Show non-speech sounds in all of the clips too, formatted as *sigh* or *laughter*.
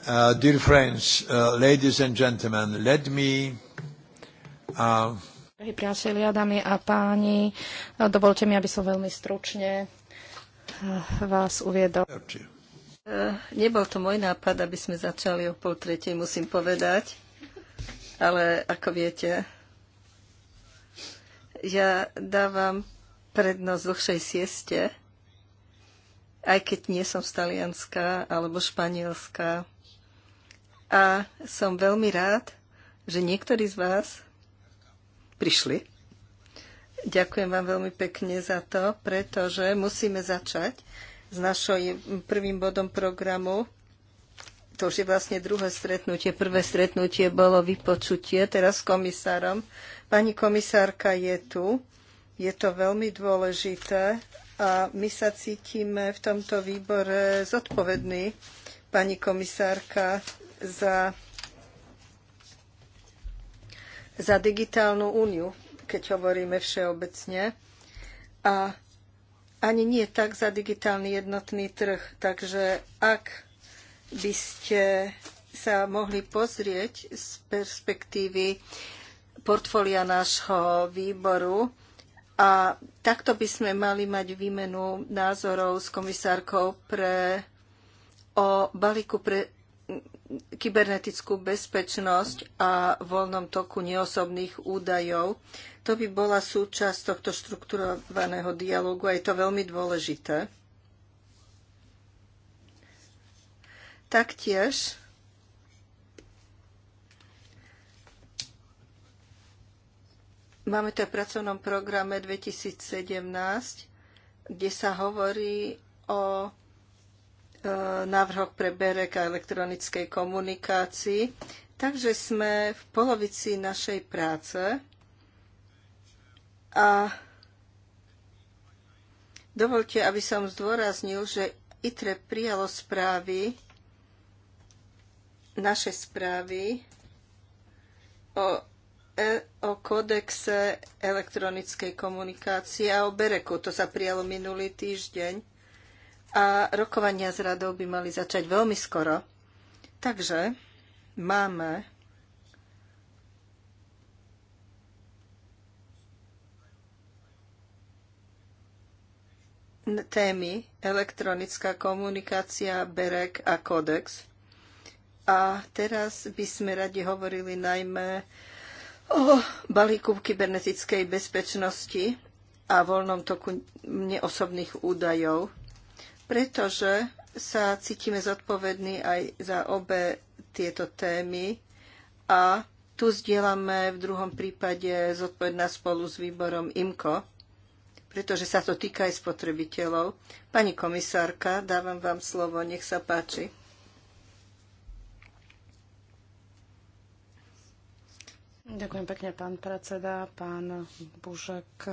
Uh, dear friends, uh, ladies and gentlemen, let me... Uh... Drahí priatelia, dámy a páni, uh, dovolte mi, aby som veľmi stručne uh, vás uviedol. Nebol to môj nápad, aby sme začali o pol tretej, musím povedať. Ale ako viete, ja dávam prednosť dlhšej sieste, aj keď nie som z Talianska alebo Španielska a som veľmi rád, že niektorí z vás prišli. Ďakujem vám veľmi pekne za to, pretože musíme začať s našim prvým bodom programu. To už je vlastne druhé stretnutie. Prvé stretnutie bolo vypočutie teraz s komisárom. Pani komisárka je tu. Je to veľmi dôležité a my sa cítime v tomto výbore zodpovední. Pani komisárka za, za digitálnu úniu, keď hovoríme všeobecne. A ani nie tak za digitálny jednotný trh. Takže ak by ste sa mohli pozrieť z perspektívy portfólia nášho výboru, a takto by sme mali mať výmenu názorov s komisárkou pre, o balíku pre kybernetickú bezpečnosť a voľnom toku neosobných údajov. To by bola súčasť tohto štrukturovaného dialogu a je to veľmi dôležité. Taktiež máme to v pracovnom programe 2017, kde sa hovorí o návrhoch pre BEREK a elektronickej komunikácii. Takže sme v polovici našej práce a dovolte, aby som zdôraznil, že ITRE prijalo správy, naše správy o, e, o kodexe elektronickej komunikácie a o Bereku. To sa prijalo minulý týždeň a rokovania s radou by mali začať veľmi skoro. Takže máme témy elektronická komunikácia, BEREK a kódex. A teraz by sme radi hovorili najmä o balíku kybernetickej bezpečnosti a voľnom toku neosobných údajov pretože sa cítime zodpovední aj za obe tieto témy a tu zdieľame v druhom prípade zodpovedná spolu s výborom IMCO, pretože sa to týka aj spotrebiteľov. Pani komisárka, dávam vám slovo, nech sa páči. Ďakujem pekne, pán predseda, pán Bužek.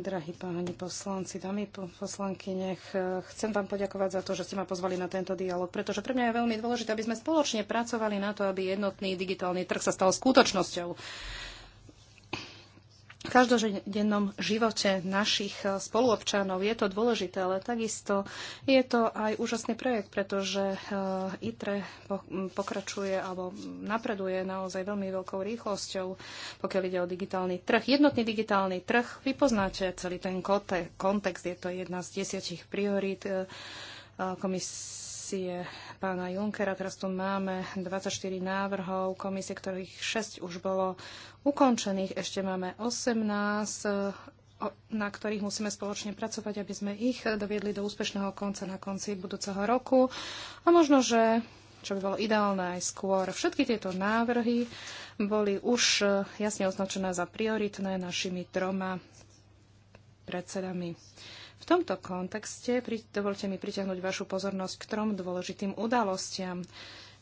Drahí páni poslanci, dámy poslanky, nech e, chcem vám poďakovať za to, že ste ma pozvali na tento dialog, pretože pre mňa je veľmi dôležité, aby sme spoločne pracovali na to, aby jednotný digitálny trh sa stal skutočnosťou v každodennom živote našich eh, spoluobčanov. Je to dôležité, ale takisto je to aj úžasný projekt, pretože eh, ITRE pokračuje alebo napreduje naozaj veľmi veľkou rýchlosťou, pokiaľ ide o digitálny trh. Jednotný digitálny trh, vy poznáte celý ten kontext, je to jedna z desiatich priorít eh, komisie komisie pána Junckera. Teraz tu máme 24 návrhov komisie, ktorých 6 už bolo ukončených. Ešte máme 18 eh, na ktorých musíme spoločne pracovať, aby sme ich doviedli do úspešného konca na konci budúceho roku. A možno, že čo by bolo ideálne aj skôr. Všetky tieto návrhy boli už eh, jasne označené za prioritné našimi troma predsedami. V tomto kontexte pri, dovolte mi priťahnuť vašu pozornosť k trom dôležitým udalostiam.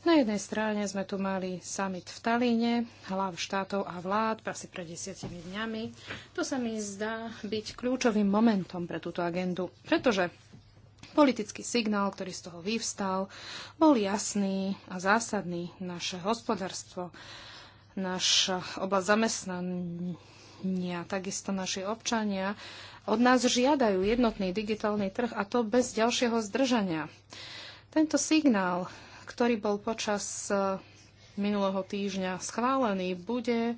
Na jednej strane sme tu mali summit v Talíne, hlav štátov a vlád, asi pred desiatimi dňami. To sa mi zdá byť kľúčovým momentom pre túto agendu, pretože Politický signál, ktorý z toho vyvstal, bol jasný a zásadný. Naše hospodárstvo, naša oblasť zamestnaní občania, takisto naši občania od nás žiadajú jednotný digitálny trh a to bez ďalšieho zdržania. Tento signál, ktorý bol počas e, minulého týždňa schválený, bude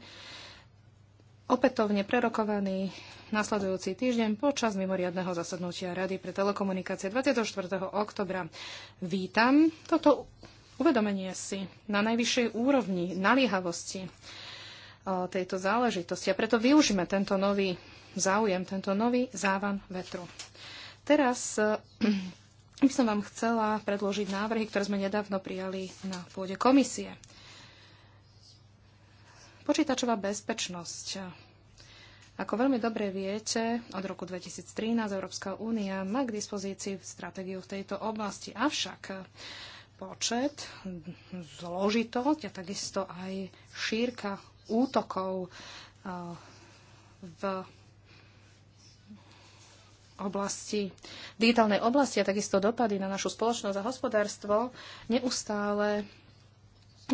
opätovne prerokovaný nasledujúci týždeň počas mimoriadného zasadnutia Rady pre telekomunikácie 24. oktobra. Vítam toto uvedomenie si na najvyššej úrovni naliehavosti tejto záležitosti. A preto využíme tento nový záujem, tento nový závan vetru. Teraz e, *clears throat* by som vám chcela predložiť návrhy, ktoré sme nedávno prijali na pôde komisie. Počítačová bezpečnosť. Ako veľmi dobre viete, od roku 2013 Európska únia má k dispozícii stratégiu v tejto oblasti. Avšak počet, zložitosť a takisto aj šírka útokov eh, v oblasti, digitálnej oblasti a takisto dopady na našu spoločnosť a hospodárstvo neustále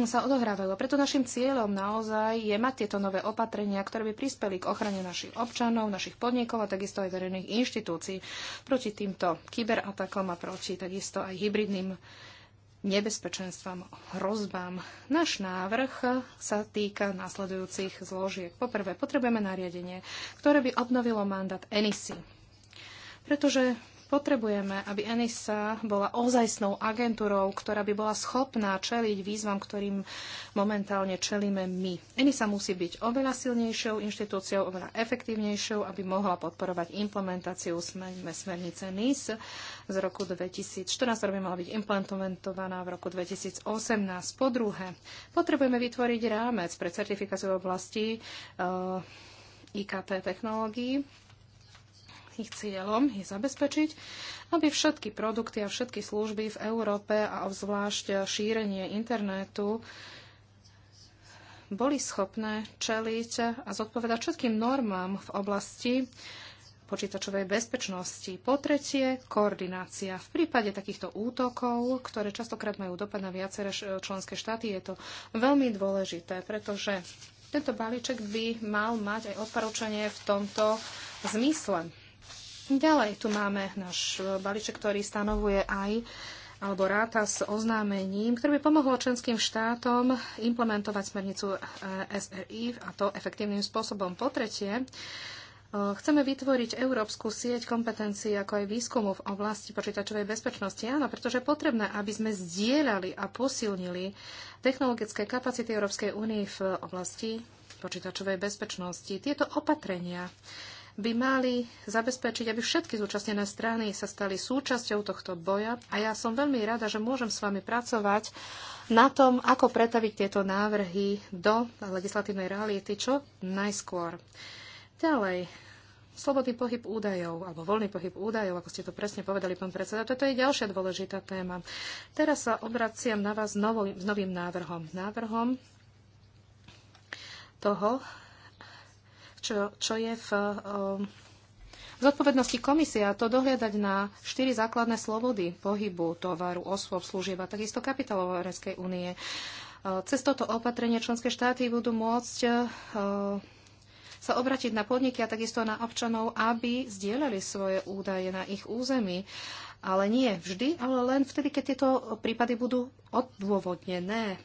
sa odohrávajú. preto našim cieľom naozaj je mať tieto nové opatrenia, ktoré by prispeli k ochrane našich občanov, našich podnikov a takisto aj verejných inštitúcií proti týmto kyberatakom a proti takisto aj hybridným nebezpečenstvám, hrozbám. Náš návrh sa týka následujúcich zložiek. Poprvé, potrebujeme nariadenie, ktoré by obnovilo mandát ENISI, pretože Potrebujeme, aby ENISA bola ozajstnou agentúrou, ktorá by bola schopná čeliť výzvam, ktorým momentálne čelíme my. ENISA musí byť oveľa silnejšou inštitúciou, oveľa efektívnejšou, aby mohla podporovať implementáciu smernice NIS z roku 2014, ktorá by mala byť implementovaná v roku 2018. Po druhé, potrebujeme vytvoriť rámec pre certifikáciu oblasti IKT eh, technológií ich cieľom je zabezpečiť, aby všetky produkty a všetky služby v Európe a obzvlášť šírenie internetu boli schopné čeliť a zodpovedať všetkým normám v oblasti počítačovej bezpečnosti. Po tretie, koordinácia. V prípade takýchto útokov, ktoré častokrát majú dopad na viaceré členské štáty, je to veľmi dôležité, pretože tento balíček by mal mať aj odporúčanie v tomto zmysle. Ďalej tu máme náš e, balíček, ktorý stanovuje aj alebo ráta s oznámením, ktoré by pomohlo členským štátom implementovať smernicu e, SRI a to efektívnym spôsobom. Po tretie, e, Chceme vytvoriť európsku sieť kompetencií ako aj výskumu v oblasti počítačovej bezpečnosti. Áno, pretože je potrebné, aby sme zdieľali a posilnili technologické kapacity Európskej únie v oblasti počítačovej bezpečnosti. Tieto opatrenia by mali zabezpečiť, aby všetky zúčastnené strany sa stali súčasťou tohto boja a ja som veľmi rada, že môžem s vami pracovať na tom, ako pretaviť tieto návrhy do legislatívnej reality čo najskôr. Ďalej, slobodný pohyb údajov, alebo voľný pohyb údajov, ako ste to presne povedali, pán predseda, toto je ďalšia dôležitá téma. Teraz sa obraciam na vás s novým návrhom. Návrhom toho, čo, čo je um, v zodpovednosti komisie a to dohliadať na štyri základné slobody pohybu tovaru, osôb, služieb a takisto kapitálov Európskej únie. Uh, cez toto opatrenie členské štáty budú môcť uh, sa obratiť na podniky a takisto na občanov, aby zdieľali svoje údaje na ich území ale nie vždy, ale len vtedy, keď tieto prípady budú odôvodnené. E,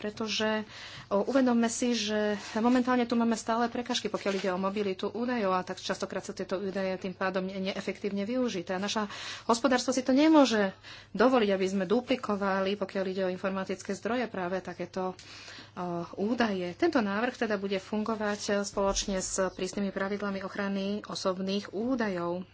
pretože e, uvedomme si, že momentálne tu máme stále prekažky, pokiaľ ide o mobilitu údajov a tak častokrát sa tieto údaje tým pádom neefektívne využité. A naša hospodárstvo si to nemôže dovoliť, aby sme duplikovali, pokiaľ ide o informatické zdroje, práve takéto e, údaje. Tento návrh teda bude fungovať spoločne s prísnymi pravidlami ochrany osobných údajov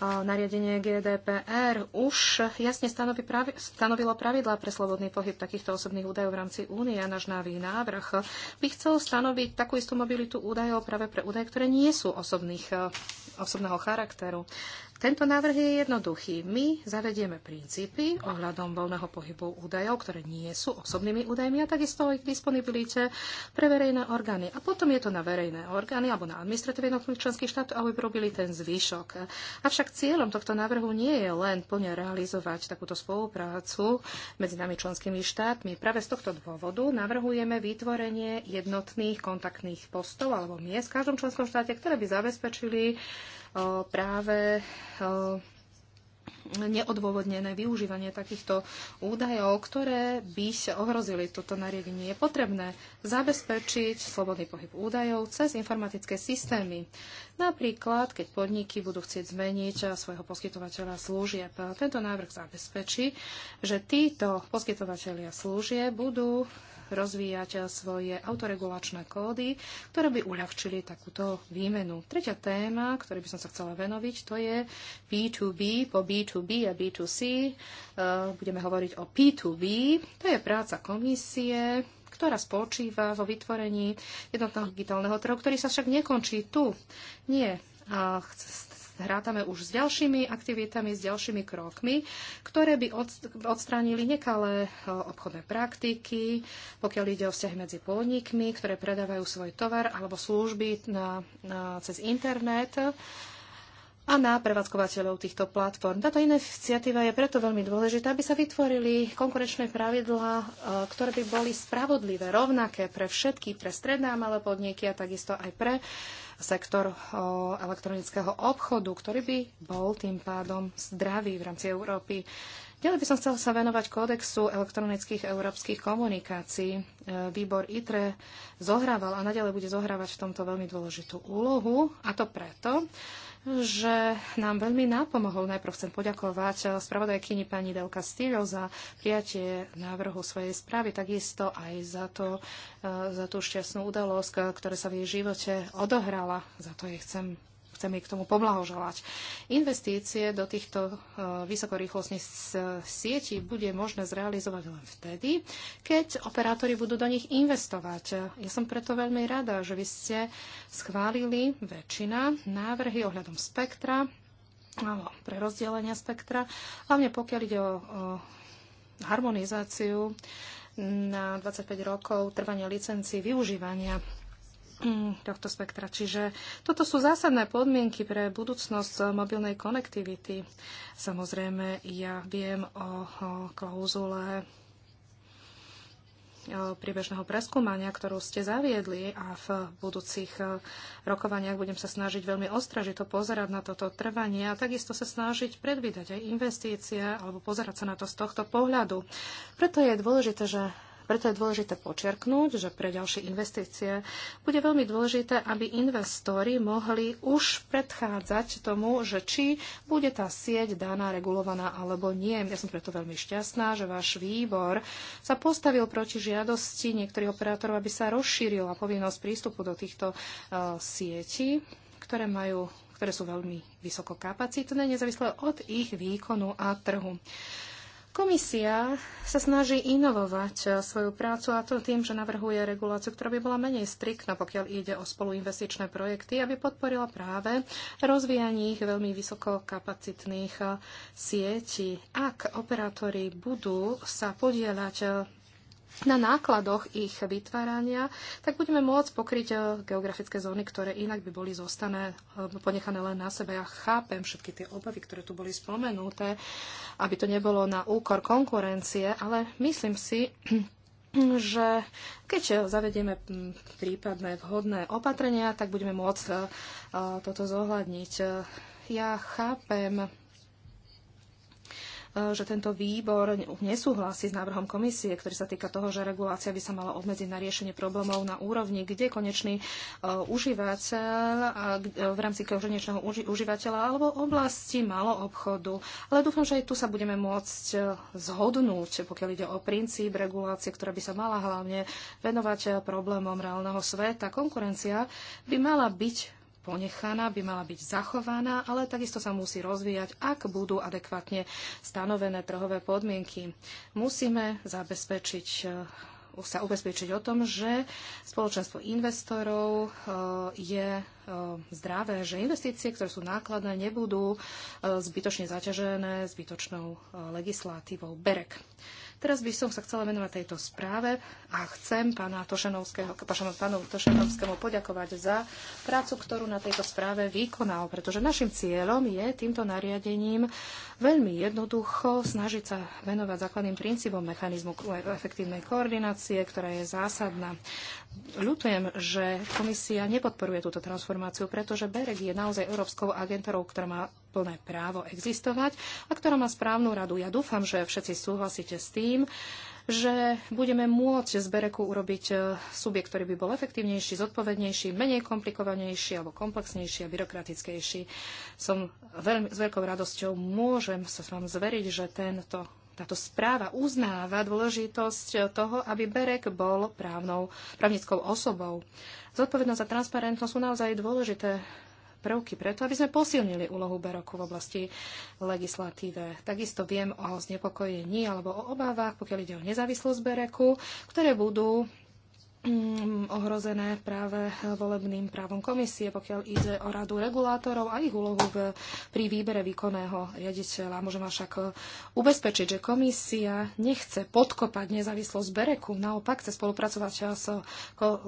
nariadenie GDPR už jasne pravi, stanovilo pravidlá pre slobodný pohyb takýchto osobných údajov v rámci únie a náš návrh by chcel stanoviť takú istú mobilitu údajov práve pre údaje, ktoré nie sú osobných, eh, osobného charakteru. Tento návrh je jednoduchý. My zavedieme princípy ohľadom voľného pohybu údajov, ktoré nie sú osobnými údajmi a takisto ich disponibilite pre verejné orgány. A potom je to na verejné orgány alebo na administratíve jednotlivých členských štátov, aby robili ten zvyšok. Avšak cieľom tohto návrhu nie je len plne realizovať takúto spoluprácu medzi nami členskými štátmi. Práve z tohto dôvodu navrhujeme vytvorenie jednotných kontaktných postov alebo miest v každom členskom štáte, ktoré by zabezpečili práve neodôvodnené využívanie takýchto údajov, ktoré by sa ohrozili. Toto nariadenie je potrebné zabezpečiť slobodný pohyb údajov cez informatické systémy. Napríklad, keď podniky budú chcieť zmeniť svojho poskytovateľa služieb. Tento návrh zabezpečí, že títo poskytovateľia služieb budú rozvíjať svoje autoregulačné kódy, ktoré by uľahčili takúto výmenu. Tretia téma, ktorej by som sa chcela venoviť, to je B2B, po B2B a B2C. E, budeme hovoriť o P2B, to je práca komisie, ktorá spočíva vo vytvorení jednotného digitálneho trhu, ktorý sa však nekončí tu. Nie. A rátame už s ďalšími aktivitami, s ďalšími krokmi, ktoré by odstránili nekalé e, obchodné praktiky, pokiaľ ide o vzťahy medzi podnikmi, ktoré predávajú svoj tovar alebo služby na, na, cez internet a na prevádzkovateľov týchto platform. Táto iniciatíva je preto veľmi dôležitá, aby sa vytvorili konkurenčné pravidlá, e, ktoré by boli spravodlivé, rovnaké pre všetky, pre stredné a malé podniky a takisto aj pre uh, sektor eh, elektronického obchodu, ktorý by bol tým pádom zdravý v rámci Európy. Ďalej by som chcel sa venovať kódexu elektronických európskych komunikácií. Eh, Výbor ITRE zohrával a nadalej bude zohrávať v tomto veľmi dôležitú úlohu, a to preto, že nám veľmi nápomohol. Najprv chcem poďakovať eh, spravodajkyni pani Delka Castillo za prijatie návrhu svojej správy, takisto aj za, to, eh, za tú šťastnú udalosť, eh, ktorá sa v jej živote odohrala. Za to jej chcem chcem jej k tomu poblahoželať. Investície do týchto e, vysokorýchlostných sietí bude možné zrealizovať len vtedy, keď operátori budú do nich investovať. Ja som preto veľmi rada, že vy ste schválili väčšina návrhy ohľadom spektra, alebo pre rozdelenia spektra, hlavne pokiaľ ide o, o harmonizáciu na 25 rokov trvania licencií využívania Mm, tohto spektra. Čiže toto sú zásadné podmienky pre budúcnosť eh, mobilnej konektivity. Samozrejme, ja viem o, klauzule eh, priebežného preskúmania, ktorú ste zaviedli a v budúcich eh, rokovaniach budem sa snažiť veľmi ostražito pozerať na toto trvanie a takisto sa snažiť predvídať aj investície alebo pozerať sa na to z tohto pohľadu. Preto je dôležité, že preto je dôležité počerknúť, že pre ďalšie investície bude veľmi dôležité, aby investori mohli už predchádzať tomu, že či bude tá sieť daná, regulovaná alebo nie. Ja som preto veľmi šťastná, že váš výbor sa postavil proti žiadosti niektorých operátorov, aby sa rozšírila povinnosť prístupu do týchto uh, sietí, ktoré majú ktoré sú veľmi vysokokapacitné, nezávisle od ich výkonu a trhu. Komisia sa snaží inovovať e, svoju prácu a to tým, že navrhuje reguláciu, ktorá by bola menej striktná, pokiaľ ide o spoluinvestičné projekty, aby podporila práve ich veľmi vysokokapacitných e, sietí. Ak operátori budú sa podielať e, na nákladoch ich vytvárania, tak budeme môcť pokryť e, geografické zóny, ktoré inak by boli zostané, e, ponechané len na sebe. Ja chápem všetky tie obavy, ktoré tu boli spomenuté, aby to nebolo na úkor konkurencie, ale myslím si, *clears throat* že keď zavedieme prípadné vhodné opatrenia, tak budeme môcť e, toto zohľadniť. Ja chápem E, že tento výbor nesúhlasí s návrhom komisie, ktorý sa týka toho, že regulácia by sa mala obmedziť na riešenie problémov na úrovni, kde konečný e, užívateľ e, v rámci konečného užívateľa alebo oblasti malo obchodu. Ale dúfam, že aj tu sa budeme môcť zhodnúť, pokiaľ ide o princíp regulácie, ktorá by sa mala hlavne venovať problémom reálneho sveta. Konkurencia by mala byť ponechaná, by mala byť zachovaná, ale takisto sa musí rozvíjať, ak budú adekvátne stanovené trhové podmienky. Musíme zabezpečiť e, sa ubezpečiť o tom, že spoločenstvo investorov e, je e, zdravé, že investície, ktoré sú nákladné, nebudú zbytočne zaťažené zbytočnou legislatívou BEREK. Teraz by som sa chcela venovať tejto správe a chcem pána Tošenovského, pánu Tošenovskému poďakovať za prácu, ktorú na tejto správe vykonal, pretože našim cieľom je týmto nariadením veľmi jednoducho snažiť sa venovať základným princípom mechanizmu efektívnej koordinácie, ktorá je zásadná. Ľutujem, že komisia nepodporuje túto transformáciu, pretože BEREG je naozaj európskou agentúrou, ktorá má plné právo existovať a ktorá má správnu radu. Ja dúfam, že všetci súhlasíte s tým, že budeme môcť z Bereku urobiť e, subjekt, ktorý by bol efektívnejší, zodpovednejší, menej komplikovanejší alebo komplexnejší a byrokratickejší. Som veľmi, s veľkou radosťou môžem sa vám zveriť, že tento táto správa uznáva dôležitosť toho, aby Berek bol právnou, právnickou osobou. Zodpovednosť a transparentnosť sú naozaj dôležité prvky preto, aby sme posilnili úlohu Beroku v oblasti legislatíve. Takisto viem o znepokojení alebo o obávach, pokiaľ ide o nezávislosť Bereku, ktoré budú Mm, ohrozené práve volebným právom komisie, pokiaľ ide o radu regulátorov a ich úlohu v, pri výbere výkonného riaditeľa. Môžem vás však eh, ubezpečiť, že komisia nechce podkopať nezávislosť Bereku, naopak chce spolupracovať s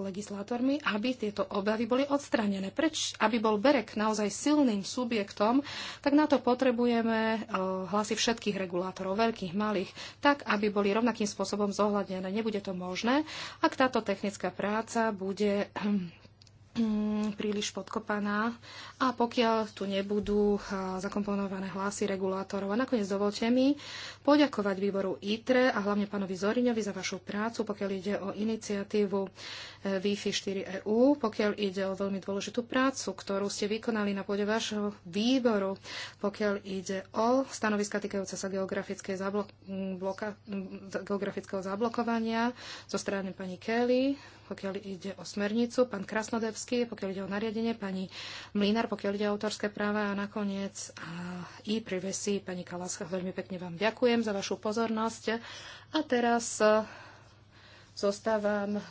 legislátormi, aby tieto obavy boli odstranené. Preč, aby bol Berek naozaj silným subjektom, tak na to potrebujeme eh, hlasy všetkých regulátorov, veľkých, malých, tak, aby boli rovnakým spôsobom zohľadnené. Nebude to možné, ak táto technika technická práca bude *clears throat* Mm, príliš podkopaná a pokiaľ tu nebudú eh, zakomponované hlasy regulátorov. A nakoniec dovolte mi poďakovať výboru ITRE a hlavne pánovi Zoriňovi za vašu prácu, pokiaľ ide o iniciatívu eh, Wi-Fi 4 EU, pokiaľ ide o veľmi dôležitú prácu, ktorú ste vykonali na pôde vášho výboru, pokiaľ ide o stanoviska týkajúce sa zablok- bloka- geografického zablokovania zo strany pani Kelly, pokiaľ ide o smernicu, pán Krasnodev otázky, pokiaľ ide o nariadenie, pani Mlinár, pokiaľ ide o autorské práva a nakoniec i pri privacy. Pani Kalaska, veľmi pekne vám ďakujem za vašu pozornosť. A teraz e, zostávam e,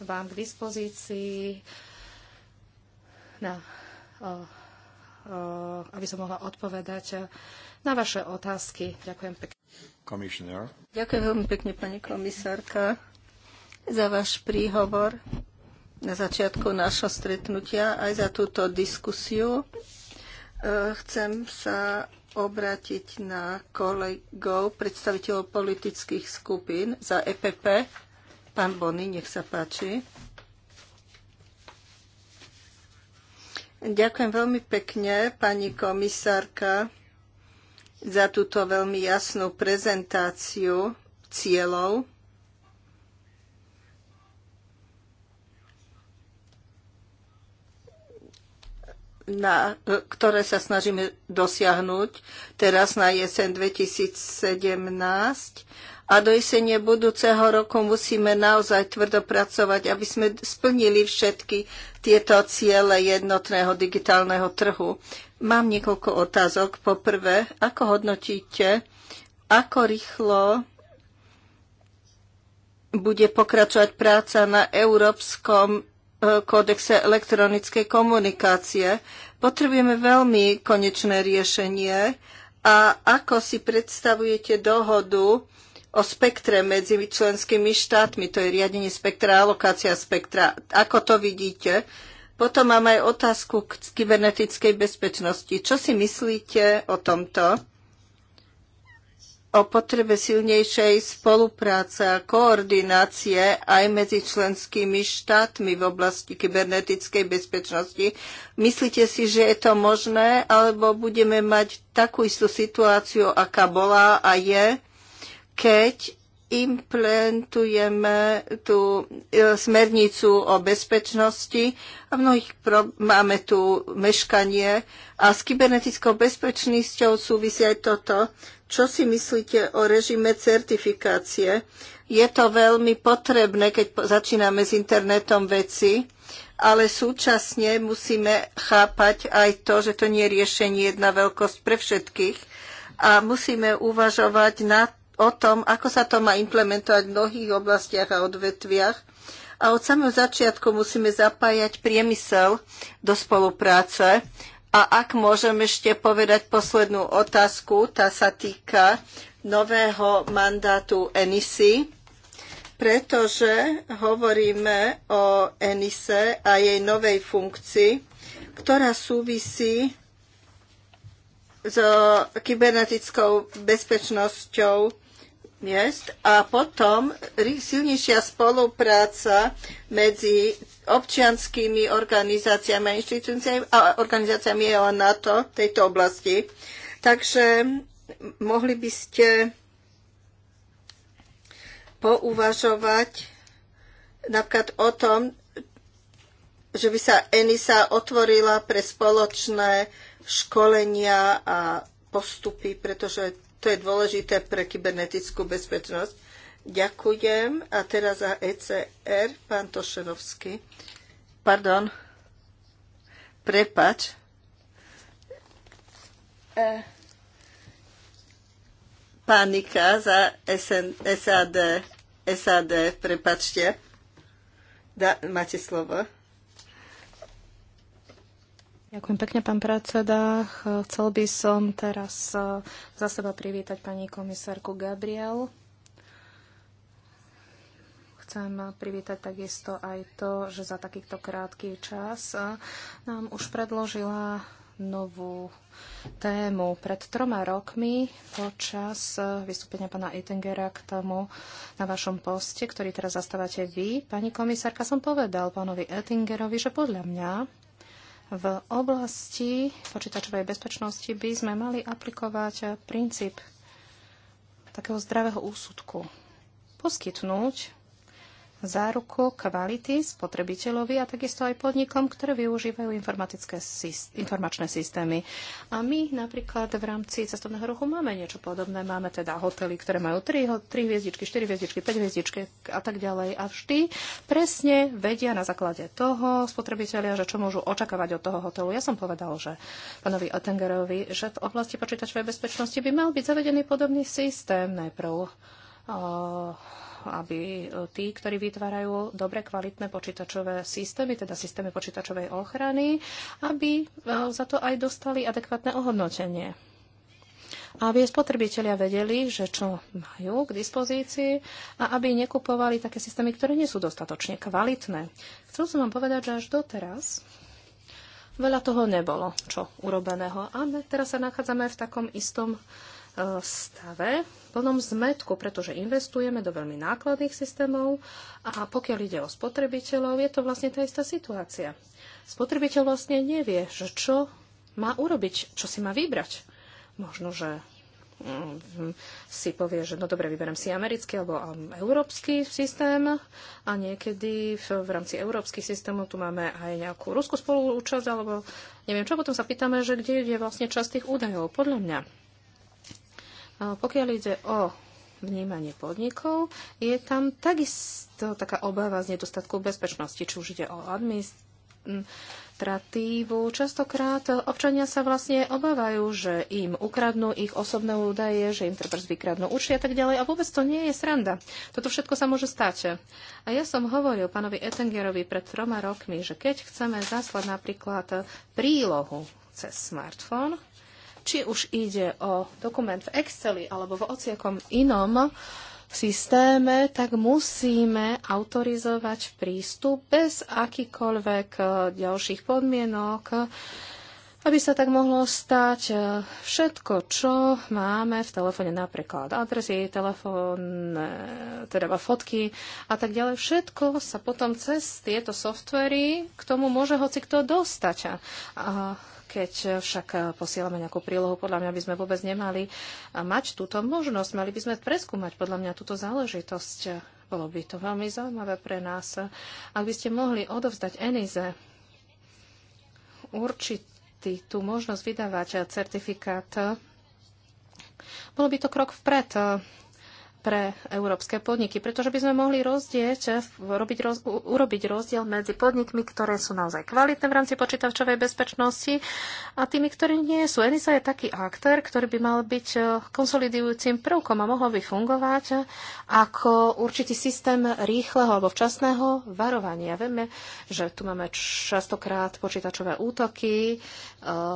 vám k dispozícii na e, aby som mohla odpovedať na vaše otázky. Ďakujem pekne. Ďakujem veľmi pekne, pani komisárka, za váš príhovor na začiatku nášho stretnutia aj za túto diskusiu. E, chcem sa obrátiť na kolegov, predstaviteľov politických skupín za EPP. Pán Bony, nech sa páči. Ďakujem veľmi pekne, pani komisárka, za túto veľmi jasnú prezentáciu cieľov na, e, ktoré sa snažíme dosiahnuť teraz na jeseň 2017 a do jesene budúceho roku musíme naozaj tvrdo pracovať, aby sme splnili všetky tieto ciele jednotného digitálneho trhu. Mám niekoľko otázok. Poprvé, ako hodnotíte, ako rýchlo bude pokračovať práca na európskom kódexe elektronickej komunikácie. Potrebujeme veľmi konečné riešenie a ako si predstavujete dohodu o spektre medzi členskými štátmi, to je riadenie spektra, alokácia spektra. Ako to vidíte? Potom mám aj otázku k kybernetickej bezpečnosti. Čo si myslíte o tomto? o potrebe silnejšej spolupráce a koordinácie aj medzi členskými štátmi v oblasti kybernetickej bezpečnosti. Myslíte si, že je to možné, alebo budeme mať takú istú situáciu, aká bola a je, keď implementujeme tú e, smernicu o bezpečnosti a mnohých pro- máme tu meškanie a s kybernetickou bezpečnosťou súvisí aj toto. Čo si myslíte o režime certifikácie? Je to veľmi potrebné, keď začíname s internetom veci, ale súčasne musíme chápať aj to, že to nie je riešenie jedna veľkosť pre všetkých a musíme uvažovať na, o tom, ako sa to má implementovať v mnohých oblastiach a odvetviach. A od samého začiatku musíme zapájať priemysel do spolupráce, a ak môžem ešte povedať poslednú otázku, tá sa týka nového mandátu ENISY, pretože hovoríme o ENISE a jej novej funkcii, ktorá súvisí s kybernetickou bezpečnosťou miest a potom silnejšia spolupráca medzi občianskými organizáciami a inštitúciami a organizáciami EU a NATO v tejto oblasti. Takže mohli by ste pouvažovať napríklad o tom, že by sa ENISA otvorila pre spoločné školenia a postupy, pretože to je dôležité pre kybernetickú bezpečnosť. Ďakujem. A teraz za ECR, pán Tošenovský. Pardon. Prepač. E, Pánika za SN, SAD. SAD, prepačte. Da, máte slovo. Ďakujem pekne, pán predseda. Chcel by som teraz e, za seba privítať pani komisárku Gabriel. Chcem privítať takisto aj to, že za takýto krátky čas e, nám už predložila novú tému. Pred troma rokmi počas e, vystúpenia pána Itengera k tomu na vašom poste, ktorý teraz zastávate vy, pani komisárka, som povedal pánovi Ettingerovi, že podľa mňa v oblasti počítačovej bezpečnosti by sme mali aplikovať princíp takého zdravého úsudku. Poskytnúť záruku kvality spotrebiteľovi a takisto aj podnikom, ktoré využívajú informatické informačné systémy. A my napríklad v rámci cestovného ruchu máme niečo podobné. Máme teda hotely, ktoré majú 3, 3 hviezdičky, 4 hviezdičky, 5 hviezdičky a tak ďalej. A vždy presne vedia na základe toho spotrebitelia, že čo môžu očakávať od toho hotelu. Ja som povedal, že pánovi Ottengerovi, že v oblasti počítačovej bezpečnosti by mal byť zavedený podobný systém najprv. Uh, aby e, tí, ktorí vytvárajú dobre kvalitné počítačové systémy, teda systémy počítačovej ochrany, aby e, za to aj dostali adekvátne ohodnotenie. Aby spotrebitelia vedeli, že čo majú k dispozícii a aby nekupovali také systémy, ktoré nie sú dostatočne kvalitné. Chcel som vám povedať, že až doteraz veľa toho nebolo, čo urobeného. A teraz sa nachádzame v takom istom uh, stave, plnom zmetku, pretože investujeme do veľmi nákladných systémov a pokiaľ ide o spotrebiteľov, je to vlastne tá istá situácia. Spotrebiteľ vlastne nevie, že čo má urobiť, čo si má vybrať. Možno, že mm, si povie, že no dobre, vyberám si americký alebo um, európsky systém a niekedy v, v rámci európskych systémov tu máme aj nejakú ruskú spoluúčasť alebo neviem čo, potom sa pýtame, že kde je vlastne časť tých údajov. Podľa mňa pokiaľ ide o vnímanie podnikov, je tam takisto taká obava z nedostatku bezpečnosti, či už ide o administratívu. Častokrát občania sa vlastne obávajú, že im ukradnú ich osobné údaje, že im trebárs vykradnú účty a tak ďalej. A vôbec to nie je sranda. Toto všetko sa môže stať. A ja som hovoril pánovi Ettingerovi pred troma rokmi, že keď chceme zaslať napríklad prílohu cez smartfón, či už ide o dokument v Exceli alebo v ociekom inom systéme, tak musíme autorizovať prístup bez akýkoľvek eh, ďalších podmienok aby sa tak mohlo stať eh, všetko, čo máme v telefóne, napríklad adresy, telefón, eh, teda fotky a tak ďalej. Všetko sa potom cez tieto softvery k tomu môže hoci kto dostať. A keď však posielame nejakú prílohu, podľa mňa by sme vôbec nemali eh, mať túto možnosť. Mali by sme preskúmať podľa mňa túto záležitosť. Bolo by to veľmi zaujímavé pre nás. Ak by ste mohli odovzdať Enize určitú štáty tú možnosť vydávať certifikát, bolo by to krok vpred pre európske podniky, pretože by sme mohli rozdieť, urobiť, roz, urobiť rozdiel medzi podnikmi, ktoré sú naozaj kvalitné v rámci počítačovej bezpečnosti a tými, ktorí nie sú. ENISA je taký aktér, ktorý by mal byť eh, konsolidujúcim prvkom a mohol by fungovať eh, ako určitý systém rýchleho alebo včasného varovania. Vieme, že tu máme častokrát počítačové útoky, eh,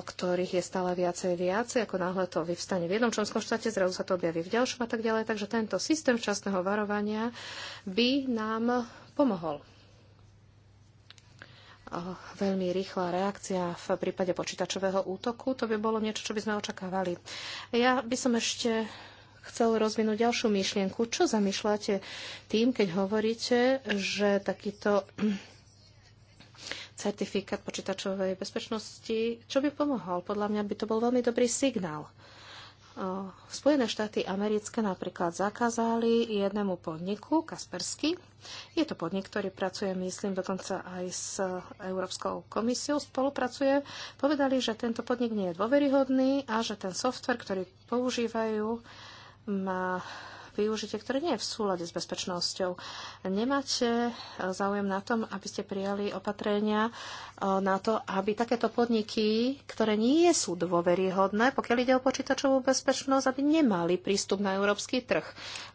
ktorých je stále viacej viacej, ako náhle to vyvstane v jednom členskom štáte, zrazu sa to objaví v ďalšom a tak ďalej. Takže tento tento systém včasného varovania by nám pomohol. O, veľmi rýchla reakcia v prípade počítačového útoku, to by bolo niečo, čo by sme očakávali. Ja by som ešte chcel rozvinúť ďalšiu myšlienku. Čo zamýšľate tým, keď hovoríte, že takýto certifikát počítačovej bezpečnosti, čo by pomohol? Podľa mňa by to bol veľmi dobrý signál Eh, Spojené štáty americké napríklad zakázali jednému podniku, Kaspersky. Je to podnik, ktorý pracuje, myslím, dokonca aj s Európskou komisiou spolupracuje. Povedali, že tento podnik nie je dôveryhodný a že ten software, ktorý používajú, má využitie, ktoré nie je v súlade s bezpečnosťou. Nemáte e, záujem na tom, aby ste prijali opatrenia e, na to, aby takéto podniky, ktoré nie sú dôveryhodné, pokiaľ ide o počítačovú bezpečnosť, aby nemali prístup na európsky trh.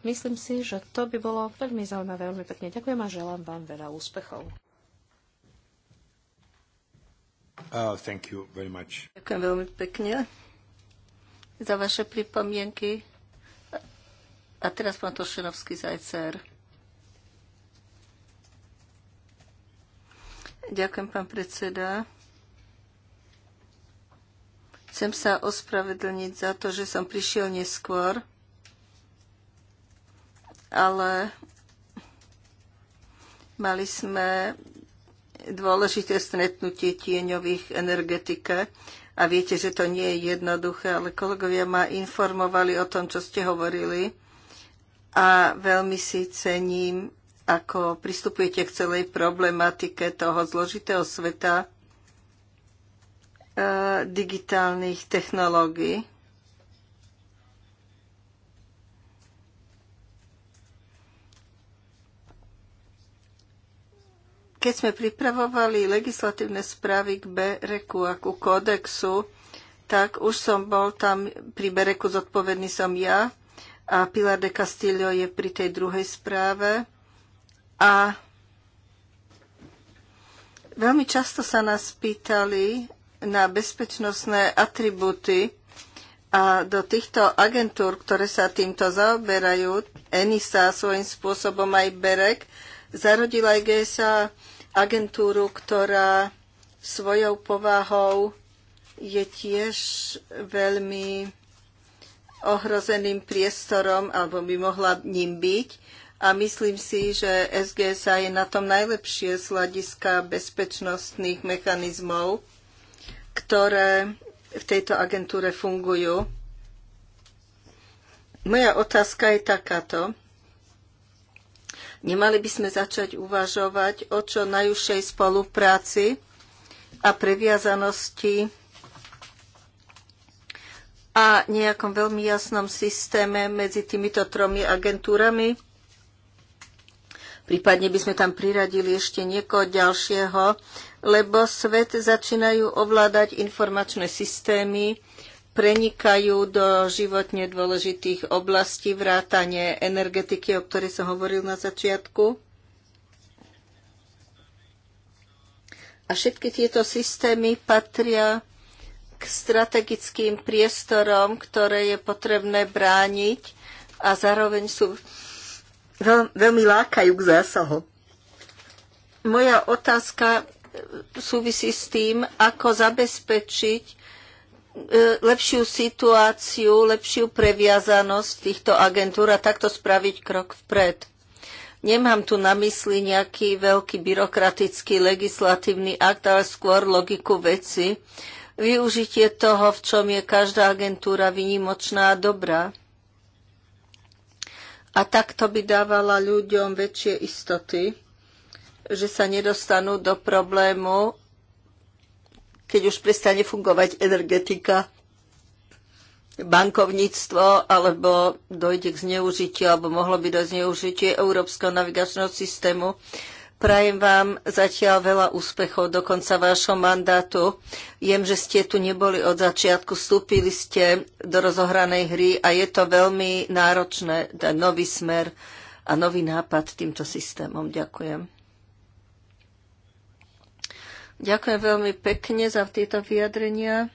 Myslím si, že to by bolo veľmi zaujímavé, veľmi pekne. Ďakujem a želám vám veľa úspechov. Uh, Ďakujem veľmi pekne za vaše pripomienky. A teraz pán Tošenovský zajcer. Ďakujem, pán predseda. Chcem sa ospravedlniť za to, že som prišiel neskôr, ale mali sme dôležité stretnutie tieňových energetike a viete, že to nie je jednoduché, ale kolegovia ma informovali o tom, čo ste hovorili a veľmi si cením, ako pristupujete k celej problematike toho zložitého sveta e, digitálnych technológií. keď sme pripravovali legislatívne správy k Bereku a ku kódexu, tak už som bol tam pri Bereku zodpovedný som ja, a Pilar de Castillo je pri tej druhej správe. A veľmi často sa nás pýtali na bezpečnostné atributy a do týchto agentúr, ktoré sa týmto zaoberajú, ENISA svojím spôsobom aj BEREK, zarodila aj GSA agentúru, ktorá svojou povahou je tiež veľmi ohrozeným priestorom alebo by mohla ním byť. A myslím si, že SGSA je na tom najlepšie z hľadiska bezpečnostných mechanizmov, ktoré v tejto agentúre fungujú. Moja otázka je takáto. Nemali by sme začať uvažovať o čo najúžšej spolupráci a previazanosti a nejakom veľmi jasnom systéme medzi týmito tromi agentúrami. Prípadne by sme tam priradili ešte niekoho ďalšieho, lebo svet začínajú ovládať informačné systémy, prenikajú do životne dôležitých oblastí vrátane energetiky, o ktorej som hovoril na začiatku. A všetky tieto systémy patria k strategickým priestorom, ktoré je potrebné brániť a zároveň sú veľmi lákajú k zásahu. Moja otázka e, súvisí s tým, ako zabezpečiť e, lepšiu situáciu, lepšiu previazanosť týchto agentúr a takto spraviť krok vpred. Nemám tu na mysli nejaký veľký byrokratický legislatívny akt, ale skôr logiku veci, využitie toho, v čom je každá agentúra vynimočná a dobrá. A takto by dávala ľuďom väčšie istoty, že sa nedostanú do problému, keď už prestane fungovať energetika, bankovníctvo, alebo dojde k zneužitiu, alebo mohlo by do zneužitie Európskeho navigačného systému. Prajem vám zatiaľ veľa úspechov do konca vášho mandátu. Viem, že ste tu neboli od začiatku, vstúpili ste do rozohranej hry a je to veľmi náročné dať nový smer a nový nápad týmto systémom. Ďakujem. Ďakujem veľmi pekne za tieto vyjadrenia.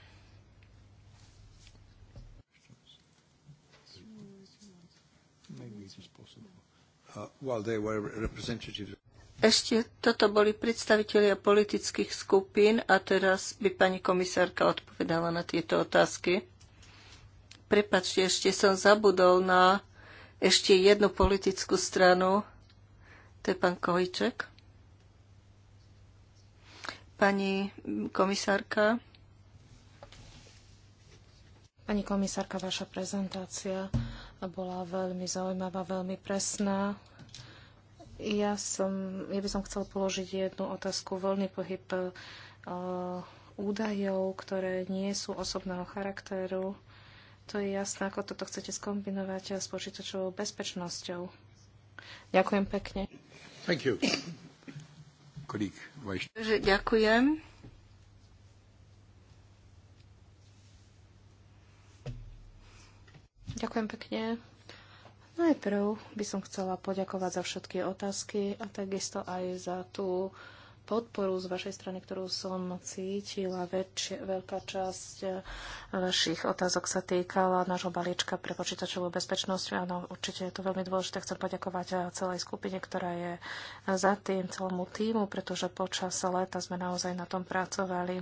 Uh, well, they were representatives. Ešte toto boli predstavitelia politických skupín a teraz by pani komisárka odpovedala na tieto otázky. Prepačte, ešte som zabudol na ešte jednu politickú stranu. To je pán Kojček. Pani komisárka. Pani komisárka, vaša prezentácia bola veľmi zaujímavá, veľmi presná ja, som, ja by som chcel položiť jednu otázku. Voľný pohyb uh, údajov, ktoré nie sú osobného charakteru. To je jasné, ako toto chcete skombinovať e, s počítačovou bezpečnosťou. Ďakujem pekne. Thank you. Kolík, Ďakujem. Ďakujem pekne. Najprv by som chcela poďakovať za všetky otázky a takisto aj za tú podporu z vašej strany, ktorú som cítila. Väčšie, veľká časť eh, vašich otázok sa týkala nášho balíčka pre počítačovú bezpečnosť. Áno, určite je to veľmi dôležité. Chcem poďakovať eh, celej skupine, ktorá je za tým, celému týmu, pretože počas leta sme naozaj na tom pracovali.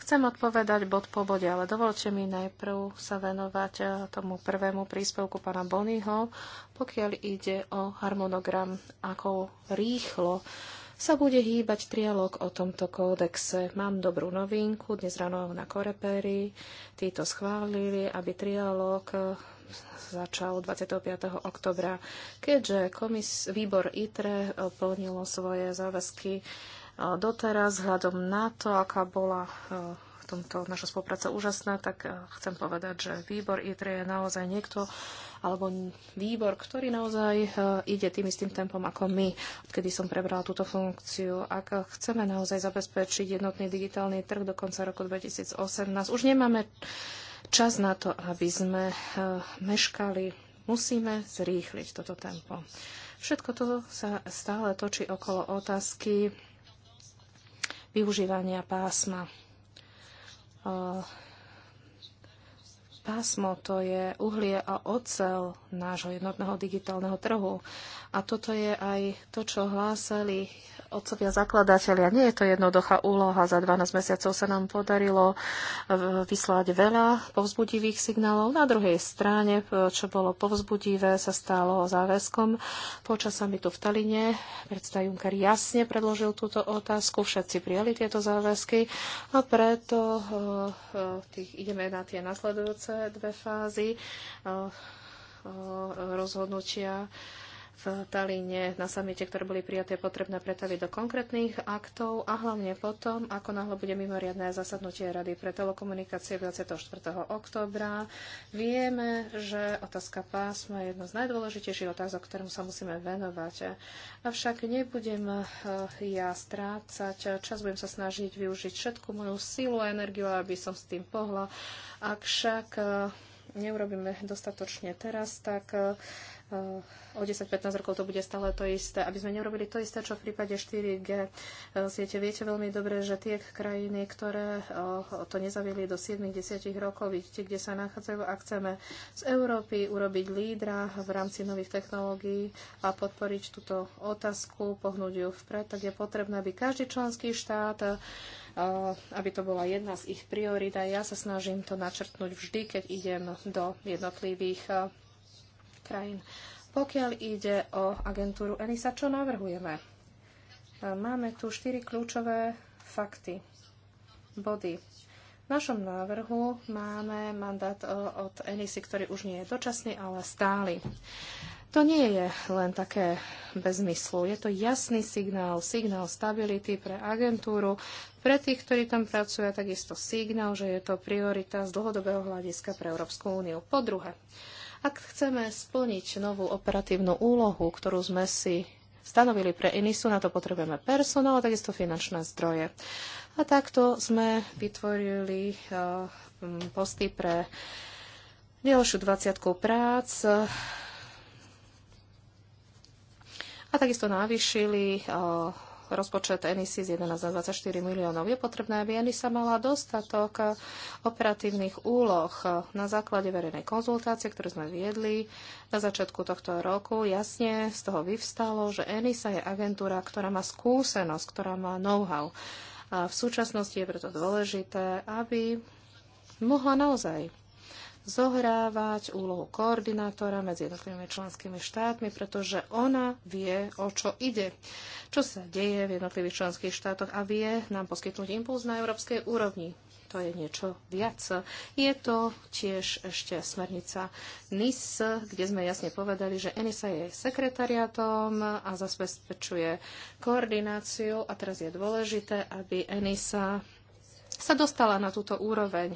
Chcem odpovedať bod po bode, ale dovolte mi najprv sa venovať eh, tomu prvému príspevku pána Bonnyho, pokiaľ ide o harmonogram, ako rýchlo sa bude hýbať trialog o tomto kódexe. Mám dobrú novinku, dnes ráno na Korepery. títo schválili, aby trialog eh, začal 25. oktobra, keďže komis, výbor ITRE eh, plnilo svoje záväzky doteraz, vzhľadom na to, aká bola eh, v tomto naša spolupráca úžasná, tak eh, chcem povedať, že výbor ITRE je naozaj niekto, alebo výbor, ktorý naozaj eh, ide tým istým tempom ako my, odkedy som prebrala túto funkciu. Ak chceme naozaj zabezpečiť jednotný digitálny trh do konca roku 2018, už nemáme čas na to, aby sme meškali. Musíme zrýchliť toto tempo. Všetko to sa stále točí okolo otázky využívania pásma pásmo, to je uhlie a ocel nášho jednotného digitálneho trhu. A toto je aj to, čo hlásali otcovia zakladateľia. Nie je to jednoduchá úloha. Za 12 mesiacov sa nám podarilo e, vyslať veľa povzbudivých signálov. Na druhej strane, e, čo bolo povzbudivé, sa stalo záväzkom. Počas tu v Taline predseda Juncker jasne predložil túto otázku. Všetci prijali tieto záväzky a preto e, tých, ideme na tie nasledujúce dve fázy eh, eh, rozhodnutia v Talíne na samite, ktoré boli prijaté, potrebné pretaviť do konkrétnych aktov a hlavne potom, ako náhle bude mimoriadné zasadnutie Rady pre telekomunikácie 24. oktobra. Vieme, že otázka pásma je jedna z najdôležitejších otázok, ktorým sa musíme venovať. Avšak nebudem eh, ja strácať čas, budem sa snažiť využiť všetku moju silu a energiu, aby som s tým pohla. Ak však eh, neurobíme dostatočne teraz, tak e, o 10-15 rokov to bude stále to isté. Aby sme neurobili to isté, čo v prípade 4G e, siete. Viete veľmi dobre, že tie krajiny, ktoré e, to nezavili do 7-10 rokov, vidíte, kde sa nachádzajú a chceme z Európy urobiť lídra v rámci nových technológií a podporiť túto otázku, pohnúť ju vpred, tak je potrebné, aby každý členský štát aby to bola jedna z ich priorít a ja sa snažím to načrtnúť vždy, keď idem do jednotlivých krajín. Pokiaľ ide o agentúru ENISA, čo navrhujeme? Máme tu štyri kľúčové fakty, body. V našom návrhu máme mandát od ENISY, ktorý už nie je dočasný, ale stály. To nie je len také bezmyslu. Je to jasný signál, signál stability pre agentúru, pre tých, ktorí tam pracujú, takisto signál, že je to priorita z dlhodobého hľadiska pre Európsku úniu. Po druhé, ak chceme splniť novú operatívnu úlohu, ktorú sme si stanovili pre INISu, na to potrebujeme personál a takisto finančné zdroje. A takto sme vytvorili eh, posty pre ďalšiu dvaciatku prác a takisto navýšili rozpočet Enisy z 11 na 24 miliónov. Je potrebné, aby Enisa mala dostatok operatívnych úloh na základe verejnej konzultácie, ktoré sme viedli na začiatku tohto roku. Jasne z toho vyvstalo, že Enisa je agentúra, ktorá má skúsenosť, ktorá má know-how. A v súčasnosti je preto dôležité, aby mohla naozaj zohrávať úlohu koordinátora medzi jednotlivými členskými štátmi, pretože ona vie, o čo ide, čo sa deje v jednotlivých členských štátoch a vie nám poskytnúť impuls na európskej úrovni. To je niečo viac. Je to tiež ešte smernica NIS, kde sme jasne povedali, že NISA je sekretariatom a zabezpečuje koordináciu. A teraz je dôležité, aby NISA sa dostala na túto úroveň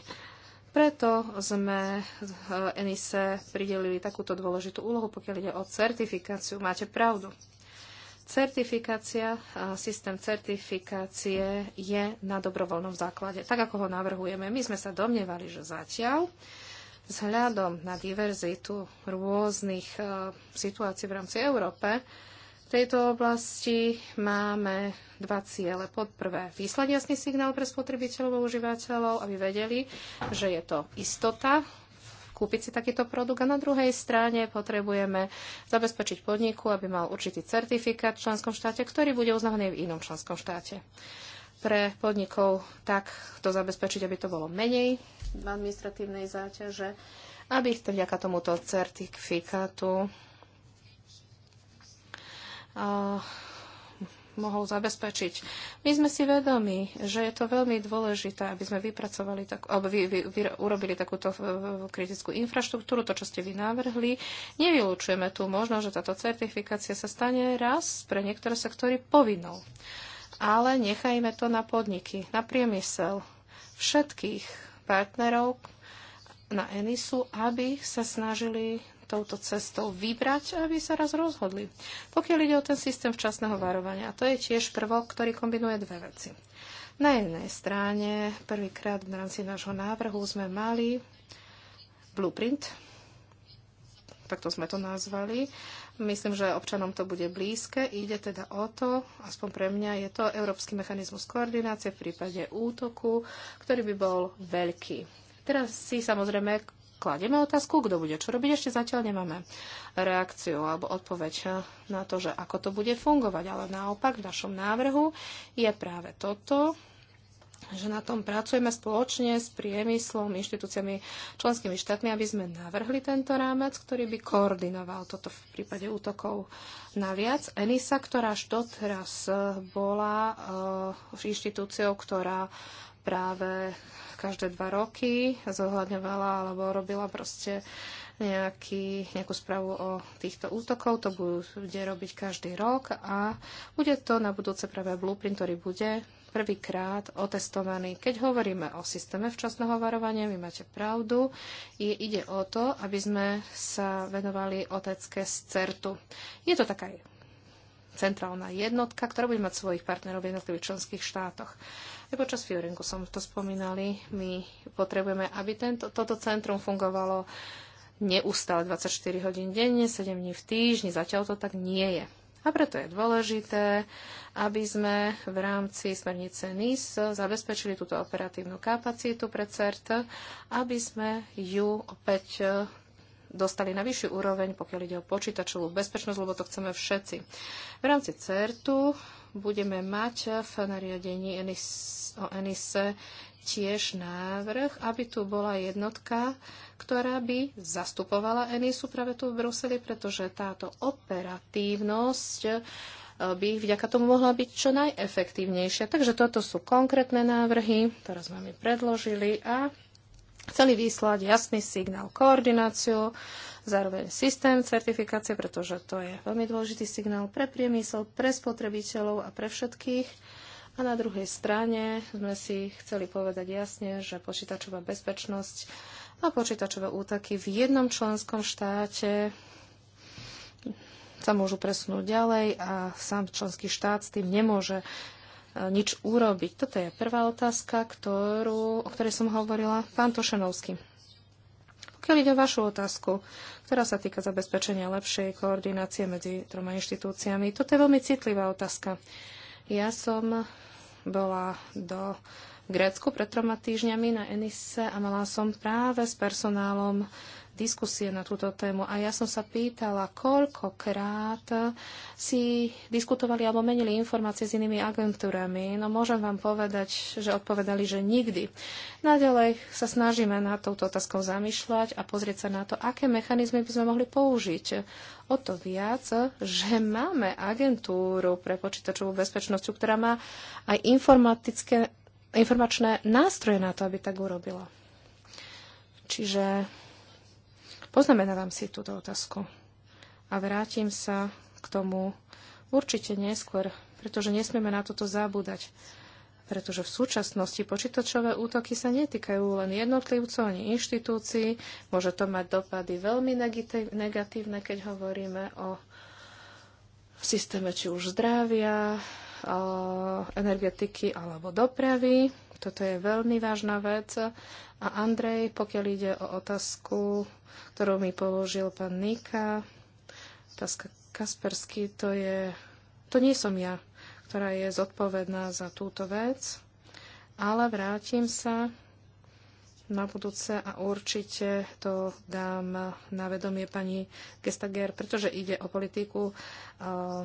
preto sme eh, ENISE pridelili takúto dôležitú úlohu, pokiaľ ide o certifikáciu. Máte pravdu. Certifikácia, eh, systém certifikácie je na dobrovoľnom základe, tak ako ho navrhujeme. My sme sa domnievali, že zatiaľ vzhľadom na diverzitu rôznych eh, situácií v rámci Európe, tejto oblasti máme dva ciele. Pod prvé, vyslať jasný signál pre spotrebiteľov a užívateľov, aby vedeli, že je to istota kúpiť si takýto produkt. A na druhej strane potrebujeme zabezpečiť podniku, aby mal určitý certifikát v členskom štáte, ktorý bude uznávaný v inom členskom štáte. Pre podnikov tak to zabezpečiť, aby to bolo menej administratívnej záťaže, aby vďaka tomuto certifikátu mohol zabezpečiť. My sme si vedomi, že je to veľmi dôležité, aby sme vypracovali, tak, aby vy, vy, vy, urobili takúto kritickú infraštruktúru, to, čo ste vy navrhli. Nevylučujeme tu možno, že táto certifikácia sa stane raz pre niektoré sektory povinnou. Ale nechajme to na podniky, na priemysel všetkých partnerov na ENISu, aby sa snažili touto cestou vybrať, aby sa raz rozhodli. Pokiaľ ide o ten systém včasného varovania, to je tiež prvok, ktorý kombinuje dve veci. Na jednej strane, prvýkrát v rámci nášho návrhu sme mali blueprint, takto sme to nazvali. Myslím, že občanom to bude blízke. Ide teda o to, aspoň pre mňa je to Európsky mechanizmus koordinácie v prípade útoku, ktorý by bol veľký. Teraz si samozrejme kladieme otázku, kto bude čo robiť, ešte zatiaľ nemáme reakciu alebo odpoveď na to, že ako to bude fungovať. Ale naopak v našom návrhu je práve toto, že na tom pracujeme spoločne s priemyslom, inštitúciami, členskými štátmi, aby sme navrhli tento rámec, ktorý by koordinoval toto v prípade útokov naviac. ENISA, ktorá až doteraz bola uh, inštitúciou, ktorá práve každé dva roky zohľadňovala alebo robila proste nejaký, nejakú správu o týchto útokov. To bude robiť každý rok a bude to na budúce práve blueprint, ktorý bude prvýkrát otestovaný. Keď hovoríme o systéme včasného varovania, vy máte pravdu, je, ide o to, aby sme sa venovali otecké z CERTu. Je to taká centrálna jednotka, ktorá bude mať svojich partnerov v jednotlivých členských štátoch. Aj počas Fiorenku som to spomínali. My potrebujeme, aby tento, toto centrum fungovalo neustále 24 hodín denne, 7 dní v týždni. Zatiaľ to tak nie je. A preto je dôležité, aby sme v rámci smernice NIS zabezpečili túto operatívnu kapacitu pre CERT, aby sme ju opäť dostali na vyššiu úroveň, pokiaľ ide o počítačovú bezpečnosť, lebo to chceme všetci. V rámci CERTu budeme mať v nariadení o ENISE tiež návrh, aby tu bola jednotka, ktorá by zastupovala ENISu práve tu v Bruseli, pretože táto operatívnosť e, by vďaka tomu mohla byť čo najefektívnejšia. Takže toto sú konkrétne návrhy, ktoré sme mi predložili a chceli vyslať jasný signál koordináciu, zároveň systém certifikácie, pretože to je veľmi dôležitý signál pre priemysel, pre spotrebiteľov a pre všetkých. A na druhej strane sme si chceli povedať jasne, že počítačová bezpečnosť a počítačové útaky v jednom členskom štáte sa môžu presunúť ďalej a sám členský štát s tým nemôže e, nič urobiť. Toto je prvá otázka, ktorú, o ktorej som hovorila. Pán Tošenovský. Pokiaľ ide o vašu otázku, ktorá sa týka zabezpečenia lepšej koordinácie medzi troma inštitúciami, toto je veľmi citlivá otázka. Ja som bola do Grécku pred troma týždňami na Enise a mala som práve s personálom diskusie na túto tému a ja som sa pýtala, koľkokrát si diskutovali alebo menili informácie s inými agentúrami. No môžem vám povedať, že odpovedali, že nikdy. Naďalej sa snažíme na touto otázkou zamýšľať a pozrieť sa na to, aké mechanizmy by sme mohli použiť. O to viac, že máme agentúru pre počítačovú bezpečnosť, ktorá má aj informatické informačné nástroje na to, aby tak urobila. Čiže Poznamenávam si túto otázku a vrátim sa k tomu určite neskôr, pretože nesmieme na toto zabúdať. Pretože v súčasnosti počítačové útoky sa netýkajú len jednotlivcov ani inštitúcií. Môže to mať dopady veľmi negatívne, keď hovoríme o systéme či už zdravia, energetiky alebo dopravy. Toto je veľmi vážna vec a Andrej, pokiaľ ide o otázku, ktorú mi položil pán Nika, otázka Kaspersky, to je... To nie som ja, ktorá je zodpovedná za túto vec, ale vrátim sa na budúce a určite to dám na vedomie pani Gestager, pretože ide o politiku uh,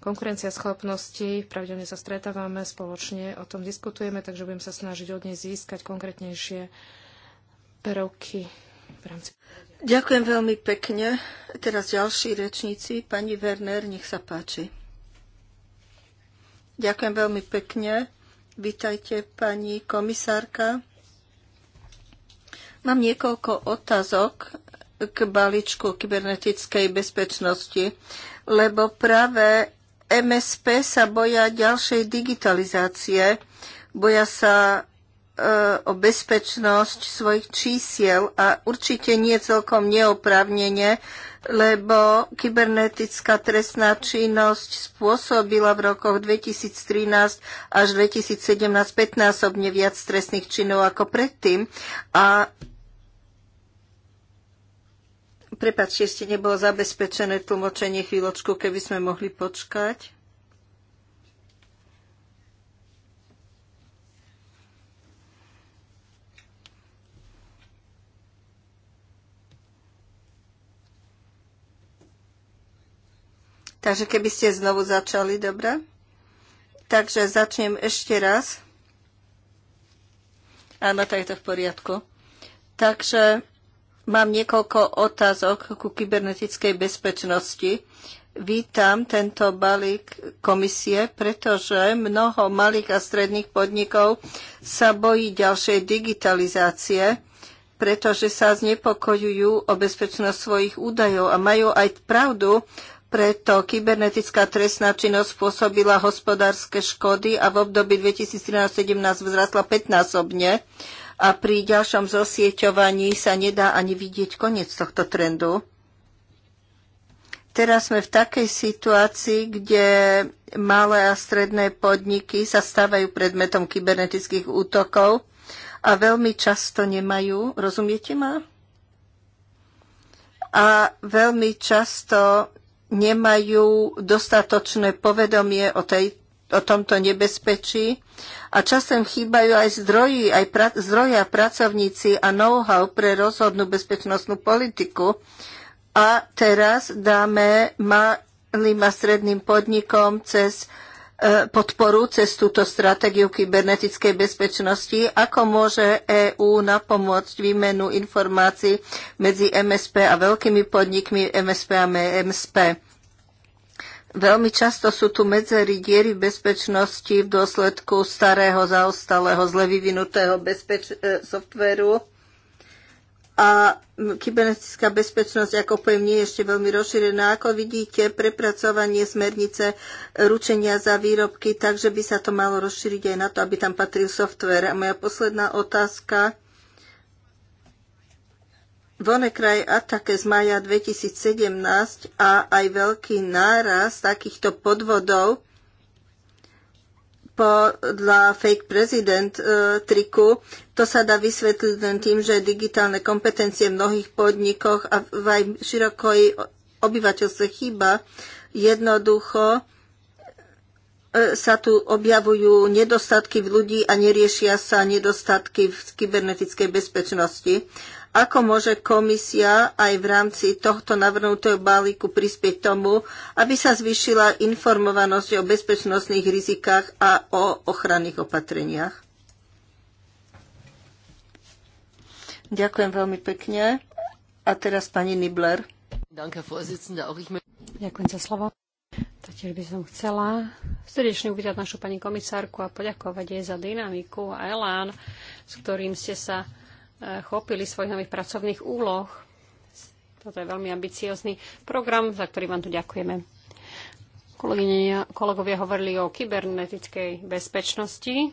konkurencia schopnosti, pravdepodobne sa stretávame spoločne, o tom diskutujeme, takže budem sa snažiť od nej získať konkrétnejšie perovky v rámci. Ďakujem veľmi pekne. Teraz ďalší rečníci. Pani Werner, nech sa páči. Ďakujem veľmi pekne. Vítajte, pani komisárka. Mám niekoľko otázok k balíčku kybernetickej bezpečnosti, lebo práve MSP sa boja ďalšej digitalizácie, boja sa e, o bezpečnosť svojich čísiel a určite nie celkom neoprávnenie, lebo kybernetická trestná činnosť spôsobila v rokoch 2013 až 2017 15 viac trestných činov ako predtým a Prepačte, ešte nebolo zabezpečené tlmočenie chvíľočku, keby sme mohli počkať. Takže keby ste znovu začali, dobre? Takže začnem ešte raz. Áno, tak je to v poriadku. Takže Mám niekoľko otázok ku kybernetickej bezpečnosti. Vítam tento balík komisie, pretože mnoho malých a stredných podnikov sa bojí ďalšej digitalizácie, pretože sa znepokojujú o bezpečnosť svojich údajov a majú aj pravdu, preto kybernetická trestná činnosť spôsobila hospodárske škody a v období 2013-2017 vzrastla 15 a pri ďalšom zosieťovaní sa nedá ani vidieť koniec tohto trendu. Teraz sme v takej situácii, kde malé a stredné podniky sa stávajú predmetom kybernetických útokov a veľmi často nemajú, rozumiete ma? A veľmi často nemajú dostatočné povedomie o tej, o tomto nebezpečí a časem chýbajú aj zdroji, aj pra- zdroje a pracovníci a know-how pre rozhodnú bezpečnostnú politiku. A teraz dáme malým a stredným podnikom cez e, podporu cez túto stratégiu kybernetickej bezpečnosti, ako môže EÚ napomôcť výmenu informácií medzi MSP a veľkými podnikmi MSP a MSP. Veľmi často sú tu medzery diery bezpečnosti v dôsledku starého, zaostalého, zle vyvinutého bezpeč- e, softvéru. A kybernetická bezpečnosť, ako pojem, nie je ešte veľmi rozšírená. Ako vidíte, prepracovanie smernice e, ručenia za výrobky, takže by sa to malo rozšíriť aj na to, aby tam patril softvér. A moja posledná otázka Vonekraj atake z maja 2017 a aj veľký náraz takýchto podvodov podľa fake president e, triku. To sa dá vysvetliť len tým, že digitálne kompetencie v mnohých podnikoch a v aj širokoj obyvateľstve chýba. Jednoducho e, sa tu objavujú nedostatky v ľudí a neriešia sa nedostatky v kybernetickej bezpečnosti. Ako môže komisia aj v rámci tohto navrhnutého balíku prispieť tomu, aby sa zvýšila informovanosť o bezpečnostných rizikách a o ochranných opatreniach? Ďakujem veľmi pekne. A teraz pani Nibler. Ďakujem za slovo. Taktiež by som chcela srdečne uvítať našu pani komisárku a poďakovať jej za dynamiku a elán, s ktorým ste sa chopili svojich nových pracovných úloh. Toto je veľmi ambiciózny program, za ktorý vám tu ďakujeme. Kolegyne, kolegovia hovorili o kybernetickej bezpečnosti.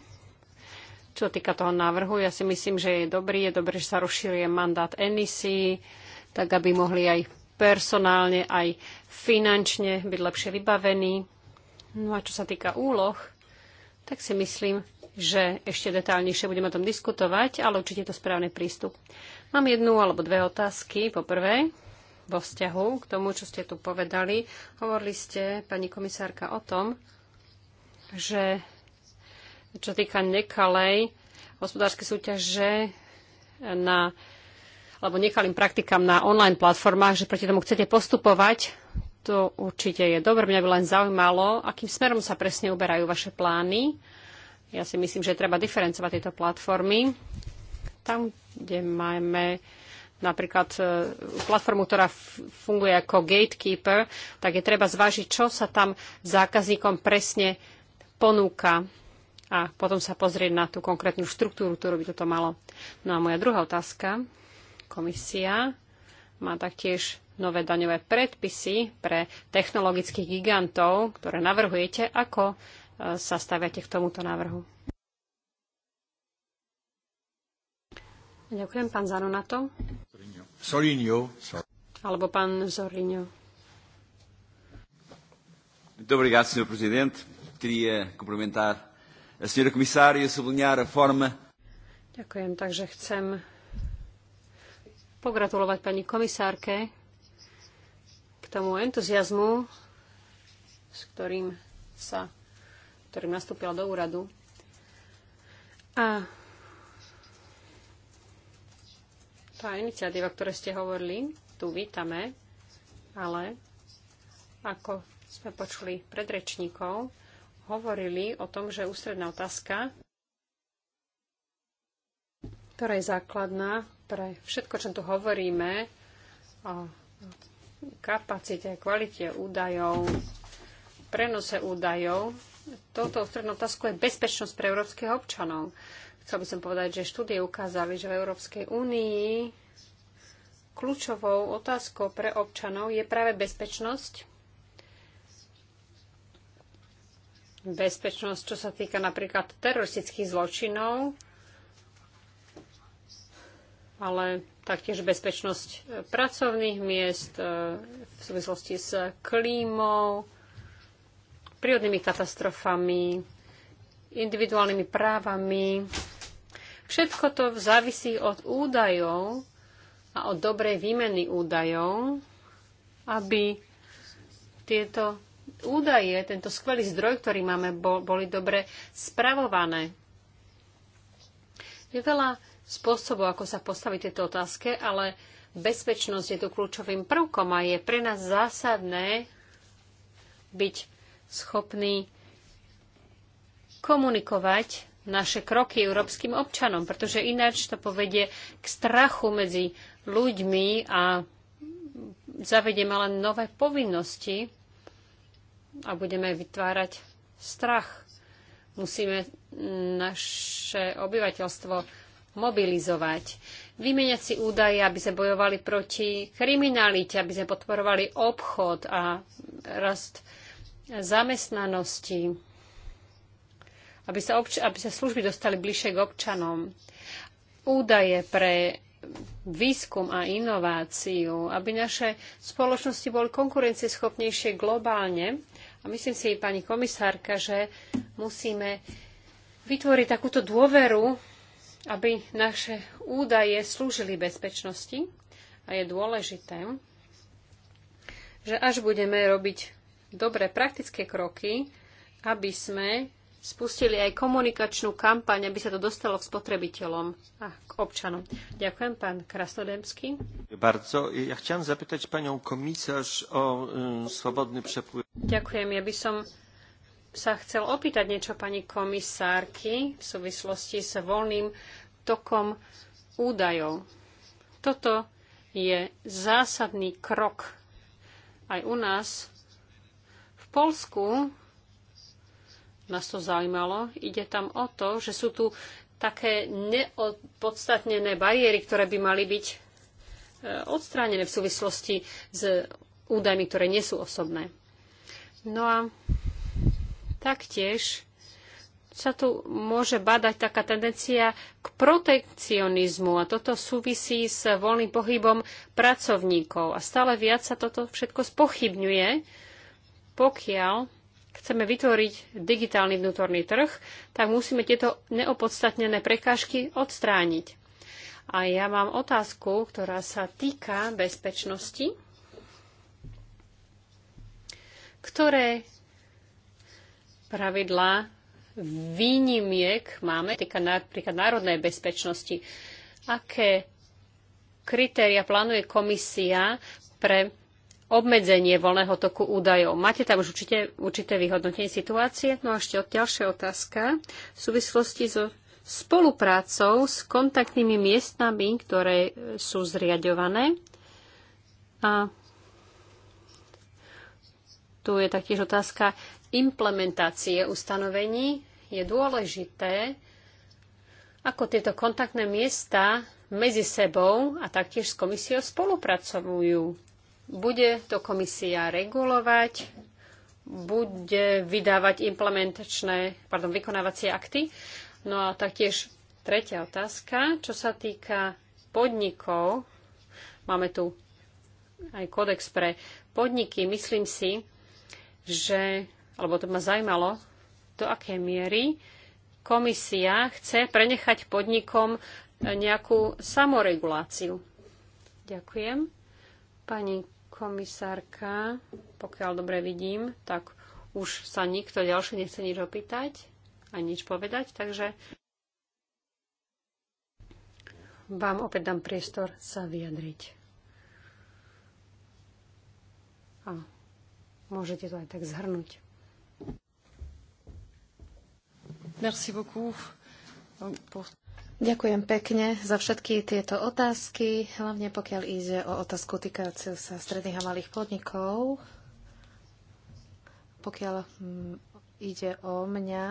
Čo týka toho návrhu, ja si myslím, že je dobrý. Je dobré, že sa rozširuje mandát NISI, tak aby mohli aj personálne, aj finančne byť lepšie vybavení. No a čo sa týka úloh, tak si myslím, že ešte detálnejšie budeme o tom diskutovať, ale určite je to správny prístup. Mám jednu alebo dve otázky. Po prvé, vo vzťahu k tomu, čo ste tu povedali. Hovorili ste, pani komisárka, o tom, že čo týka nekalej hospodárskej súťaže na alebo nekalým praktikám na online platformách, že proti tomu chcete postupovať, to určite je dobré. Mňa by len zaujímalo, akým smerom sa presne uberajú vaše plány ja si myslím, že treba diferencovať tieto platformy. Tam, kde máme napríklad e, platformu, ktorá funguje ako gatekeeper, tak je treba zvážiť, čo sa tam zákazníkom presne ponúka a potom sa pozrieť na tú konkrétnu štruktúru, ktorú by toto malo. No a moja druhá otázka. Komisia má taktiež nové daňové predpisy pre technologických gigantov, ktoré navrhujete, ako sa staviate k tomuto návrhu. Ďakujem, pán Zanonato. Sorinio. Alebo pán Zorinio. Dobrý obrigado, senor prezident. Queria cumprimentar a Sra. Comissária e sublinhar a Ďakujem, takže chcem pogratulovať pani komisárke k tomu entuziasmu, s ktorým sa ktorým nastúpila do úradu. A tá iniciatíva, ktoré ste hovorili, tu vítame, ale ako sme počuli predrečníkov, hovorili o tom, že ústredná otázka, ktorá je základná pre všetko, čo tu hovoríme, o kapacite, kvalite údajov, prenose údajov, touto ústrednou otázkou je bezpečnosť pre európskych občanov. Chcel by som povedať, že štúdie ukázali, že v Európskej únii kľúčovou otázkou pre občanov je práve bezpečnosť. Bezpečnosť, čo sa týka napríklad teroristických zločinov, ale taktiež bezpečnosť pracovných miest e, v súvislosti s klímou, prírodnými katastrofami, individuálnymi právami. Všetko to závisí od údajov a od dobrej výmeny údajov, aby tieto údaje, tento skvelý zdroj, ktorý máme, boli dobre spravované. Je veľa spôsobov, ako sa postaviť tieto otázke, ale bezpečnosť je tu kľúčovým prvkom a je pre nás zásadné byť schopní komunikovať naše kroky európskym občanom, pretože ináč to povedie k strachu medzi ľuďmi a zavedieme len nové povinnosti a budeme vytvárať strach. Musíme naše obyvateľstvo mobilizovať, vymeniať si údaje, aby sme bojovali proti kriminalite, aby sme podporovali obchod a rast zamestnanosti, aby sa, obč- aby sa služby dostali bližšie k občanom, údaje pre výskum a inováciu, aby naše spoločnosti boli konkurencieschopnejšie globálne. A myslím si, pani komisárka, že musíme vytvoriť takúto dôveru, aby naše údaje slúžili bezpečnosti. A je dôležité, že až budeme robiť dobré praktické kroky, aby sme spustili aj komunikačnú kampaň, aby sa to dostalo k spotrebiteľom a k občanom. Ďakujem, pán Krasnodemský. Bardzo. Ja chcem zapýtať panią komisarz o um, swobodny Ďakujem. Ja by som sa chcel opýtať niečo pani komisárky v súvislosti s voľným tokom údajov. Toto je zásadný krok aj u nás Polsku nás to zaujímalo. Ide tam o to, že sú tu také neodpodstatnené bariéry, ktoré by mali byť e, odstránené v súvislosti s údajmi, ktoré nie sú osobné. No a taktiež sa tu môže badať taká tendencia k protekcionizmu a toto súvisí s voľným pohybom pracovníkov. A stále viac sa toto všetko spochybňuje, pokiaľ chceme vytvoriť digitálny vnútorný trh, tak musíme tieto neopodstatnené prekážky odstrániť. A ja mám otázku, ktorá sa týka bezpečnosti, ktoré pravidlá výnimiek máme, týka napríklad národnej bezpečnosti. Aké kritéria plánuje komisia pre obmedzenie voľného toku údajov. Máte tam už určite, určité vyhodnotenie situácie? No a ešte od ďalšia otázka. V súvislosti so spoluprácou s kontaktnými miestnami, ktoré sú zriadované. A tu je taktiež otázka implementácie ustanovení. Je dôležité, ako tieto kontaktné miesta medzi sebou a taktiež s komisiou spolupracujú. Bude to komisia regulovať, bude vydávať implementačné, pardon, vykonávacie akty. No a taktiež tretia otázka, čo sa týka podnikov. Máme tu aj kódex pre podniky. Myslím si, že, alebo to ma zajímalo, do akej miery komisia chce prenechať podnikom nejakú samoreguláciu. Ďakujem. Pani komisárka, pokiaľ dobre vidím, tak už sa nikto ďalší nechce nič opýtať a nič povedať, takže vám opäť dám priestor sa vyjadriť. A môžete to aj tak zhrnúť. Merci beaucoup. Pour... Ďakujem pekne za všetky tieto otázky, hlavne pokiaľ ide o otázku týkajúcu sa stredných a malých podnikov. Pokiaľ mm, ide o mňa.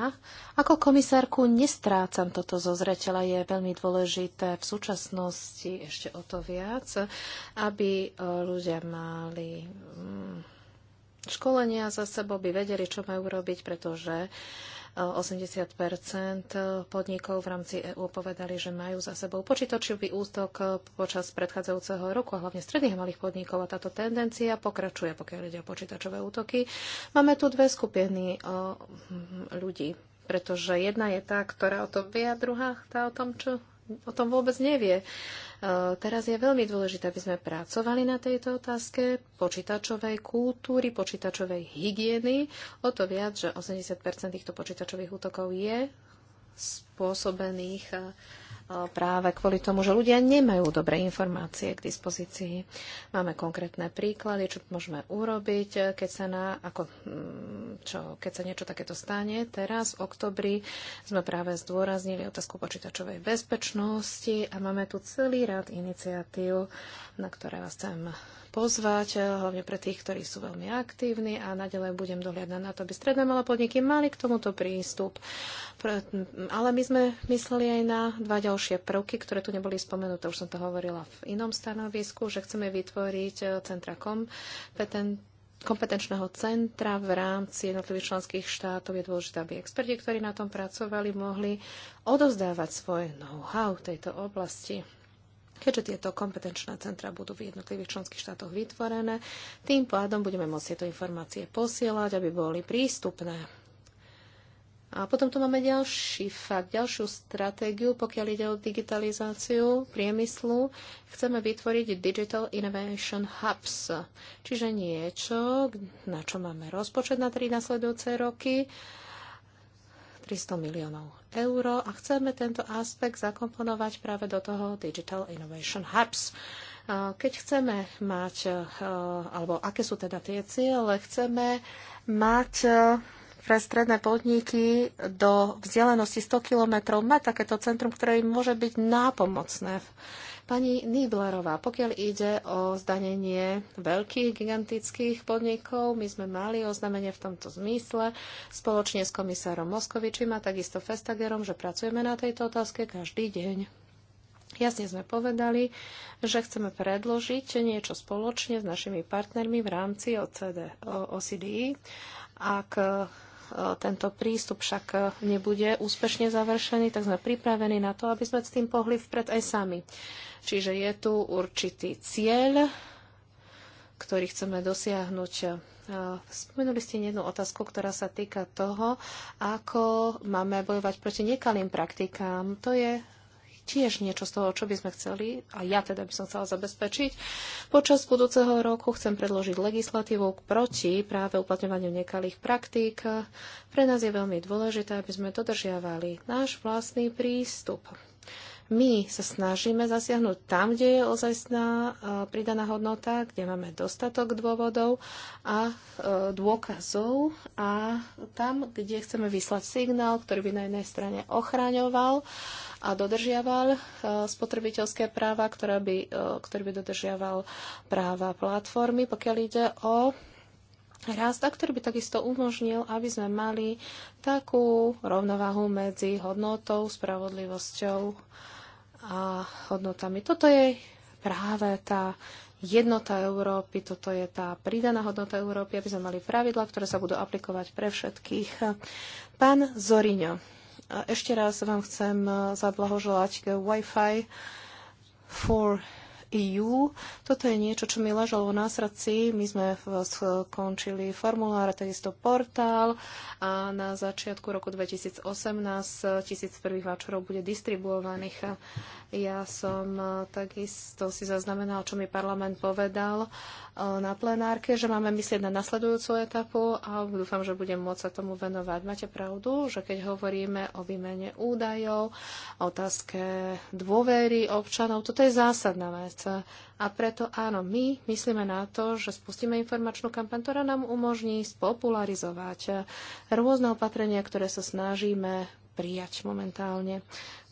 Ako komisárku nestrácam toto zo zreteľa. Je veľmi dôležité v súčasnosti ešte o to viac, aby e, ľudia mali mm, školenia za sebou, by vedeli, čo majú robiť, pretože 80 podnikov v rámci EÚ povedali, že majú za sebou počítačový ústok počas predchádzajúceho roku, a hlavne stredných a malých podnikov. A táto tendencia pokračuje, pokiaľ ide o počítačové útoky. Máme tu dve skupiny ľudí pretože jedna je tá, ktorá o tom vie a druhá tá o tom, čo o tom vôbec nevie. E, teraz je veľmi dôležité, aby sme pracovali na tejto otázke počítačovej kultúry, počítačovej hygieny. O to viac, že 80 týchto počítačových útokov je spôsobených e, práve kvôli tomu, že ľudia nemajú dobré informácie k dispozícii. Máme konkrétne príklady, čo môžeme urobiť, keď sa, na, ako, mm, čo, keď sa niečo takéto stane. Teraz v oktobri sme práve zdôraznili otázku počítačovej bezpečnosti a máme tu celý rád iniciatív, na ktoré vás chcem pozvať, hlavne pre tých, ktorí sú veľmi aktívni a nadalej budem dohliadať na to, aby stredné malé podniky mali k tomuto prístup. Ale my sme mysleli aj na dva ďalšie ďalšie prvky, ktoré tu neboli spomenuté. Už som to hovorila v inom stanovisku, že chceme vytvoriť e, centra kompetent kompetenčného centra v rámci jednotlivých členských štátov je dôležité, aby experti, ktorí na tom pracovali, mohli odozdávať svoje know-how v tejto oblasti. Keďže tieto kompetenčné centra budú v jednotlivých členských štátoch vytvorené, tým pádom budeme môcť tieto informácie posielať, aby boli prístupné a potom tu máme ďalší fakt, ďalšiu stratégiu, pokiaľ ide o digitalizáciu priemyslu. Chceme vytvoriť Digital Innovation Hubs, čiže niečo, na čo máme rozpočet na tri nasledujúce roky, 300 miliónov eur a chceme tento aspekt zakomponovať práve do toho Digital Innovation Hubs. Keď chceme mať, alebo aké sú teda tie ciele, chceme mať pre stredné podniky do vzdialenosti 100 kilometrov mať takéto centrum, ktoré im môže byť nápomocné. Pani Níblerová, pokiaľ ide o zdanenie veľkých gigantických podnikov, my sme mali oznámenie v tomto zmysle spoločne s komisárom Moskovičím a takisto Festagerom, že pracujeme na tejto otázke každý deň. Jasne sme povedali, že chceme predložiť niečo spoločne s našimi partnermi v rámci OCD, OCDI. Ak E, tento prístup však e, nebude úspešne završený, tak sme pripravení na to, aby sme s tým pohli vpred aj sami. Čiže je tu určitý cieľ, ktorý chceme dosiahnuť. E, spomenuli ste jednu otázku, ktorá sa týka toho, ako máme bojovať proti nekalým praktikám. To je tiež niečo z toho, čo by sme chceli, a ja teda by som chcela zabezpečiť. Počas budúceho roku chcem predložiť legislatívu proti práve uplatňovaniu nekalých praktík. Pre nás je veľmi dôležité, aby sme dodržiavali náš vlastný prístup my sa snažíme zasiahnuť tam, kde je ozajstná e, pridaná hodnota, kde máme dostatok dôvodov a e, dôkazov a tam, kde chceme vyslať signál, ktorý by na jednej strane ochraňoval a dodržiaval e, spotrebiteľské práva, ktoré by, ktorý by dodržiaval práva platformy, pokiaľ ide o rast, a ktorý by takisto umožnil, aby sme mali takú rovnovahu medzi hodnotou, spravodlivosťou a hodnotami. Toto je práve tá jednota Európy, toto je tá pridaná hodnota Európy, aby sme mali pravidla, ktoré sa budú aplikovať pre všetkých. Pán Zoriňo, ešte raz vám chcem zablahoželať k Wi-Fi for EU. Toto je niečo, čo mi ležalo na srdci. My sme skončili formulár, takisto portál a na začiatku roku 2018 tisíc prvých váčerov bude distribuovaných ja som e, takisto si zaznamenal, čo mi parlament povedal e, na plenárke, že máme myslieť na nasledujúcu etapu a dúfam, že budem môcť sa tomu venovať. Máte pravdu, že keď hovoríme o výmene údajov, o otázke dôvery občanov, toto je zásadná vec. A preto áno, my myslíme na to, že spustíme informačnú kampaň, ktorá nám umožní spopularizovať rôzne opatrenia, ktoré sa snažíme prijať momentálne.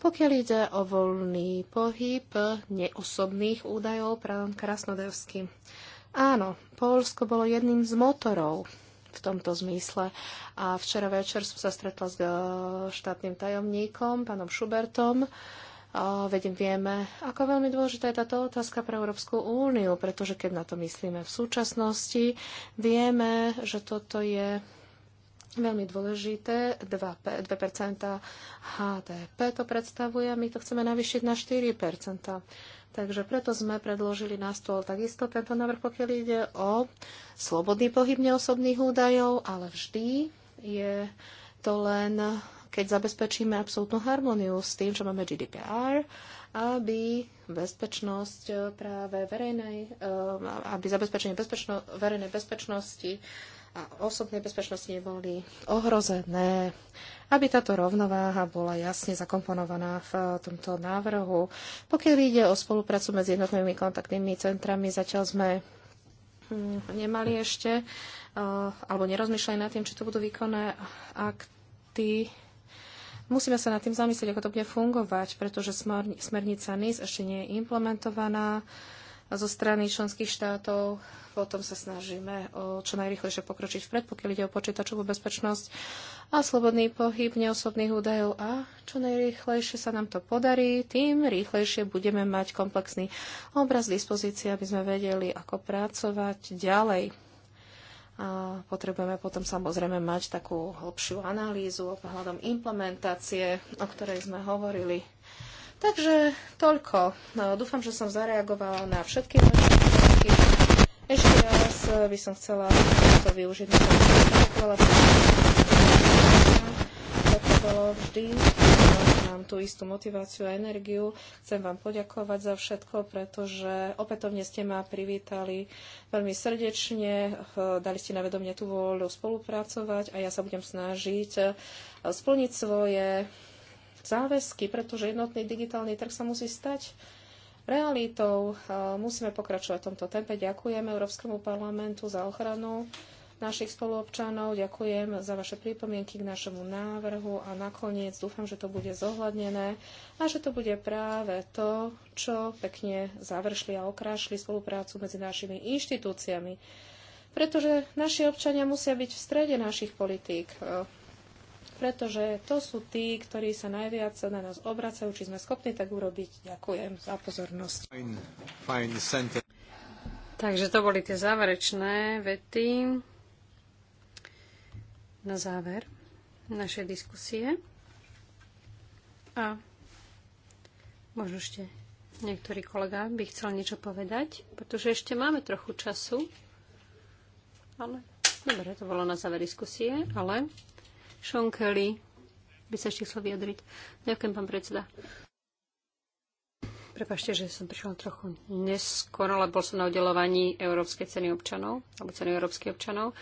Pokiaľ ide o voľný pohyb neosobných údajov, pán Krasnodevsky. Áno, Polsko bolo jedným z motorov v tomto zmysle. A včera večer som sa stretla s e, štátnym tajomníkom, pánom Šubertom. Vedem, vieme, ako veľmi dôležitá je táto otázka pre Európsku úniu, pretože keď na to myslíme v súčasnosti, vieme, že toto je veľmi dôležité, 2%, 2% HDP to predstavuje a my to chceme navýšiť na 4%. Takže preto sme predložili na stôl takisto tento návrh, pokiaľ ide o slobodný pohyb neosobných údajov, ale vždy je to len, keď zabezpečíme absolútnu harmoniu s tým, čo máme GDPR, aby bezpečnosť eh, práve verejnej, eh, aby zabezpečenie bezpečno, verejnej bezpečnosti a osobnej bezpečnosti neboli ohrozené, aby táto rovnováha bola jasne zakomponovaná v tomto návrhu. Pokiaľ ide o spoluprácu medzi jednotnými kontaktnými centrami, zatiaľ sme hm, nemali ešte, eh, alebo nerozmýšľali nad tým, či to budú výkonné akty. Musíme sa nad tým zamyslieť, ako to bude fungovať, pretože smernica NIS ešte nie je implementovaná zo strany členských štátov. Potom sa snažíme o čo najrychlejšie pokročiť vpred, pokiaľ ide o počítačovú bezpečnosť a slobodný pohyb neosobných údajov. A čo najrychlejšie sa nám to podarí, tým rýchlejšie budeme mať komplexný obraz dispozície, aby sme vedeli, ako pracovať ďalej. A potrebujeme potom samozrejme mať takú hlbšiu analýzu ohľadom implementácie, o ktorej sme hovorili. Takže toľko. No, dúfam, že som zareagovala na všetky vaše otázky. Ešte raz by som chcela to využiť na to, veľa to bolo vždy. Mám tú istú motiváciu a energiu. Chcem vám poďakovať za všetko, pretože opätovne ste ma privítali veľmi srdečne. Eh, dali ste na vedomie tú vôľu spolupracovať a ja sa budem snažiť eh, splniť svoje záväzky, pretože jednotný digitálny trh sa musí stať realitou. Musíme pokračovať v tomto tempe. Ďakujem Európskemu parlamentu za ochranu našich spoluobčanov. Ďakujem za vaše pripomienky k našemu návrhu a nakoniec dúfam, že to bude zohľadnené a že to bude práve to, čo pekne završili a okrášli spoluprácu medzi našimi inštitúciami. Pretože naši občania musia byť v strede našich politík pretože to sú tí, ktorí sa najviac na nás obracajú, či sme schopní tak urobiť. Ďakujem za pozornosť. Fine, fine Takže to boli tie záverečné vety na záver našej diskusie. A možno ešte niektorý kolega by chcel niečo povedať, pretože ešte máme trochu času. Ale dobre, to bolo na záver diskusie, ale Sean Kelly by sa ešte chcel vyjadriť. Ďakujem, pán predseda. Prepašte, že som prišla trochu neskoro, lebo bol som na udelovaní Európskej ceny občanov, alebo ceny Európskych občanov.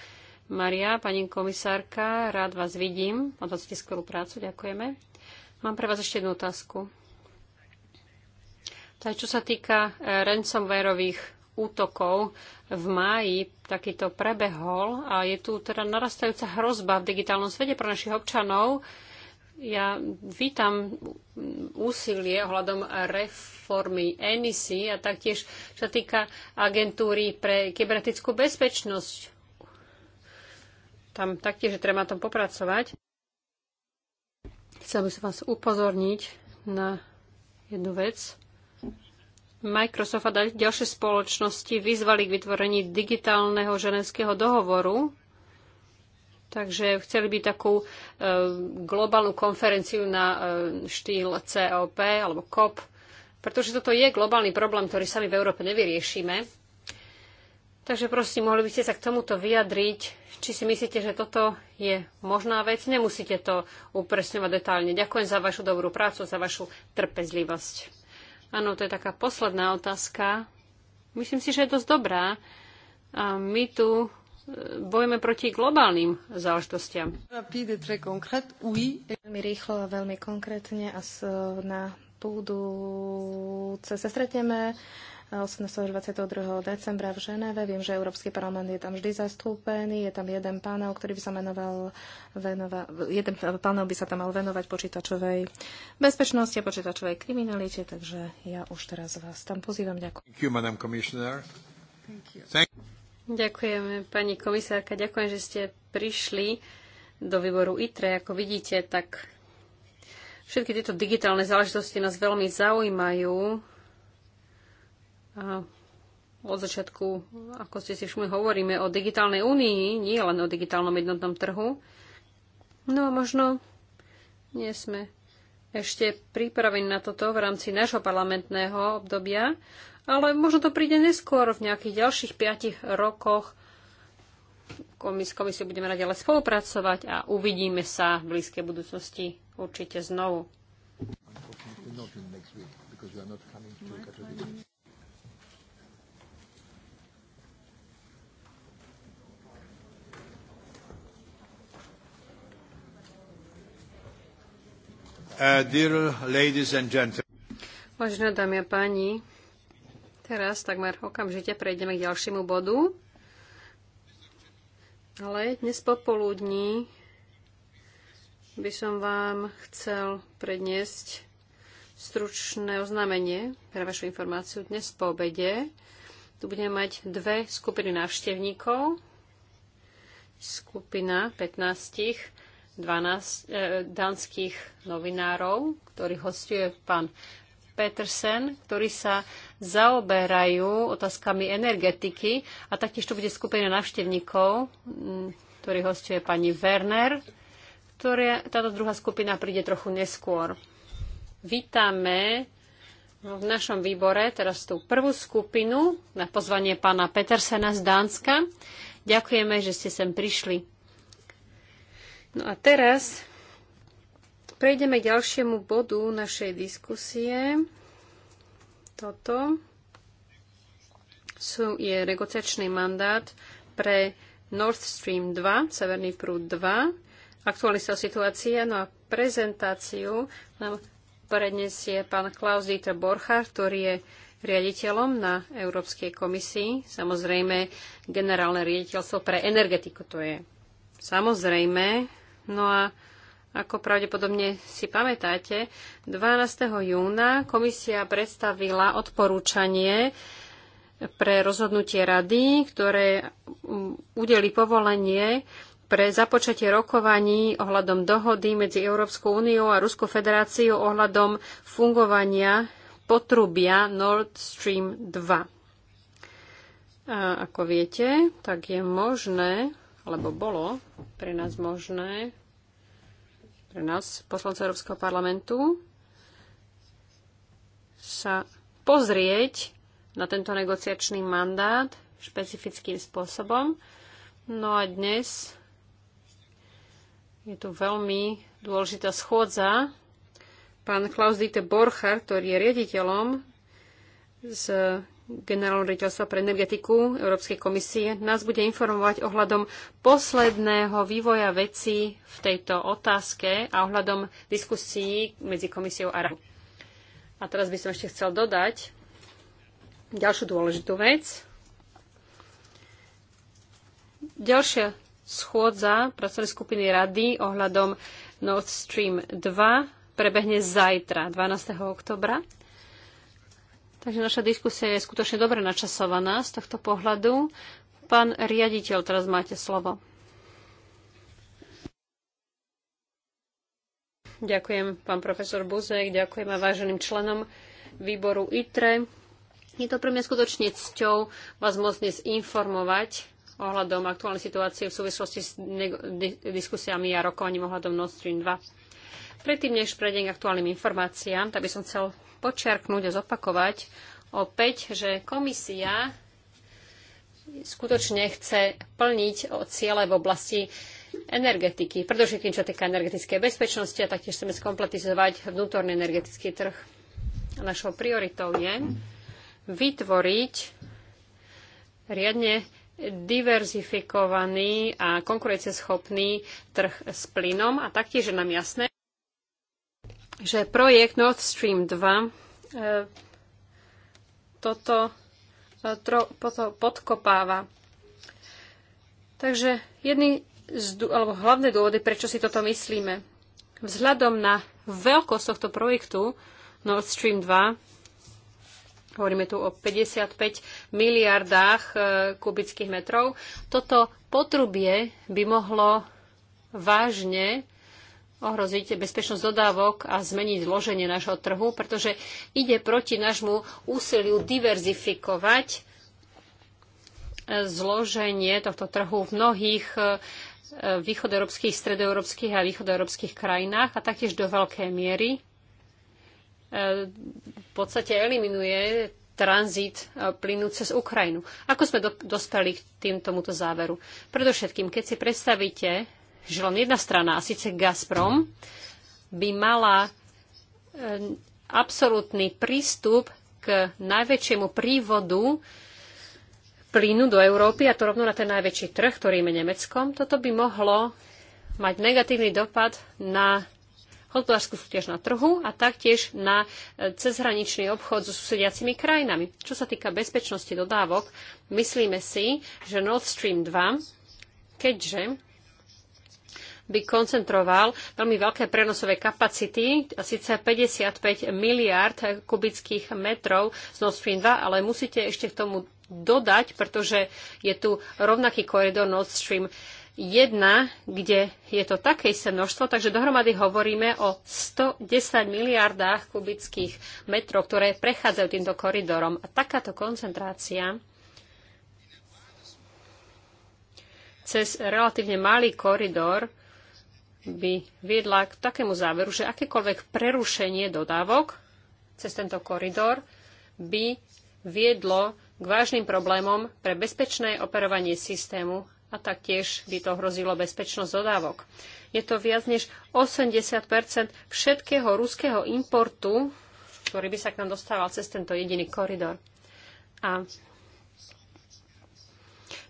Maria, pani komisárka, rád vás vidím. vás skvelú prácu, ďakujeme. Mám pre vás ešte jednu otázku. Tak, čo sa týka eh, ransomwareových útokov v máji takýto prebehol a je tu teda narastajúca hrozba v digitálnom svete pre našich občanov. Ja vítam úsilie ohľadom reformy ENISI a taktiež, čo sa týka agentúry pre kybernetickú bezpečnosť. Tam taktiež treba na tom popracovať. Chcel by som vás upozorniť na jednu vec. Microsoft a ďalšie spoločnosti vyzvali k vytvorení digitálneho ženevského dohovoru. Takže chceli by takú e, globálnu konferenciu na e, štýl COP alebo COP, pretože toto je globálny problém, ktorý sami v Európe nevyriešime. Takže prosím, mohli by ste sa k tomuto vyjadriť, či si myslíte, že toto je možná vec. Nemusíte to upresňovať detálne. Ďakujem za vašu dobrú prácu, za vašu trpezlivosť. Áno, to je taká posledná otázka. Myslím si, že je dosť dobrá. A my tu e, bojujeme proti globálnym záležitostiam. Veľmi rýchlo a veľmi konkrétne a na púdu sa stretneme 18. 22. decembra v Ženeve. Viem, že Európsky parlament je tam vždy zastúpený. Je tam jeden pánov, ktorý by sa menoval venova, jeden pánov by sa tam mal venovať počítačovej bezpečnosti a počítačovej kriminalite, takže ja už teraz vás tam pozývam. Ďakujem. Thank you, Madam Commissioner. Thank you. Ďakujem, pani komisárka. Ďakujem, že ste prišli do výboru ITRE. Ako vidíte, tak všetky tieto digitálne záležitosti nás veľmi zaujímajú a od začiatku, ako ste si všimli, hovoríme o digitálnej únii, nie len o digitálnom jednotnom trhu. No a možno nie sme ešte pripravení na toto v rámci nášho parlamentného obdobia, ale možno to príde neskôr v nejakých ďalších piatich rokoch. S komisiu budeme ale spolupracovať a uvidíme sa v blízkej budúcnosti určite znovu. Uh, Vážené dámy a páni, teraz takmer okamžite prejdeme k ďalšiemu bodu. Ale dnes popoludní by som vám chcel predniesť stručné oznámenie pre vašu informáciu. Dnes po obede tu budeme mať dve skupiny návštevníkov. Skupina 15 12 e, danských novinárov, ktorý hostuje pán Petersen, ktorí sa zaoberajú otázkami energetiky a taktiež tu bude skupina návštevníkov, ktorí hostuje pani Werner, ktoré, táto druhá skupina príde trochu neskôr. Vítame v našom výbore teraz tú prvú skupinu na pozvanie pána Petersena z Dánska. Ďakujeme, že ste sem prišli. No a teraz prejdeme k ďalšiemu bodu našej diskusie. Toto sú, je negociačný mandát pre Nord Stream 2, Severný prúd 2, aktualizá situácia, no a prezentáciu nám prednesie pán Klaus-Dieter Borchardt, ktorý je riaditeľom na Európskej komisii, samozrejme generálne riaditeľstvo pre energetiku to je. Samozrejme, No a ako pravdepodobne si pamätáte, 12. júna komisia predstavila odporúčanie pre rozhodnutie rady, ktoré udeli povolenie pre započatie rokovaní ohľadom dohody medzi Európskou úniou a Ruskou federáciou ohľadom fungovania potrubia Nord Stream 2. A ako viete, tak je možné, alebo bolo pre nás možné, pre nás, poslancov Európskeho parlamentu, sa pozrieť na tento negociačný mandát špecifickým spôsobom. No a dnes je tu veľmi dôležitá schôdza. Pán Klaus Dieter Borcher, ktorý je riaditeľom z generálneho riaditeľstva pre energetiku Európskej komisie, nás bude informovať ohľadom posledného vývoja vecí v tejto otázke a ohľadom diskusií medzi komisiou a radou. A teraz by som ešte chcel dodať ďalšiu dôležitú vec. Ďalšia schôdza pracovnej skupiny rady ohľadom Nord Stream 2 prebehne zajtra, 12. oktobra. Takže naša diskusia je skutočne dobre načasovaná z tohto pohľadu. Pán riaditeľ, teraz máte slovo. Ďakujem, pán profesor Buzek, ďakujem aj váženým členom výboru ITRE. Je to pre mňa skutočne cťou vás môcť dnes informovať ohľadom aktuálnej situácie v súvislosti s diskusiami a rokovaním ohľadom Nord Stream 2. Predtým, než prejdem k aktuálnym informáciám, tak by som chcel počiarknúť a zopakovať opäť, že komisia skutočne chce plniť ciele v oblasti energetiky, Pretože, keď čo týka energetickej bezpečnosti a taktiež chceme skompletizovať vnútorný energetický trh. A našou prioritou je vytvoriť riadne diverzifikovaný a konkurencieschopný trh s plynom a taktiež je nám jasné, že projekt Nord Stream 2 e, e, toto podkopáva. Takže jedný z, alebo hlavné dôvody, prečo si toto myslíme. Vzhľadom na veľkosť tohto projektu Nord Stream 2, hovoríme tu o 55 miliardách e, kubických metrov, toto potrubie by mohlo vážne ohroziť bezpečnosť dodávok a zmeniť zloženie nášho trhu, pretože ide proti nášmu úsiliu diverzifikovať e, zloženie tohto trhu v mnohých e, východoeurópskych, stredoeurópskych a východoeurópskych krajinách a taktiež do veľkej miery e, v podstate eliminuje tranzit plynu cez Ukrajinu. Ako sme do, dospeli k tým, tomuto záveru? Predovšetkým, keď si predstavíte, že len jedna strana, a síce Gazprom, by mala e, absolútny prístup k najväčšiemu prívodu plynu do Európy, a to rovno na ten najväčší trh, ktorým je Nemeckom, toto by mohlo mať negatívny dopad na hospodárskú súťaž na trhu a taktiež na e, cezhraničný obchod so susediacimi krajinami. Čo sa týka bezpečnosti dodávok, myslíme si, že Nord Stream 2, keďže by koncentroval veľmi veľké prenosové kapacity, síce 55 miliard kubických metrov z Nord Stream 2, ale musíte ešte k tomu dodať, pretože je tu rovnaký koridor Nord Stream 1, kde je to také isté množstvo, takže dohromady hovoríme o 110 miliardách kubických metrov, ktoré prechádzajú týmto koridorom. A takáto koncentrácia cez relatívne malý koridor by viedla k takému záveru, že akékoľvek prerušenie dodávok cez tento koridor by viedlo k vážnym problémom pre bezpečné operovanie systému a taktiež by to hrozilo bezpečnosť dodávok. Je to viac než 80 všetkého ruského importu, ktorý by sa k nám dostával cez tento jediný koridor. A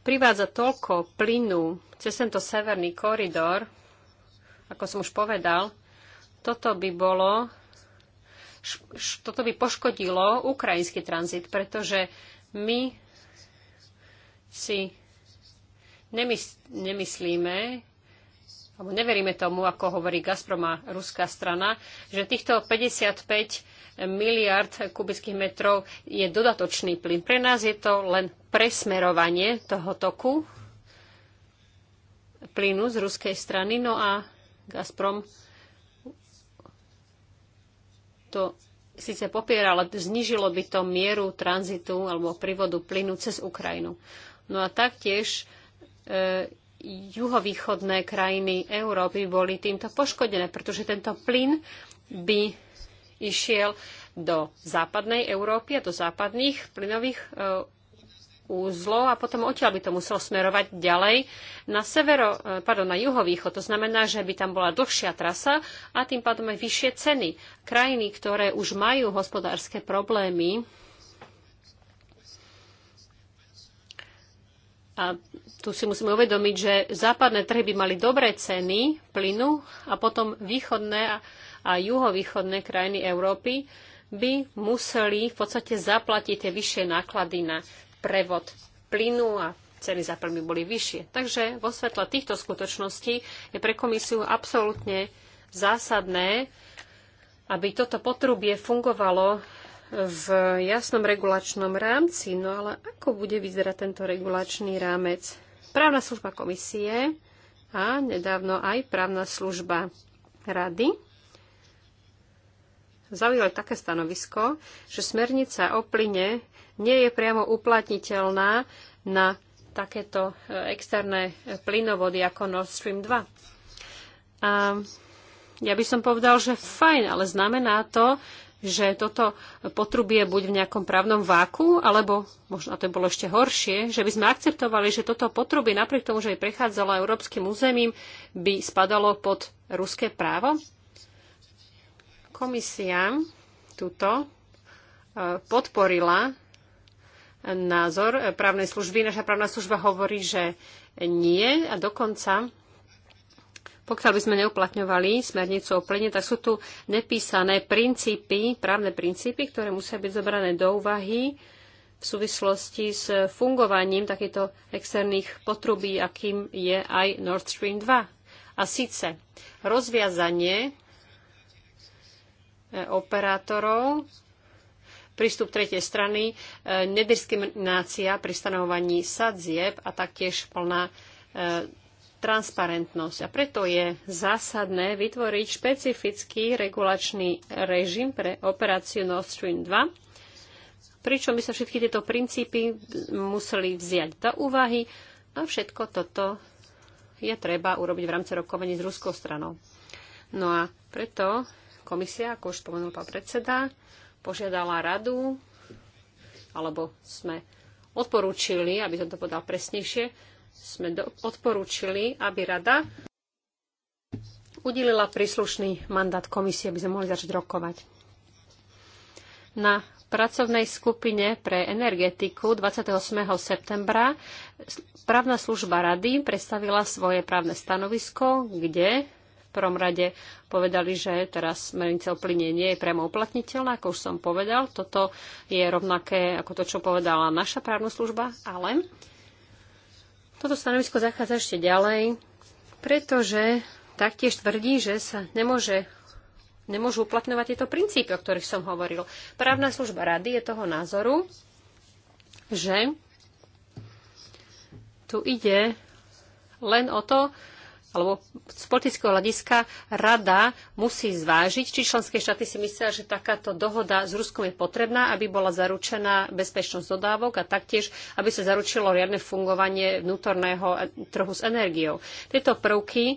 privádza toľko plynu cez tento severný koridor, ako som už povedal, toto by bolo toto by poškodilo ukrajinský tranzit, pretože my si nemys- nemyslíme, alebo neveríme tomu, ako hovorí Gazprom a ruská strana, že týchto 55 miliard kubických metrov je dodatočný plyn. Pre nás je to len presmerovanie toho toku plynu z ruskej strany. No a Gazprom to síce popiera, ale znižilo by to mieru tranzitu alebo privodu plynu cez Ukrajinu. No a taktiež e, juhovýchodné krajiny Európy boli týmto poškodené, pretože tento plyn by išiel do západnej Európy a do západných plynových e, úzlo a potom odtiaľ by to muselo smerovať ďalej na severo, eh, pardon, na juhovýchod. To znamená, že by tam bola dlhšia trasa a tým pádom aj vyššie ceny. Krajiny, ktoré už majú hospodárske problémy, A tu si musíme uvedomiť, že západné trhy by mali dobré ceny plynu a potom východné a juhovýchodné krajiny Európy by museli v podstate zaplatiť tie vyššie náklady na prevod plynu a ceny za plyn by boli vyššie. Takže vo svetle týchto skutočností je pre komisiu absolútne zásadné, aby toto potrubie fungovalo v jasnom regulačnom rámci. No ale ako bude vyzerať tento regulačný rámec? Právna služba komisie a nedávno aj právna služba rady zaujali také stanovisko, že smernica o plyne nie je priamo uplatniteľná na takéto e, externé e, plynovody ako Nord Stream 2. A ja by som povedal, že fajn, ale znamená to, že toto potrubie buď v nejakom právnom váku, alebo možno to bolo ešte horšie, že by sme akceptovali, že toto potrubie napriek tomu, že by prechádzalo európskym územím, by spadalo pod ruské právo. Komisia túto e, podporila názor právnej služby. Naša právna služba hovorí, že nie a dokonca pokiaľ by sme neuplatňovali smernicu o plene, tak sú tu nepísané princípy, právne princípy, ktoré musia byť zobrané do úvahy v súvislosti s fungovaním takýchto externých potrubí, akým je aj Nord Stream 2. A síce rozviazanie operátorov prístup tretej strany, e, nediskriminácia pri stanovovaní sadzieb a taktiež plná e, transparentnosť. A preto je zásadné vytvoriť špecifický regulačný režim pre operáciu Nord Stream 2, pričom by sa všetky tieto princípy museli vziať do úvahy a všetko toto je treba urobiť v rámci rokovaní s ruskou stranou. No a preto komisia, ako už spomenul pán predseda, požiadala radu, alebo sme odporúčili, aby som to povedal presnejšie, sme do, odporúčili, aby rada udelila príslušný mandát komisie, aby sme mohli začať rokovať. Na pracovnej skupine pre energetiku 28. septembra právna služba rady predstavila svoje právne stanovisko, kde prvom rade povedali, že teraz smernica o plyne nie je priamo uplatniteľná, ako už som povedal. Toto je rovnaké ako to, čo povedala naša právna služba, ale toto stanovisko zachádza ešte ďalej, pretože taktiež tvrdí, že sa nemôže nemôžu uplatňovať tieto princípy, o ktorých som hovoril. Právna služba rady je toho názoru, že tu ide len o to, alebo z politického hľadiska rada musí zvážiť, či členské štáty si myslia, že takáto dohoda s Ruskom je potrebná, aby bola zaručená bezpečnosť dodávok a taktiež, aby sa zaručilo riadne fungovanie vnútorného trhu s energiou. Tieto prvky e,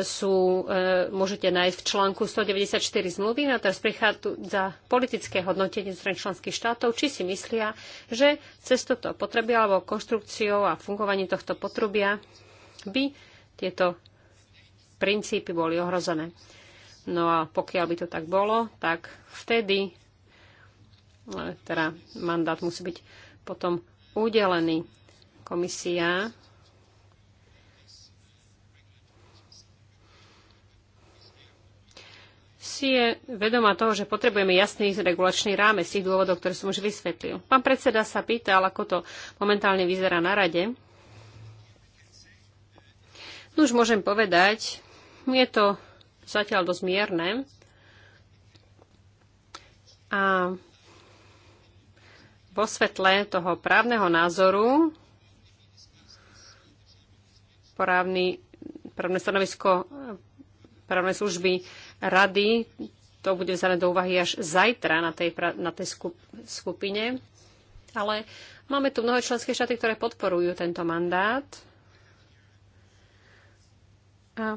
sú, e, môžete nájsť v článku 194 zmluvy. No a teraz prichádza politické hodnotenie strany členských štátov, či si myslia, že cez toto potreby alebo konštrukciou a fungovaním tohto potrubia by tieto princípy boli ohrozené. No a pokiaľ by to tak bolo, tak vtedy e, teda mandát musí byť potom udelený. Komisia si je vedomá toho, že potrebujeme jasný regulačný rámec z tých dôvodov, ktoré som už vysvetlil. Pán predseda sa pýtal, ako to momentálne vyzerá na rade. No už môžem povedať, je to zatiaľ dosť mierne. A vo svetle toho právneho názoru právny, právne stanovisko právnej služby rady, to bude vzané do úvahy až zajtra na tej, na tej skupine. Ale máme tu mnohé členské štáty, ktoré podporujú tento mandát a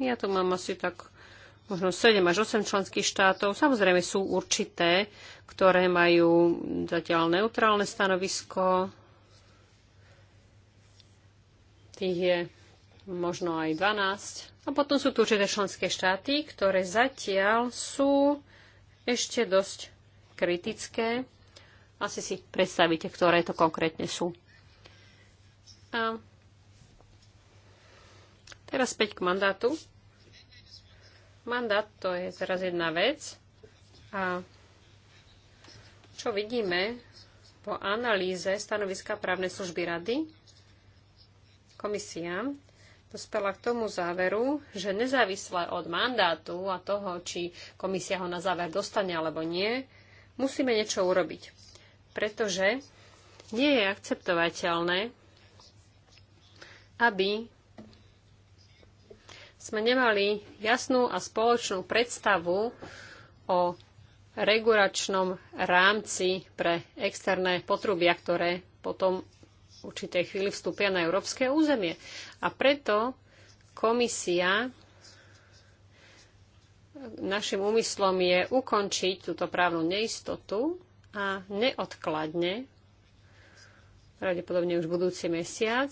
ja tu mám asi tak možno 7 až 8 členských štátov. Samozrejme sú určité, ktoré majú zatiaľ neutrálne stanovisko. Tých je možno aj 12. A potom sú tu určité členské štáty, ktoré zatiaľ sú ešte dosť kritické. Asi si predstavíte, ktoré to konkrétne sú. A Teraz späť k mandátu. Mandát to je teraz jedna vec. A čo vidíme po analýze stanoviska právnej služby rady, komisia dospela k tomu záveru, že nezávisle od mandátu a toho, či komisia ho na záver dostane alebo nie, musíme niečo urobiť. Pretože nie je akceptovateľné, aby sme nemali jasnú a spoločnú predstavu o regulačnom rámci pre externé potrubia, ktoré potom v určitej chvíli vstúpia na európske územie. A preto komisia našim úmyslom je ukončiť túto právnu neistotu a neodkladne, pravdepodobne už budúci mesiac,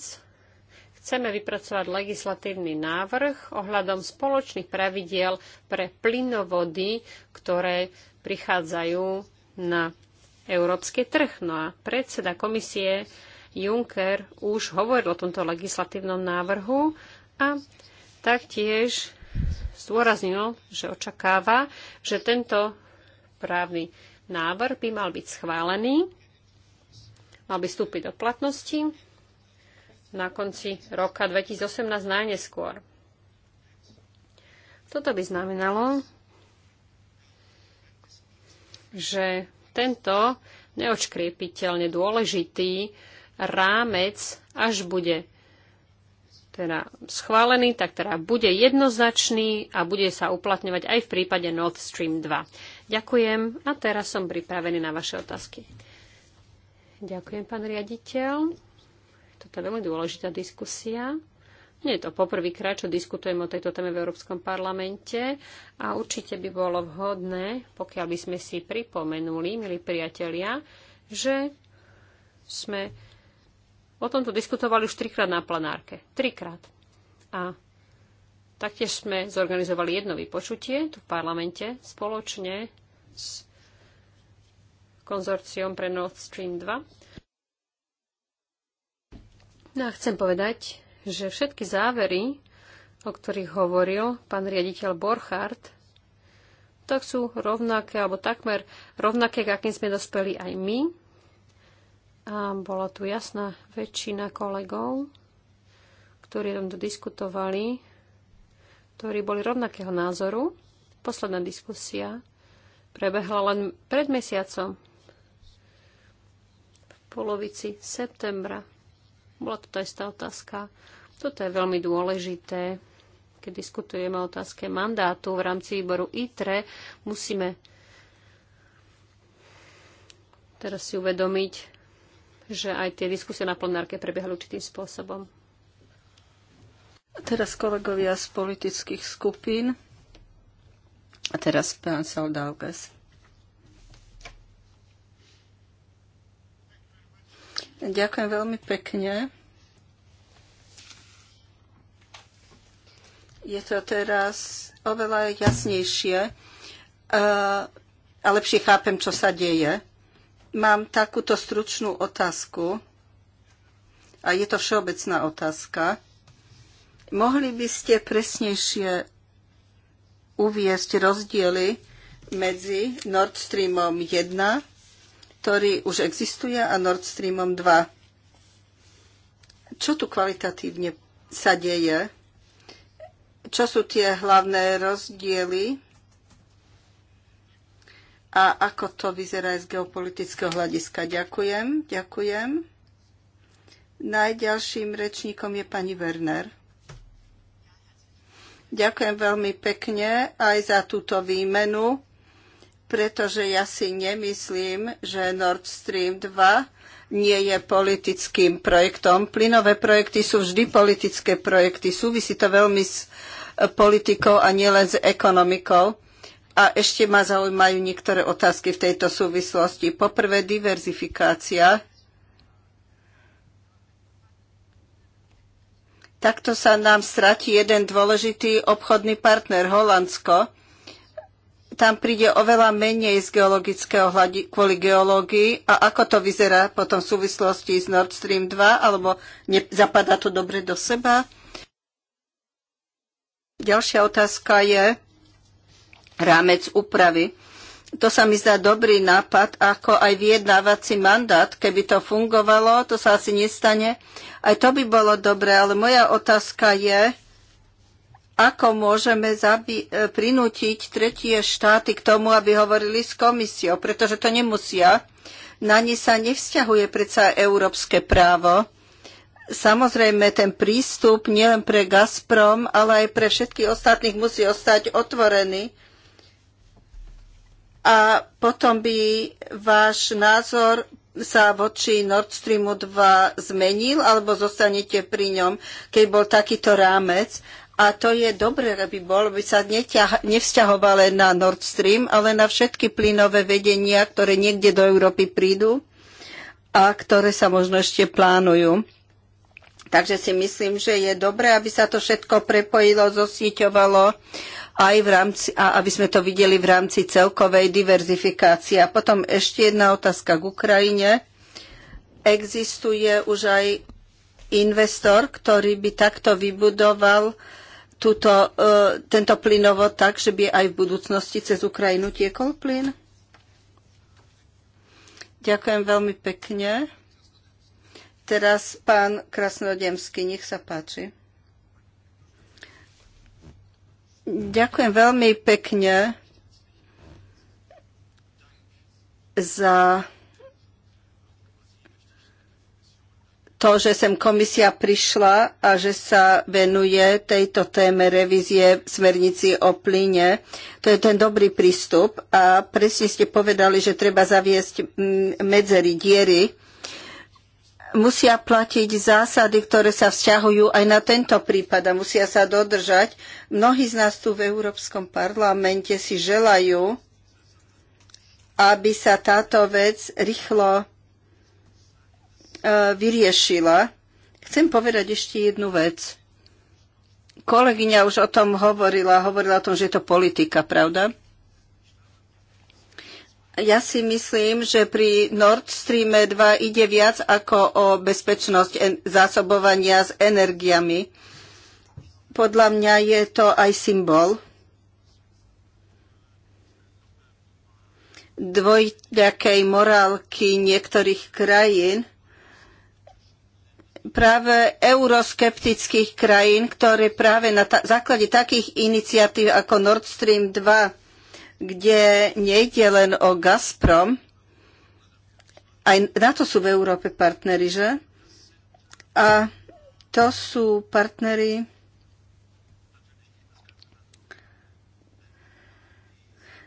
Chceme vypracovať legislatívny návrh ohľadom spoločných pravidiel pre plynovody, ktoré prichádzajú na európsky trh. No a predseda komisie Juncker už hovoril o tomto legislatívnom návrhu a taktiež zdôraznil, že očakáva, že tento právny návrh by mal byť schválený, mal by vstúpiť do platnosti na konci roka 2018 najneskôr. Toto by znamenalo, že tento neočkriepiteľne dôležitý rámec, až bude teda schválený, tak teda bude jednoznačný a bude sa uplatňovať aj v prípade Nord Stream 2. Ďakujem a teraz som pripravený na vaše otázky. Ďakujem, pán riaditeľ. Toto je veľmi dôležitá diskusia. Nie je to poprvýkrát, čo diskutujeme o tejto téme v Európskom parlamente a určite by bolo vhodné, pokiaľ by sme si pripomenuli, milí priatelia, že sme o tomto diskutovali už trikrát na plenárke. Trikrát. A taktiež sme zorganizovali jedno vypočutie tu v parlamente spoločne s konzorciom pre Nord Stream 2. No a chcem povedať, že všetky závery, o ktorých hovoril pán riaditeľ Borchardt, tak sú rovnaké, alebo takmer rovnaké, k akým sme dospeli aj my. A bola tu jasná väčšina kolegov, ktorí tam to diskutovali, ktorí boli rovnakého názoru. Posledná diskusia prebehla len pred mesiacom, v polovici septembra. Bola to tá istá otázka. Toto je veľmi dôležité. Keď diskutujeme o otázke mandátu v rámci výboru ITRE, musíme teraz si uvedomiť, že aj tie diskusie na plenárke prebiehali určitým spôsobom. teraz kolegovia z politických skupín. A teraz pán Saldaugas. Ďakujem veľmi pekne. Je to teraz oveľa jasnejšie eh, a lepšie chápem, čo sa deje. Mám takúto stručnú otázku a je to všeobecná otázka. Mohli by ste presnejšie uviesť rozdiely medzi Nord Streamom 1 ktorý už existuje a Nord Streamom 2. Čo tu kvalitatívne sa deje? Čo sú tie hlavné rozdiely? A ako to vyzerá z geopolitického hľadiska? Ďakujem, ďakujem. Najďalším rečníkom je pani Werner. Ďakujem veľmi pekne aj za túto výmenu pretože ja si nemyslím, že Nord Stream 2 nie je politickým projektom. Plynové projekty sú vždy politické projekty. Súvisí to veľmi s e, politikou a nielen s ekonomikou. A ešte ma zaujímajú niektoré otázky v tejto súvislosti. Poprvé, diverzifikácia. Takto sa nám stratí jeden dôležitý obchodný partner, Holandsko tam príde oveľa menej z geologického hľadi- kvôli geológii a ako to vyzerá potom v súvislosti s Nord Stream 2 alebo ne- zapadá to dobre do seba? Ďalšia otázka je rámec úpravy. To sa mi zdá dobrý nápad, ako aj vyjednávací mandát, keby to fungovalo, to sa asi nestane. Aj to by bolo dobré, ale moja otázka je, ako môžeme e, prinútiť tretie štáty k tomu, aby hovorili s komisiou, pretože to nemusia. Na ne sa nevzťahuje predsa európske právo. Samozrejme, ten prístup nielen pre Gazprom, ale aj pre všetkých ostatných musí ostať otvorený. A potom by váš názor sa voči Nord Streamu 2 zmenil, alebo zostanete pri ňom, keď bol takýto rámec. A to je dobré, aby bol, aby sa nevzťahovalo len na Nord Stream, ale na všetky plynové vedenia, ktoré niekde do Európy prídu a ktoré sa možno ešte plánujú. Takže si myslím, že je dobré, aby sa to všetko prepojilo, zosieťovalo aj v rámci, a aby sme to videli v rámci celkovej diverzifikácie. A potom ešte jedna otázka k Ukrajine. Existuje už aj investor, ktorý by takto vybudoval uh, túto, e, tento plynovod tak, že by aj v budúcnosti cez Ukrajinu tiekol plyn? Ďakujem veľmi pekne. Teraz pán Krasnodemský, nech sa páči. Ďakujem veľmi pekne za to, že sem komisia prišla a že sa venuje tejto téme revízie smernici o plyne. To je ten dobrý prístup a presne ste povedali, že treba zaviesť mm, medzery, diery. Musia platiť zásady, ktoré sa vzťahujú aj na tento prípad a musia sa dodržať. Mnohí z nás tu v Európskom parlamente si želajú, aby sa táto vec rýchlo E, vyriešila. Chcem povedať ešte jednu vec. Kolegyňa už o tom hovorila, hovorila o tom, že je to politika, pravda? Ja si myslím, že pri Nord Stream 2 ide viac ako o bezpečnosť zásobovania s energiami. Podľa mňa je to aj symbol dvojďakej morálky niektorých krajín, práve euroskeptických krajín, ktoré práve na ta- základe takých iniciatív ako Nord Stream 2, kde nejde len o Gazprom, aj na to sú v Európe partnery, že? A to sú partnery,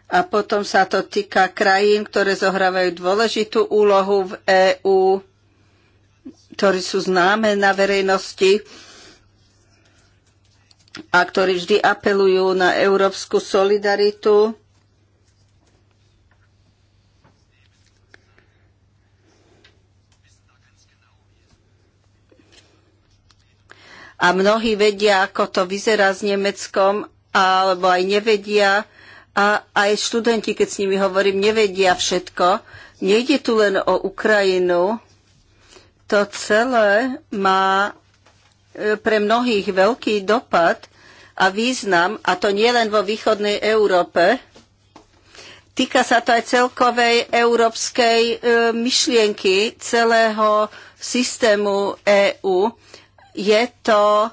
a potom sa to týka krajín, ktoré zohrávajú dôležitú úlohu v EÚ ktorí sú známe na verejnosti a ktorí vždy apelujú na európsku solidaritu. A mnohí vedia, ako to vyzerá s Nemeckom, alebo aj nevedia. A aj študenti, keď s nimi hovorím, nevedia všetko. Nejde tu len o Ukrajinu, to celé má e, pre mnohých veľký dopad a význam, a to nie len vo východnej Európe. Týka sa to aj celkovej európskej e, myšlienky, celého systému EÚ. Je to,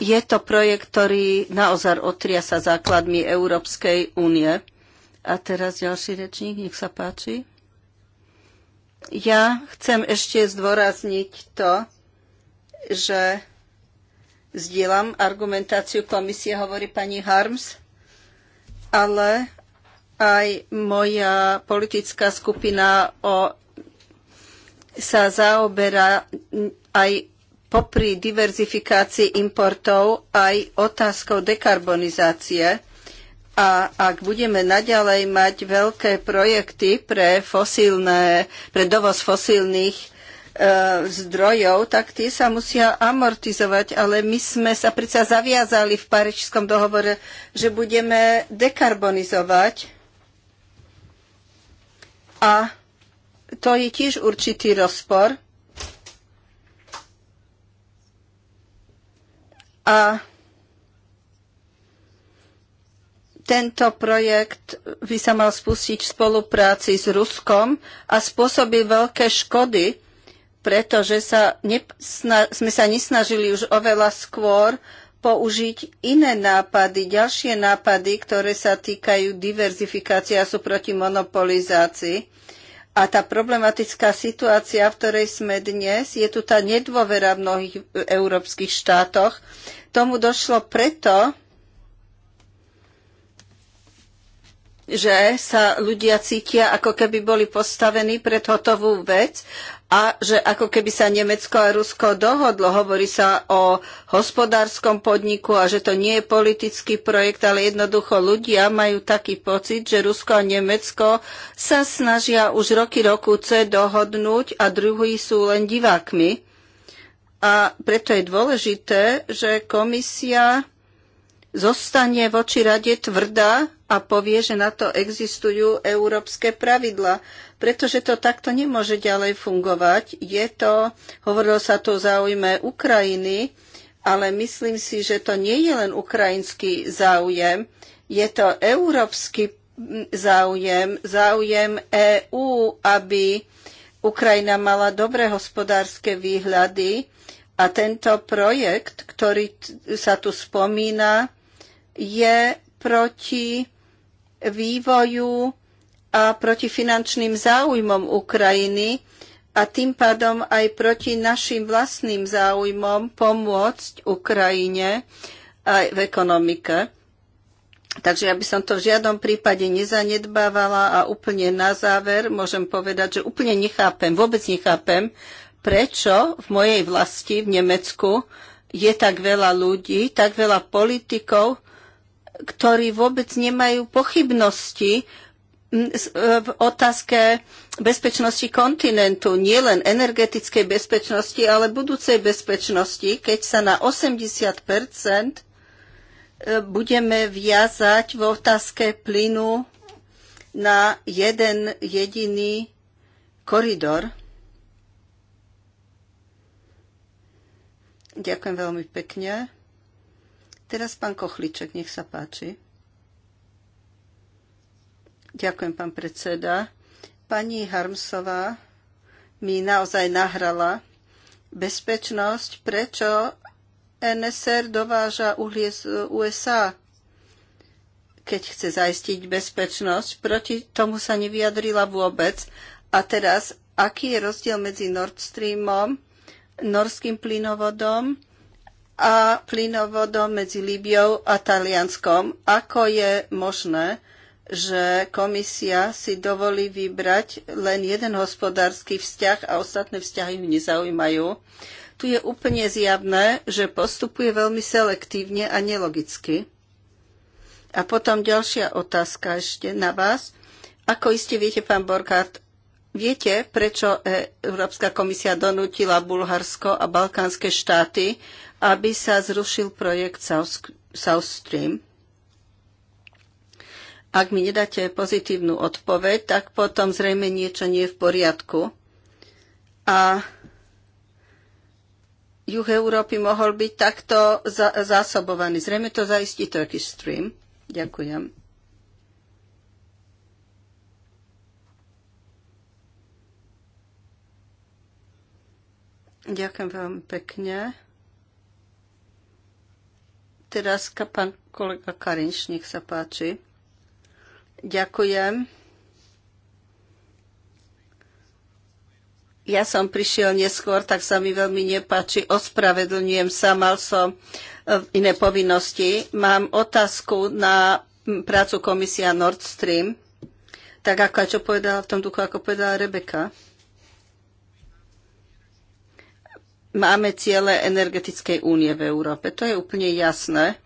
je to projekt, ktorý naozaj otria sa základmi Európskej únie. A teraz ďalší rečník, nech sa páči. Ja chcem ešte zdôrazniť to, že zdieľam argumentáciu komisie, hovorí pani Harms, ale aj moja politická skupina o, sa zaoberá aj popri diverzifikácii importov aj otázkou dekarbonizácie a ak budeme naďalej mať veľké projekty pre, fosílne, pre dovoz fosílnych e, zdrojov, tak tie sa musia amortizovať. Ale my sme sa predsa zaviazali v Parížskom dohovore, že budeme dekarbonizovať. A to je tiež určitý rozpor. A Tento projekt by sa mal spustiť v spolupráci s Ruskom a spôsobí veľké škody, pretože sa ne, sna, sme sa nesnažili už oveľa skôr použiť iné nápady, ďalšie nápady, ktoré sa týkajú diverzifikácie a sú proti monopolizácii. A tá problematická situácia, v ktorej sme dnes, je tu tá nedôvera v mnohých európskych štátoch. Tomu došlo preto, že sa ľudia cítia, ako keby boli postavení pred hotovú vec a že ako keby sa Nemecko a Rusko dohodlo. Hovorí sa o hospodárskom podniku a že to nie je politický projekt, ale jednoducho ľudia majú taký pocit, že Rusko a Nemecko sa snažia už roky roku C dohodnúť a druhí sú len divákmi. A preto je dôležité, že komisia zostane voči rade tvrdá a povie, že na to existujú európske pravidla, pretože to takto nemôže ďalej fungovať. Je to, hovorilo sa to záujme Ukrajiny, ale myslím si, že to nie je len ukrajinský záujem, je to európsky záujem, záujem EÚ, aby Ukrajina mala dobré hospodárske výhľady a tento projekt, ktorý sa tu spomína, je proti vývoju a proti finančným záujmom Ukrajiny a tým pádom aj proti našim vlastným záujmom pomôcť Ukrajine aj v ekonomike. Takže ja by som to v žiadom prípade nezanedbávala a úplne na záver môžem povedať, že úplne nechápem, vôbec nechápem, prečo v mojej vlasti v Nemecku je tak veľa ľudí, tak veľa politikov, ktorí vôbec nemajú pochybnosti e, v otázke bezpečnosti kontinentu, nielen energetickej bezpečnosti, ale budúcej bezpečnosti, keď sa na 80 e, budeme viazať v otázke plynu na jeden jediný koridor. Ďakujem veľmi pekne. Teraz pán Kochliček, nech sa páči. Ďakujem, pán predseda. Pani Harmsová mi naozaj nahrala bezpečnosť, prečo NSR dováža uhlie z USA, keď chce zaistiť bezpečnosť. Proti tomu sa nevyjadrila vôbec. A teraz, aký je rozdiel medzi Nord Streamom, norským plynovodom, a plynovodom medzi Líbiou a Talianskom. Ako je možné, že komisia si dovolí vybrať len jeden hospodársky vzťah a ostatné vzťahy ju nezaujímajú? Tu je úplne zjavné, že postupuje veľmi selektívne a nelogicky. A potom ďalšia otázka ešte na vás. Ako iste viete, pán Borkart, viete, prečo e- Európska komisia donútila Bulharsko a balkánske štáty, aby sa zrušil projekt South Stream. Ak mi nedáte pozitívnu odpoveď, tak potom zrejme niečo nie je v poriadku. A juh Európy mohol byť takto zásobovaný. Zrejme to zaistí Turkish Stream. Ďakujem. Ďakujem veľmi pekne. Teraz pán kolega Karinš, nech sa páči. Ďakujem. Ja som prišiel neskôr, tak sa mi veľmi nepáči. Ospravedlňujem sa, mal som e, iné povinnosti. Mám otázku na prácu komisia Nord Stream. Tak ako čo povedala v tom duchu, ako povedala Rebeka. máme ciele energetickej únie v Európe. To je úplne jasné.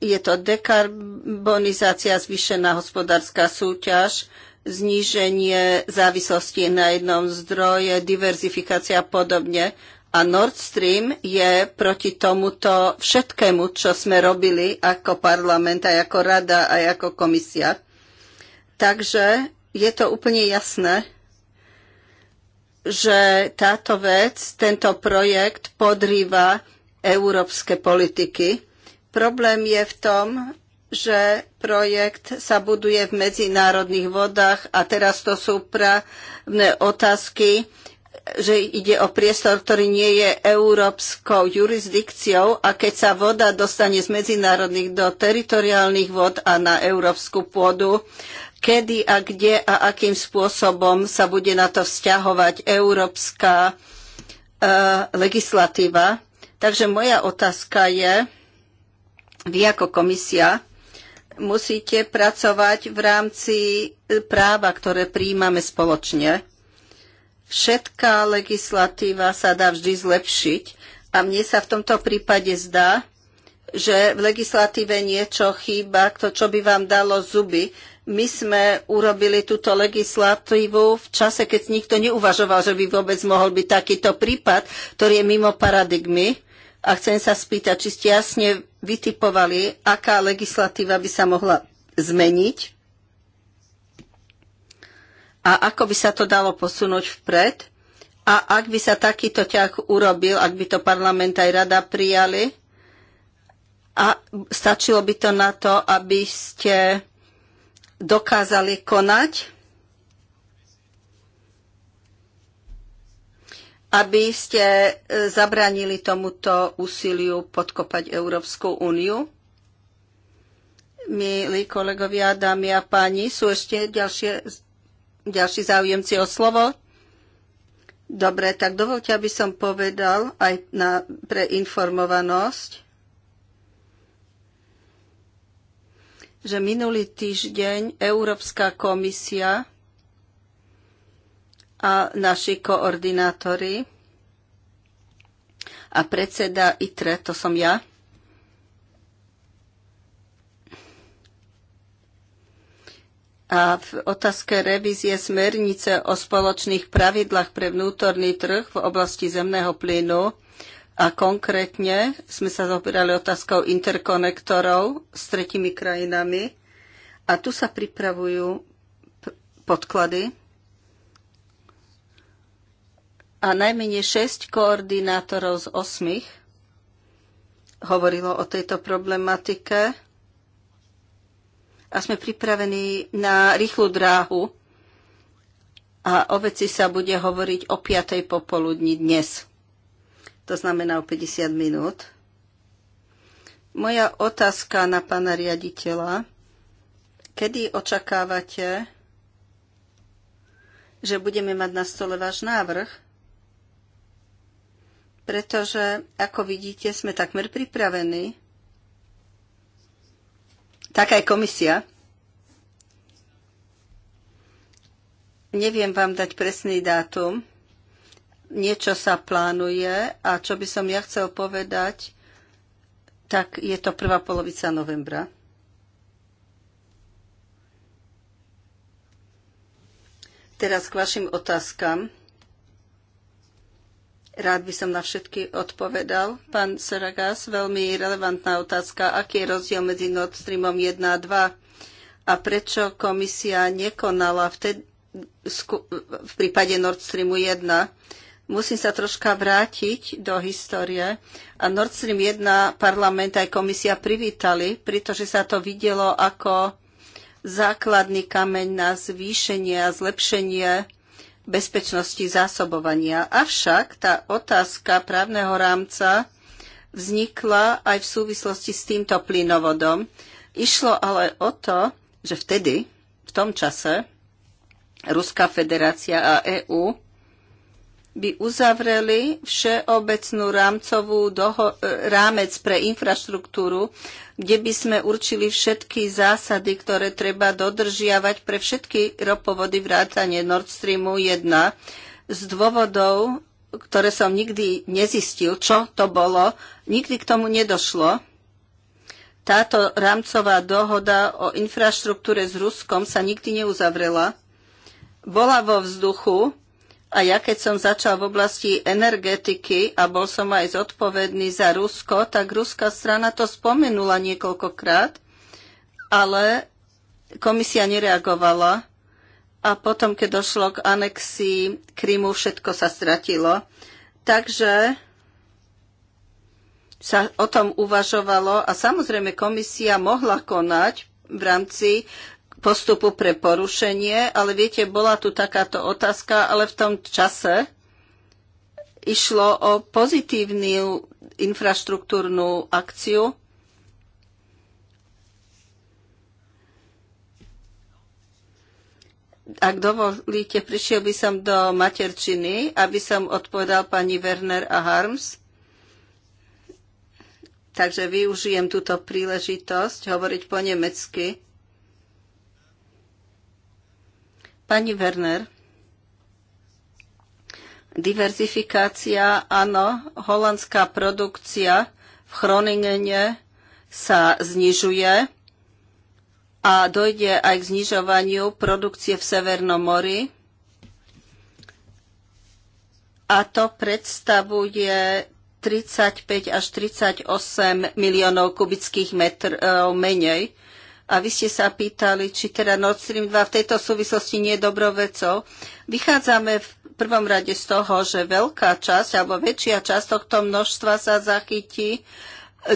Je to dekarbonizácia, zvýšená hospodárska súťaž, zníženie závislosti na jednom zdroje, diverzifikácia a podobne. A Nord Stream je proti tomuto všetkému, čo sme robili ako parlament, aj ako rada, aj ako komisia. Takže je to úplne jasné, že táto vec, tento projekt podrýva európske politiky. Problém je v tom, že projekt sa buduje v medzinárodných vodách a teraz to sú právne otázky, že ide o priestor, ktorý nie je európskou jurisdikciou a keď sa voda dostane z medzinárodných do teritoriálnych vod a na európsku pôdu, kedy a kde a akým spôsobom sa bude na to vzťahovať európska e, legislatíva. Takže moja otázka je, vy ako komisia musíte pracovať v rámci e, práva, ktoré príjmame spoločne. Všetká legislatíva sa dá vždy zlepšiť a mne sa v tomto prípade zdá, že v legislatíve niečo chýba, to, čo by vám dalo zuby, my sme urobili túto legislatívu v čase, keď nikto neuvažoval, že by vôbec mohol byť takýto prípad, ktorý je mimo paradigmy. A chcem sa spýtať, či ste jasne vytipovali, aká legislatíva by sa mohla zmeniť a ako by sa to dalo posunúť vpred. A ak by sa takýto ťah urobil, ak by to parlament aj rada prijali, a stačilo by to na to, aby ste dokázali konať, aby ste e, zabránili tomuto úsiliu podkopať Európsku úniu? Milí kolegovia, dámy a páni, sú ešte ďalšie, ďalší záujemci o slovo? Dobre, tak dovolte, aby som povedal aj na preinformovanosť, že minulý týždeň Európska komisia a naši koordinátori a predseda ITRE, to som ja, A v otázke revízie smernice o spoločných pravidlách pre vnútorný trh v oblasti zemného plynu a konkrétne sme sa zaoberali otázkou interkonektorov s tretimi krajinami. A tu sa pripravujú podklady. A najmenej 6 koordinátorov z 8 hovorilo o tejto problematike a sme pripravení na rýchlu dráhu a o veci sa bude hovoriť o 5. popoludní dnes to znamená o 50 minút. Moja otázka na pána riaditeľa. Kedy očakávate, že budeme mať na stole váš návrh? Pretože, ako vidíte, sme takmer pripravení. Taká je komisia. Neviem vám dať presný dátum, niečo sa plánuje a čo by som ja chcel povedať, tak je to prvá polovica novembra. Teraz k vašim otázkam. Rád by som na všetky odpovedal. Pán Seragas, veľmi relevantná otázka. Aký je rozdiel medzi Nord Streamom 1 a 2? A prečo komisia nekonala vtedy, v prípade Nord Streamu 1? Musím sa troška vrátiť do histórie. A Nord Stream 1 parlament aj komisia privítali, pretože sa to videlo ako základný kameň na zvýšenie a zlepšenie bezpečnosti zásobovania. Avšak tá otázka právneho rámca vznikla aj v súvislosti s týmto plynovodom. Išlo ale o to, že vtedy, v tom čase, Ruská federácia a EÚ by uzavreli všeobecnú rámcovú doho- rámec pre infraštruktúru, kde by sme určili všetky zásady, ktoré treba dodržiavať pre všetky ropovody vrátane Nord Streamu 1 z dôvodov, ktoré som nikdy nezistil, čo to bolo, nikdy k tomu nedošlo. Táto rámcová dohoda o infraštruktúre s Ruskom sa nikdy neuzavrela. Bola vo vzduchu, a ja keď som začal v oblasti energetiky a bol som aj zodpovedný za Rusko, tak ruská strana to spomenula niekoľkokrát, ale komisia nereagovala. A potom, keď došlo k anexii Krymu, všetko sa stratilo. Takže sa o tom uvažovalo a samozrejme komisia mohla konať v rámci postupu pre porušenie, ale viete, bola tu takáto otázka, ale v tom čase išlo o pozitívnu infraštruktúrnu akciu. Ak dovolíte, prišiel by som do materčiny, aby som odpovedal pani Werner a Harms. Takže využijem túto príležitosť hovoriť po nemecky. Pani Werner. Diverzifikácia, áno, holandská produkcia v Chroningene sa znižuje a dojde aj k znižovaniu produkcie v Severnom mori. A to predstavuje 35 až 38 miliónov kubických metrov menej. A vy ste sa pýtali, či teda Nord Stream 2 v tejto súvislosti nie je dobrou vecou. Vychádzame v prvom rade z toho, že veľká časť alebo väčšia časť tohto množstva sa zachytí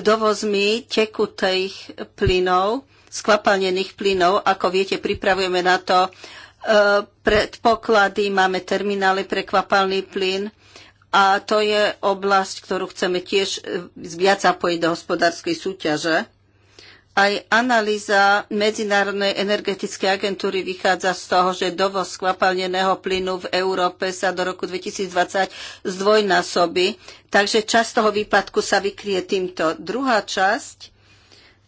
dovozmi tekutých plynov, skvapalnených plynov. Ako viete, pripravujeme na to e, predpoklady, máme terminály pre kvapalný plyn a to je oblasť, ktorú chceme tiež e, viac zapojiť do hospodárskej súťaže. Aj analýza Medzinárodnej energetickej agentúry vychádza z toho, že dovoz skvapalneného plynu v Európe sa do roku 2020 zdvojnásobí, takže časť toho výpadku sa vykrie týmto. Druhá časť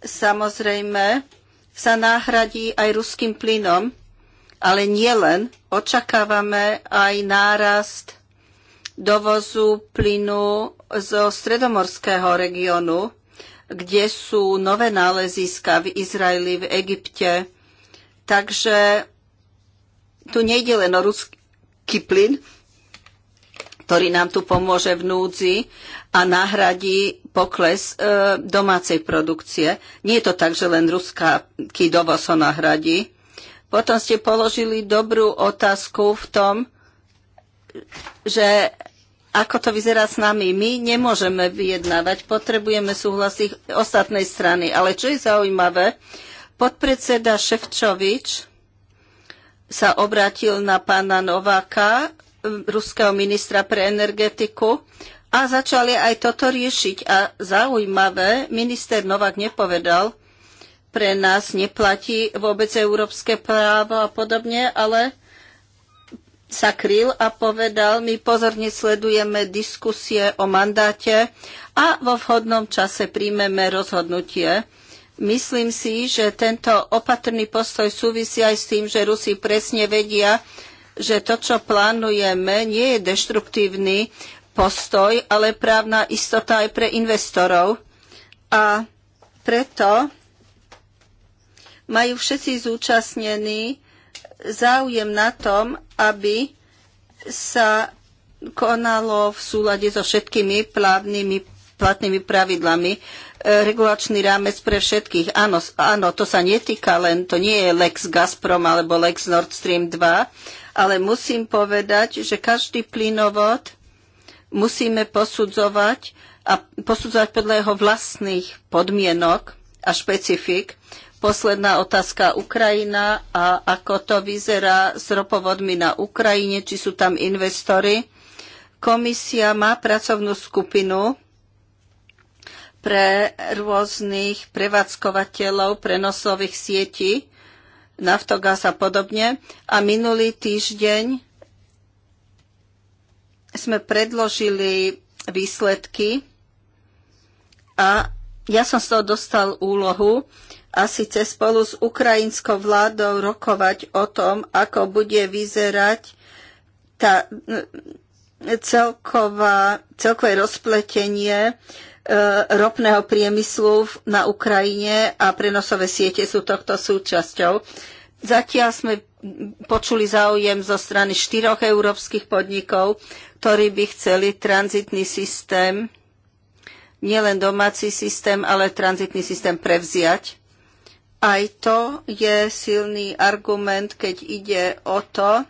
samozrejme sa náhradí aj ruským plynom, ale nielen. Očakávame aj nárast dovozu plynu zo stredomorského regiónu kde sú nové náleziska v Izraeli, v Egypte. Takže tu nejde len o ruský plyn, ktorý nám tu pomôže v núdzi a nahradí pokles e, domácej produkcie. Nie je to tak, že len ruská dovoz ho nahradí. Potom ste položili dobrú otázku v tom, že ako to vyzerá s nami. My nemôžeme vyjednávať, potrebujeme súhlas ich ostatnej strany. Ale čo je zaujímavé, podpredseda Ševčovič sa obrátil na pána Nováka, eh, ruského ministra pre energetiku, a začali aj toto riešiť. A zaujímavé, minister Novák nepovedal, pre nás neplatí vôbec európske právo a podobne, ale sa kryl a povedal, my pozorne sledujeme diskusie o mandáte a vo vhodnom čase príjmeme rozhodnutie. Myslím si, že tento opatrný postoj súvisí aj s tým, že Rusi presne vedia, že to, čo plánujeme, nie je deštruktívny postoj, ale právna istota aj pre investorov. A preto majú všetci zúčastnení záujem na tom, aby sa konalo v súlade so všetkými platnými pravidlami. E, regulačný rámec pre všetkých. Áno, áno, to sa netýka len, to nie je Lex Gazprom alebo Lex Nord Stream 2, ale musím povedať, že každý plynovod musíme posudzovať a posudzovať podľa jeho vlastných podmienok a špecifik. Posledná otázka Ukrajina a ako to vyzerá s ropovodmi na Ukrajine, či sú tam investory. Komisia má pracovnú skupinu pre rôznych prevádzkovateľov prenosových sietí, naftogaz a podobne. A minulý týždeň sme predložili výsledky a ja som z toho dostal úlohu, a síce spolu s ukrajinskou vládou rokovať o tom, ako bude vyzerať tá e, celková, celkové rozpletenie e, ropného priemyslu na Ukrajine a prenosové siete sú tohto súčasťou. Zatiaľ sme počuli záujem zo strany štyroch európskych podnikov, ktorí by chceli tranzitný systém, nielen domáci systém, ale tranzitný systém prevziať. Aj to je silný argument, keď ide o to,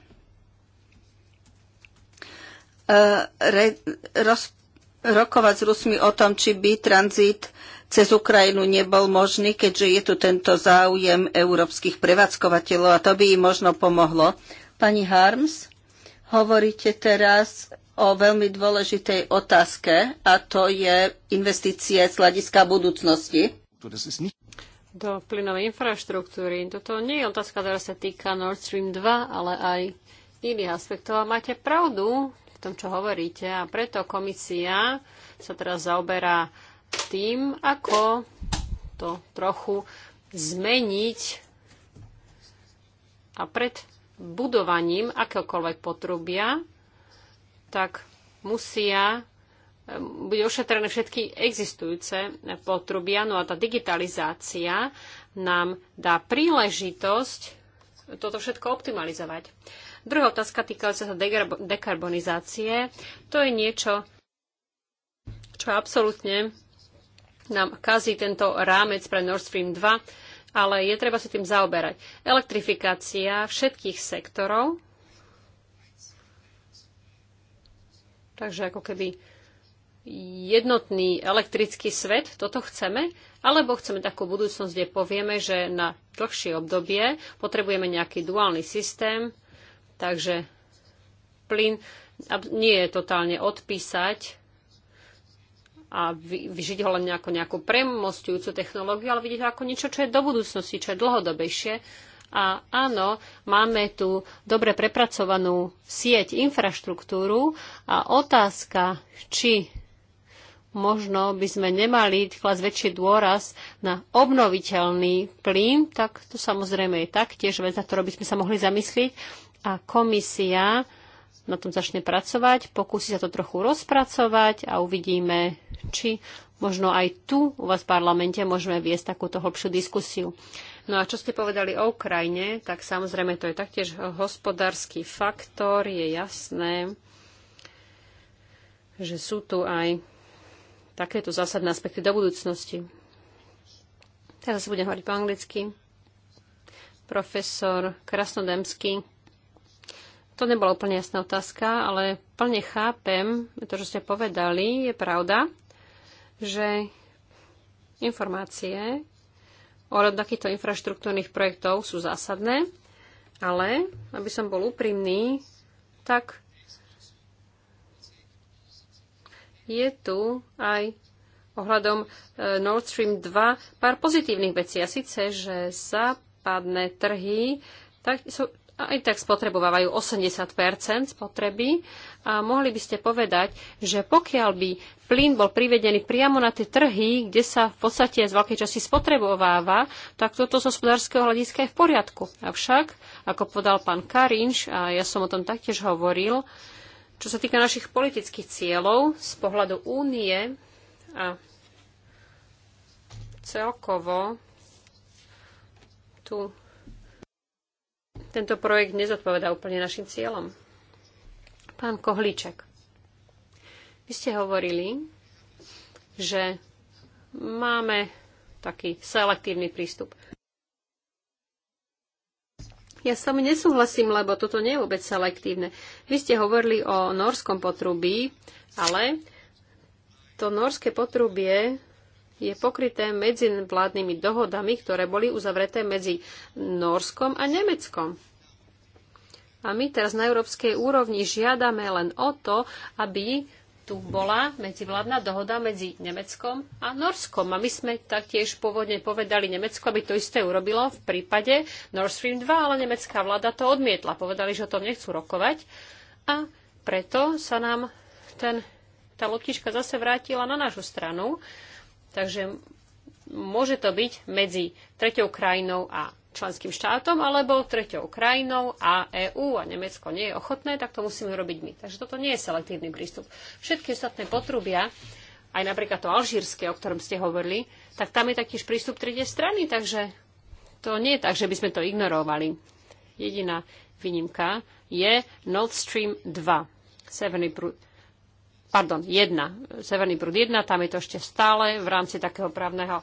e, re, roz, rokovať s Rusmi o tom, či by tranzit cez Ukrajinu nebol možný, keďže je tu tento záujem európskych prevádzkovateľov a to by im možno pomohlo. Pani Harms, hovoríte teraz o veľmi dôležitej otázke a to je investície z hľadiska budúcnosti do plynovej infraštruktúry. Toto nie je otázka, ktorá sa týka Nord Stream 2, ale aj iných aspektov. A máte pravdu v tom, čo hovoríte. A preto komisia sa teraz zaoberá tým, ako to trochu zmeniť a pred budovaním akéhokoľvek potrubia, tak musia Ehm, bude ošetrené všetky existujúce potrubia. No a tá digitalizácia nám dá príležitosť toto všetko optimalizovať. Druhá otázka týkajúca sa dekarbonizácie. To je niečo, čo absolútne nám kazí tento rámec pre Nord Stream 2, ale je treba sa tým zaoberať. Elektrifikácia všetkých sektorov, takže ako keby jednotný elektrický svet, toto chceme, alebo chceme takú budúcnosť, kde povieme, že na dlhšie obdobie potrebujeme nejaký duálny systém, takže plyn nie je totálne odpísať a vyžiť ho len nejako, nejakú premostujúcu technológiu, ale vidieť ako niečo, čo je do budúcnosti, čo je dlhodobejšie. A áno, máme tu dobre prepracovanú sieť, infraštruktúru a otázka, či možno by sme nemali klas väčší dôraz na obnoviteľný plyn, tak to samozrejme je taktiež vec, na ktorú by sme sa mohli zamyslieť. A komisia na tom začne pracovať, pokúsi sa to trochu rozpracovať a uvidíme, či možno aj tu u vás v parlamente môžeme viesť takúto hlbšiu diskusiu. No a čo ste povedali o Ukrajine, tak samozrejme to je taktiež hospodársky faktor, je jasné, že sú tu aj takéto zásadné aspekty do budúcnosti. Teraz sa budem hovoriť po anglicky. Profesor Krasnodemský. To nebola úplne jasná otázka, ale plne chápem to, čo ste povedali. Je pravda, že informácie o takýchto infraštruktúrnych projektov sú zásadné, ale aby som bol úprimný, tak je tu aj ohľadom e, Nord Stream 2 pár pozitívnych vecí. A síce, že západné trhy tak sú, aj tak spotrebovávajú 80 spotreby. A mohli by ste povedať, že pokiaľ by plyn bol privedený priamo na tie trhy, kde sa v podstate z veľkej časti spotrebováva, tak toto z hospodárskeho hľadiska je v poriadku. Avšak, ako povedal pán Karinš, a ja som o tom taktiež hovoril, čo sa týka našich politických cieľov z pohľadu únie a celkovo tu tento projekt nezodpovedá úplne našim cieľom. Pán Kohlíček, vy ste hovorili, že máme taký selektívny prístup. Ja s tomu nesúhlasím, lebo toto nie je vôbec selektívne. Vy ste hovorili o norskom potrubí, ale to norské potrubie je pokryté medzivládnymi dohodami, ktoré boli uzavreté medzi Norskom a Nemeckom. A my teraz na európskej úrovni žiadame len o to, aby tu bola medzivládna dohoda medzi Nemeckom a Norskom. A my sme taktiež pôvodne povedali Nemecku, aby to isté urobilo v prípade Nord Stream 2, ale nemecká vláda to odmietla. Povedali, že o tom nechcú rokovať. A preto sa nám ten, tá loptička zase vrátila na našu stranu. Takže môže to byť medzi tretou krajinou a členským štátom alebo treťou krajinou a EÚ a Nemecko nie je ochotné, tak to musíme robiť my. Takže toto nie je selektívny prístup. Všetky ostatné potrubia, aj napríklad to alžírske, o ktorom ste hovorili, tak tam je taktiež prístup tretej strany, takže to nie je tak, že by sme to ignorovali. Jediná výnimka je Nord Stream 2, Severný prúd, pardon, 1, Severný prúd 1, tam je to ešte stále v rámci takého právneho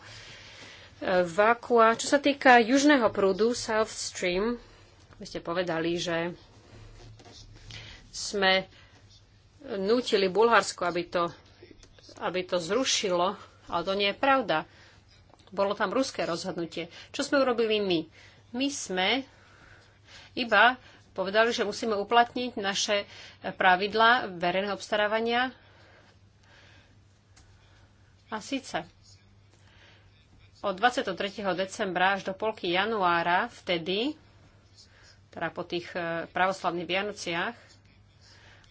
vakua. Čo sa týka južného prúdu, South Stream, vy ste povedali, že sme nútili Bulharsko, aby to, aby to zrušilo, ale to nie je pravda. Bolo tam ruské rozhodnutie. Čo sme urobili my? My sme iba povedali, že musíme uplatniť naše pravidla verejného obstarávania. A síce od 23. decembra až do polky januára vtedy, teda po tých e, pravoslavných Vianociach,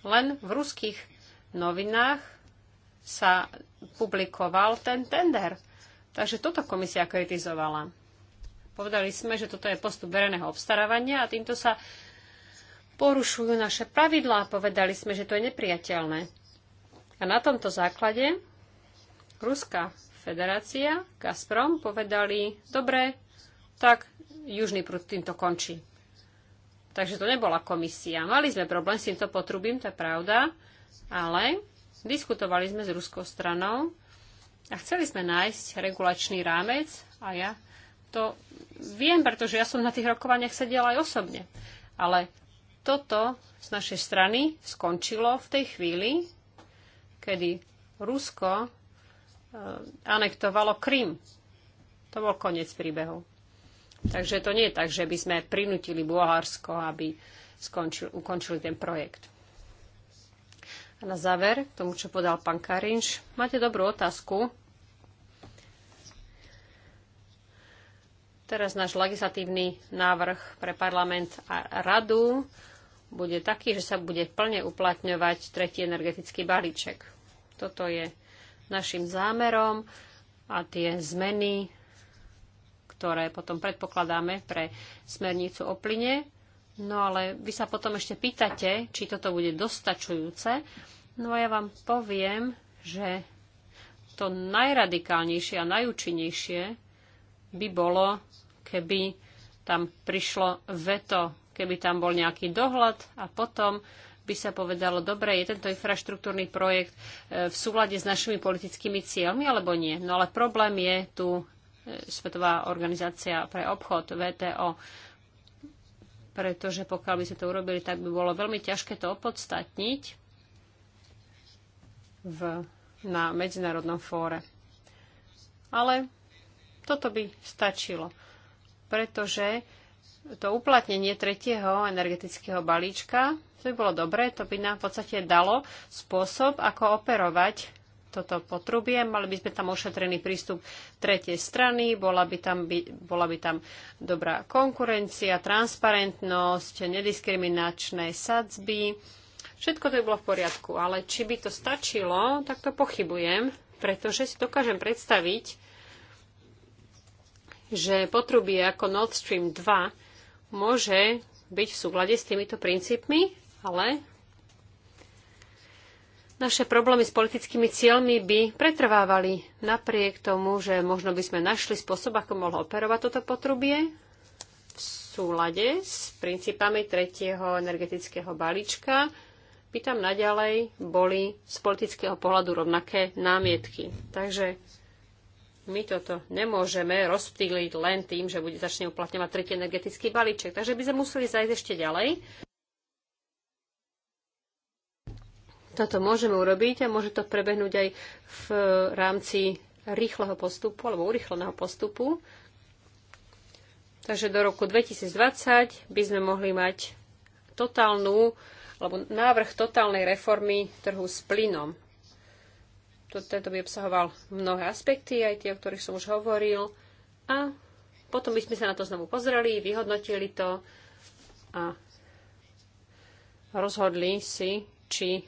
len v ruských novinách sa publikoval ten tender. Takže toto komisia kritizovala. Povedali sme, že toto je postup verejného obstarávania a týmto sa porušujú naše pravidlá. Povedali sme, že to je nepriateľné. A na tomto základe ruská federácia, Gazprom, povedali, dobre, tak južný prúd týmto končí. Takže to nebola komisia. Mali sme problém s týmto potrubím, to je pravda, ale diskutovali sme s ruskou stranou a chceli sme nájsť regulačný rámec a ja to viem, pretože ja som na tých rokovaniach sedela aj osobne. Ale toto z našej strany skončilo v tej chvíli, kedy Rusko Eh, anektovalo Krym. To bol koniec príbehu. Takže to nie je tak, že by sme prinútili Bulharsko, aby skončil, ukončili ten projekt. A na záver, k tomu, čo podal pán Karinš, máte dobrú otázku. Teraz náš legislatívny návrh pre parlament a radu bude taký, že sa bude plne uplatňovať tretí energetický balíček. Toto je našim zámerom a tie zmeny, ktoré potom predpokladáme pre smernicu o plyne. No ale vy sa potom ešte pýtate, či toto bude dostačujúce. No a ja vám poviem, že to najradikálnejšie a najúčinnejšie by bolo, keby tam prišlo veto, keby tam bol nejaký dohľad a potom by sa povedalo, dobre, je tento infraštruktúrny projekt e, v súlade s našimi politickými cieľmi alebo nie. No ale problém je tu e, Svetová organizácia pre obchod, VTO, pretože pokiaľ by sme to urobili, tak by bolo veľmi ťažké to opodstatniť v, na medzinárodnom fóre. Ale toto by stačilo, pretože to uplatnenie tretieho energetického balíčka, to by bolo dobré, to by nám v podstate dalo spôsob, ako operovať toto potrubie. Mali by sme tam ošetrený prístup tretej strany, bola by tam, by, bola by tam dobrá konkurencia, transparentnosť, nediskriminačné sadzby. Všetko to by bolo v poriadku, ale či by to stačilo, tak to pochybujem, pretože si dokážem predstaviť, že potrubie ako Nord Stream 2 môže byť v súlade s týmito princípmi, ale naše problémy s politickými cieľmi by pretrvávali napriek tomu, že možno by sme našli spôsob, ako mohlo operovať toto potrubie v súlade s princípami tretieho energetického balíčka. By tam naďalej boli z politického pohľadu rovnaké námietky. Takže my toto nemôžeme rozptýliť len tým, že bude začne uplatňovať tretí energetický balíček. Takže by sme museli zajsť ešte ďalej. Toto môžeme urobiť a môže to prebehnúť aj v rámci rýchleho postupu alebo urýchleného postupu. Takže do roku 2020 by sme mohli mať totálnu alebo návrh totálnej reformy trhu s plynom tento by obsahoval mnohé aspekty, aj tie, o ktorých som už hovoril. A potom by sme sa na to znovu pozreli, vyhodnotili to a rozhodli si, či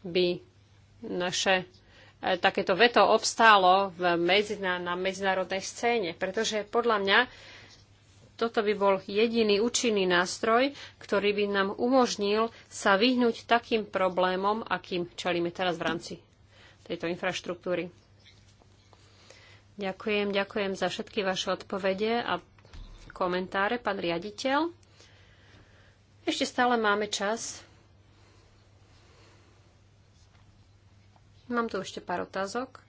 by naše e, takéto veto obstálo v medzina, na medzinárodnej scéne. Pretože podľa mňa toto by bol jediný účinný nástroj, ktorý by nám umožnil sa vyhnúť takým problémom, akým čelíme teraz v rámci tejto infraštruktúry. Ďakujem, ďakujem za všetky vaše odpovede a komentáre, pán riaditeľ. Ešte stále máme čas. Mám tu ešte pár otázok.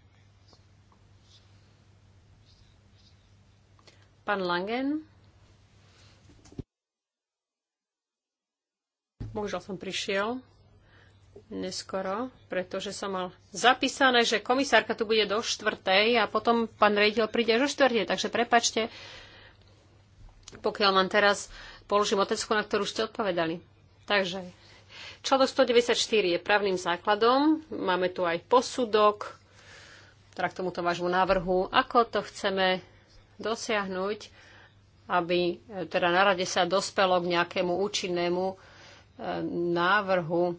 Pán Langen. Bohužiaľ som prišiel neskoro, pretože som mal zapísané, že komisárka tu bude do štvrtej a potom pán rejiteľ príde až o štvrtej, takže prepačte, pokiaľ vám teraz položím otecku, na ktorú ste odpovedali. Takže článok 194 je právnym základom, máme tu aj posudok, teda k tomuto vášmu návrhu, ako to chceme dosiahnuť, aby e, teda na rade sa dospelo k nejakému účinnému e, návrhu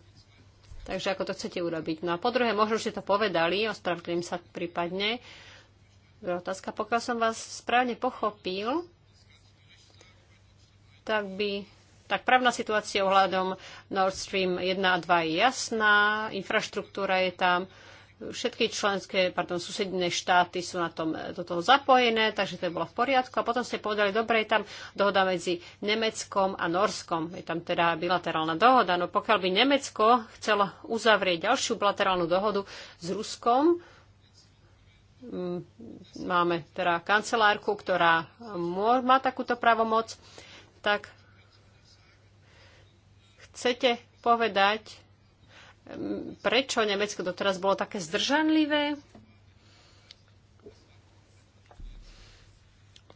Takže ako to chcete urobiť. No a po druhé, možno ste to povedali, ospravedlím sa prípadne. Otázka, pokiaľ som vás správne pochopil, tak by tak právna situácia ohľadom Nord Stream 1 a 2 je jasná, infraštruktúra je tam, Všetky členské, pardon, susedné štáty sú na tom, do toho zapojené, takže to bolo v poriadku. A potom ste povedali, dobre, je tam dohoda medzi Nemeckom a Norskom. Je tam teda bilaterálna dohoda. No pokiaľ by Nemecko chcelo uzavrieť ďalšiu bilaterálnu dohodu s Ruskom, mm, máme teda kancelárku, ktorá má takúto pravomoc, tak chcete povedať, prečo Nemecko doteraz bolo také zdržanlivé.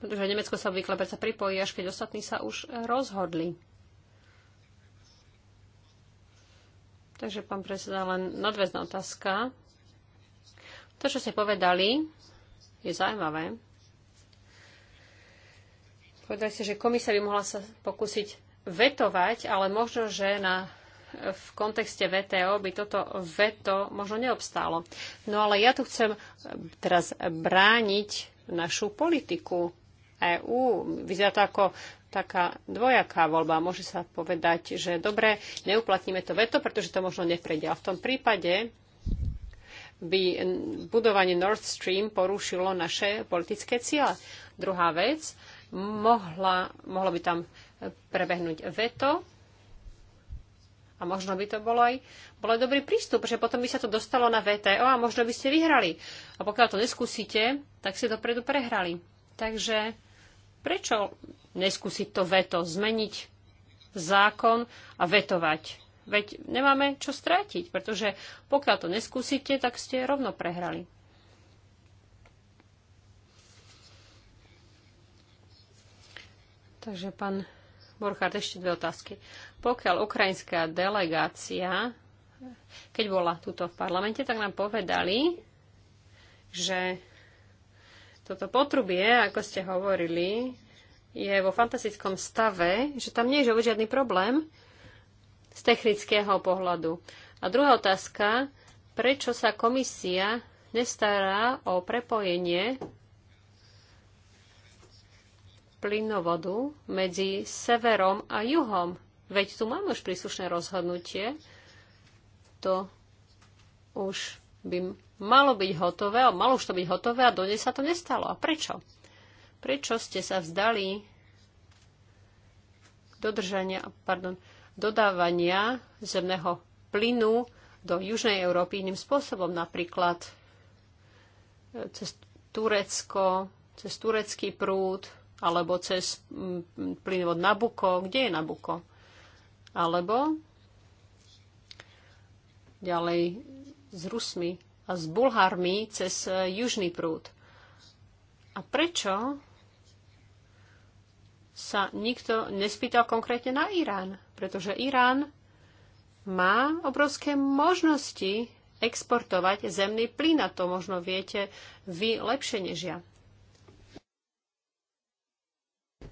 Pretože Nemecko sa obvykle predsa pripojí, až keď ostatní sa už rozhodli. Takže, pán predseda, len nadväzná otázka. To, čo ste povedali, je zaujímavé. Povedali ste, že komisia by mohla sa pokúsiť vetovať, ale možno, že na v kontexte VTO by toto veto možno neobstálo. No ale ja tu chcem teraz brániť našu politiku EÚ. Vyzerá to ako taká dvojaká voľba. Môže sa povedať, že dobre, neuplatníme to veto, pretože to možno a V tom prípade by budovanie Nord Stream porušilo naše politické ciele. Druhá vec, mohla, mohlo by tam prebehnúť veto a možno by to bolo aj bolo dobrý prístup, že potom by sa to dostalo na VTO a možno by ste vyhrali. A pokiaľ to neskúsite, tak ste dopredu prehrali. Takže prečo neskúsiť to veto, zmeniť zákon a vetovať? Veď nemáme čo strátiť, pretože pokiaľ to neskúsite, tak ste rovno prehrali. Takže pán Borchard, ešte dve otázky. Pokiaľ ukrajinská delegácia, keď bola tuto v parlamente, tak nám povedali, že toto potrubie, ako ste hovorili, je vo fantastickom stave, že tam nie je žiadny problém z technického pohľadu. A druhá otázka, prečo sa komisia nestará o prepojenie plynovodu medzi severom a juhom Veď tu máme už príslušné rozhodnutie. To už by malo byť hotové, a malo už to byť hotové a dodnes sa to nestalo. A prečo? Prečo ste sa vzdali dodržania, pardon, dodávania zemného plynu do Južnej Európy iným spôsobom, napríklad e, cez Turecko, cez turecký prúd, alebo cez plynovod Nabuko. Kde je Nabuko? Alebo ďalej s Rusmi a s Bulhármi cez e, južný prúd. A prečo sa nikto nespýtal konkrétne na Irán? Pretože Irán má obrovské možnosti exportovať zemný plyn a to možno viete vy lepšie než ja.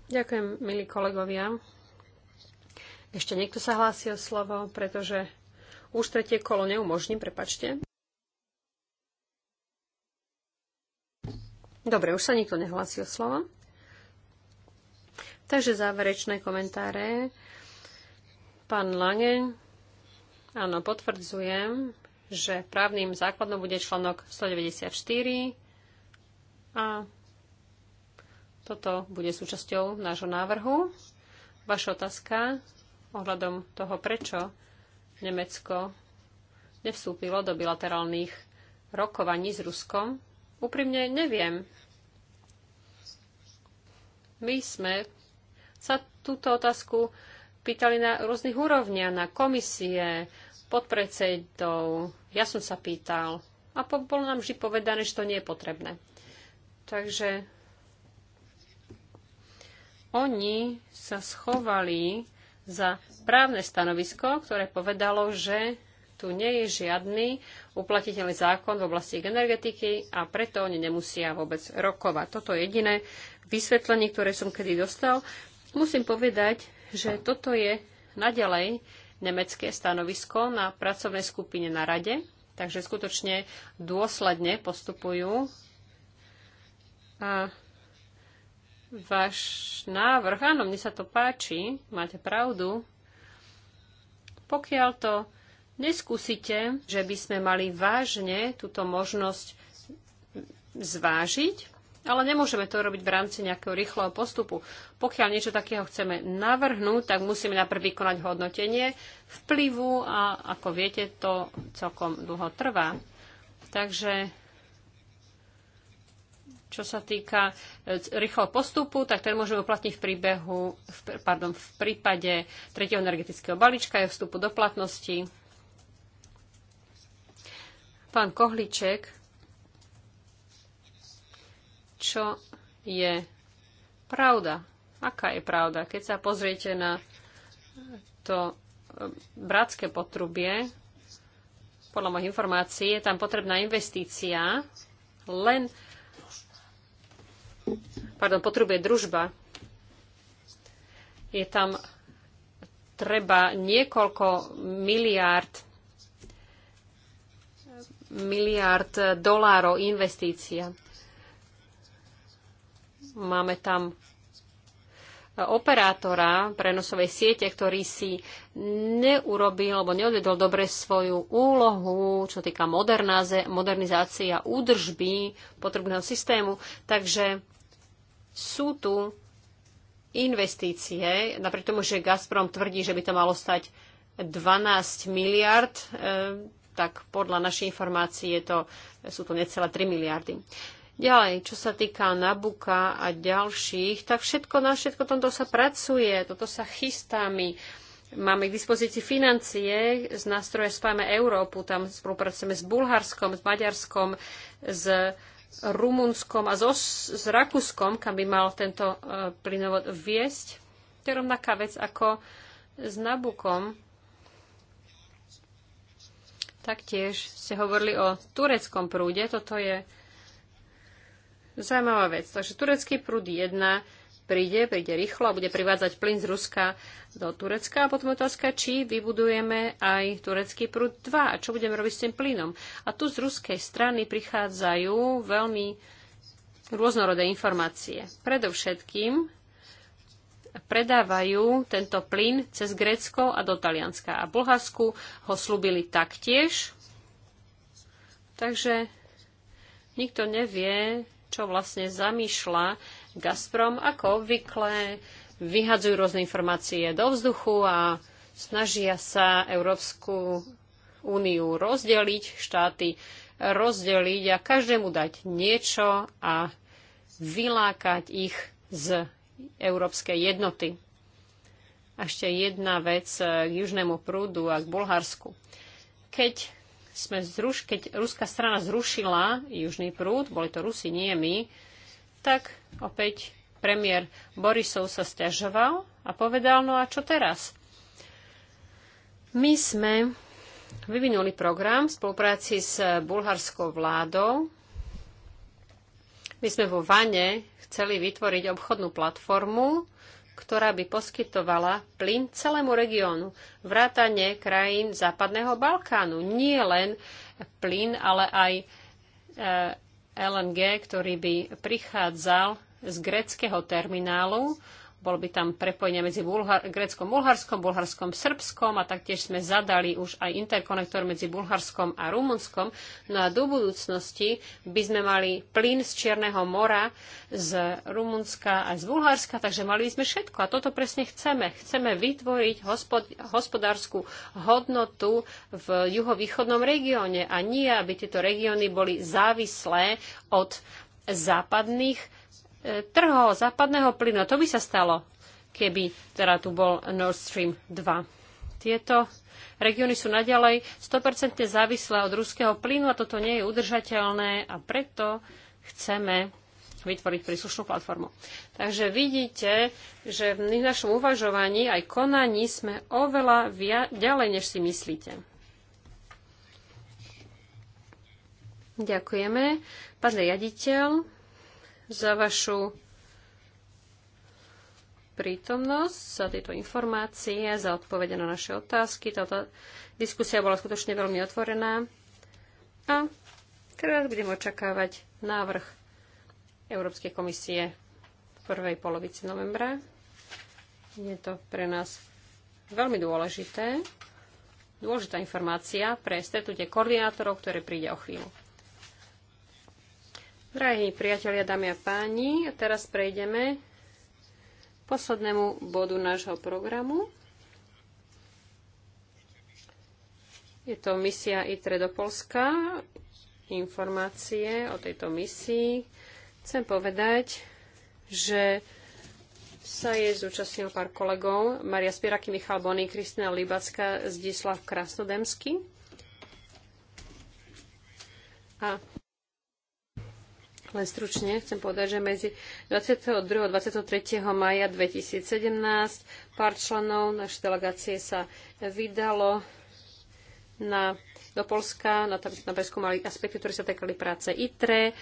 Ďakujem, milí kolegovia. Ešte niekto sa hlási o slovo, pretože už tretie kolo neumožním, prepačte. Dobre, už sa nikto nehlási o slovo. Takže záverečné komentáre. Pán Lange, áno, potvrdzujem, že právnym základom bude článok 194 a toto bude súčasťou nášho návrhu. Vaša otázka ohľadom toho, prečo Nemecko nevstúpilo do bilaterálnych rokovaní s Ruskom, úprimne neviem. My sme sa túto otázku pýtali na rôznych úrovniach, na komisie, podpredsedov, ja som sa pýtal a po, bolo nám vždy povedané, že to nie je potrebné. Takže oni sa schovali za právne stanovisko, ktoré povedalo, že tu nie je žiadny uplatiteľný zákon v oblasti energetiky a preto oni nemusia vôbec rokovať. Toto je jediné vysvetlenie, ktoré som kedy dostal. Musím povedať, že toto je naďalej nemecké stanovisko na pracovnej skupine na rade, takže skutočne dôsledne postupujú. A váš návrh. Áno, mne sa to páči, máte pravdu. Pokiaľ to neskúsite, že by sme mali vážne túto možnosť zvážiť, ale nemôžeme to robiť v rámci nejakého rýchleho postupu. Pokiaľ niečo takého chceme navrhnúť, tak musíme najprv vykonať hodnotenie vplyvu a ako viete, to celkom dlho trvá. Takže čo sa týka e, rýchleho postupu, tak ten môžeme uplatniť v, príbehu, v, pardon, v prípade tretieho energetického balíčka je vstupu do platnosti. Pán Kohliček, čo je pravda? Aká je pravda? Keď sa pozriete na to e, bratské potrubie, podľa mojich informácií, je tam potrebná investícia len pardon, potrebuje družba. Je tam treba niekoľko miliárd miliárd dolárov investícia. Máme tam operátora prenosovej siete, ktorý si neurobil alebo neodvedol dobre svoju úlohu, čo týka modernizácie a údržby potrebného systému. Takže sú tu investície, napriek tomu, že Gazprom tvrdí, že by to malo stať 12 miliard, e, tak podľa našej informácií je to, sú to necelé 3 miliardy. Ďalej, čo sa týka Nabuka a ďalších, tak všetko na všetko tomto sa pracuje, toto sa chystá my. Máme k dispozícii financie z nástroje Spáme Európu, tam spolupracujeme s Bulharskom, s Maďarskom, s Rumunskom a so, s Rakúskom, kam by mal tento uh, plynovod viesť. To je rovnaká vec ako s Nabukom. Taktiež ste hovorili o tureckom prúde. Toto je zaujímavá vec. Takže turecký prúd 1 príde, príde rýchlo a bude privádzať plyn z Ruska do Turecka. A potom otázka, či vybudujeme aj turecký prúd 2 a čo budeme robiť s tým plynom. A tu z ruskej strany prichádzajú veľmi rôznorodé informácie. Predovšetkým predávajú tento plyn cez Grécko a do Talianska. A Bulharsku ho slúbili taktiež. Takže nikto nevie, čo vlastne zamýšľa Gazprom, ako obvykle, vyhadzujú rôzne informácie do vzduchu a snažia sa Európsku úniu rozdeliť, štáty rozdeliť a každému dať niečo a vylákať ich z európskej jednoty. A ešte jedna vec k južnému prúdu a k Bulharsku. Keď, sme zruš, keď ruská strana zrušila južný prúd, boli to Rusi, nie my, tak opäť premiér Borisov sa stiažoval a povedal, no a čo teraz? My sme vyvinuli program v spolupráci s bulharskou vládou. My sme vo Vane chceli vytvoriť obchodnú platformu, ktorá by poskytovala plyn celému regiónu, vrátane krajín Západného Balkánu. Nie len plyn, ale aj e, LNG, ktorý by prichádzal z greckého terminálu bol by tam prepojenie medzi Bulhar- Gréckom, Bulharskom, Bulharskom, Srbskom a taktiež sme zadali už aj interkonektor medzi Bulharskom a Rumunskom. No a do budúcnosti by sme mali plyn z Čierneho mora, z Rumunska a z Bulharska, takže mali by sme všetko. A toto presne chceme. Chceme vytvoriť hospod- hospodárskú hodnotu v juhovýchodnom regióne a nie, aby tieto regióny boli závislé od západných E, trho západného plynu. A to by sa stalo, keby teda tu bol Nord Stream 2. Tieto regióny sú naďalej 100% závislé od ruského plynu a toto nie je udržateľné a preto chceme vytvoriť príslušnú platformu. Takže vidíte, že v našom uvažovaní aj konaní sme oveľa via- ďalej, než si myslíte. Ďakujeme. Pán riaditeľ, za vašu prítomnosť, za tieto informácie, za odpovede na naše otázky. Táto diskusia bola skutočne veľmi otvorená. A teraz budem očakávať návrh Európskej komisie v prvej polovici novembra. Je to pre nás veľmi dôležité. Dôležitá informácia pre stretnutie koordinátorov, ktoré príde o chvíľu. Drahí priatelia, dámy a páni, teraz prejdeme k poslednému bodu nášho programu. Je to misia ITRE do Polska. Informácie o tejto misii. Chcem povedať, že sa je zúčastnil pár kolegov. Maria Spiraky, Michal Bony, Kristina Libacka, Zdislav Krasnodemsky. A len stručne chcem povedať, že medzi 22. a 23. maja 2017 pár členov našej delegácie sa vydalo na, do Polska, na to, preskúmali aspekty, ktoré sa týkali práce ITRE.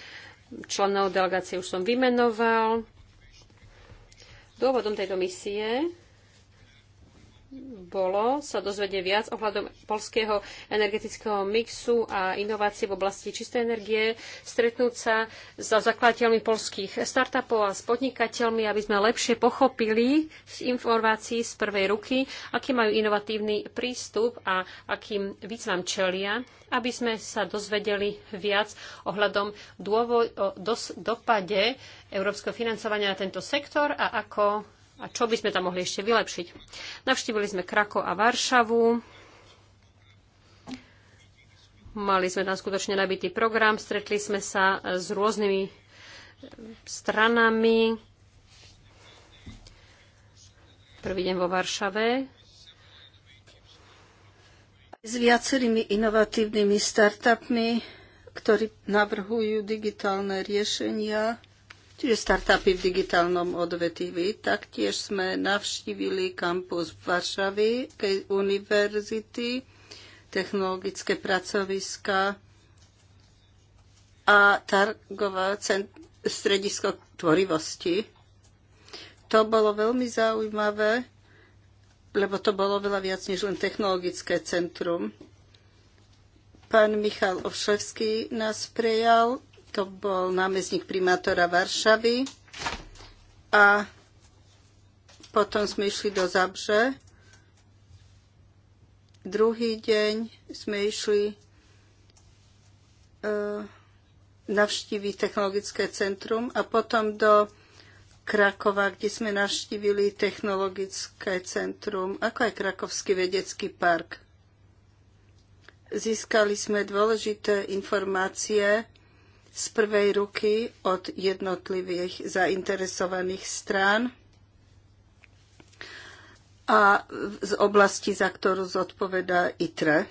Členov delegácie už som vymenoval. Dôvodom tejto misie bolo sa dozvedieť viac ohľadom polského energetického mixu a inovácií v oblasti čistej energie, stretnúť sa so zakladateľmi polských startupov a s podnikateľmi, aby sme lepšie pochopili z informácií z prvej ruky, aký majú inovatívny prístup a akým výzvam čelia, aby sme sa dozvedeli viac ohľadom dôvod, o dos, dopade európskeho financovania na tento sektor a ako a čo by sme tam mohli ešte vylepšiť. Navštívili sme Krako a Varšavu. Mali sme tam skutočne nabitý program, stretli sme sa s rôznymi stranami. Prvý deň vo Varšave, s viacerými inovatívnymi startupmi, ktorí navrhujú digitálne riešenia čiže startupy v digitálnom odvetví. Taktiež sme navštívili kampus v Varšavy, univerzity, technologické pracoviska a targová stredisko tvorivosti. To bolo veľmi zaujímavé, lebo to bolo veľa viac než len technologické centrum. Pán Michal Ovševský nás prejal to bol námestník primátora Varšavy a potom sme išli do Zabře. Druhý deň sme išli e, navštíviť technologické centrum a potom do Krakova, kde sme navštívili technologické centrum, ako aj Krakovský vedecký park. Získali sme dôležité informácie z prvej ruky od jednotlivých zainteresovaných strán a z oblasti, za ktorú zodpovedá ITRE.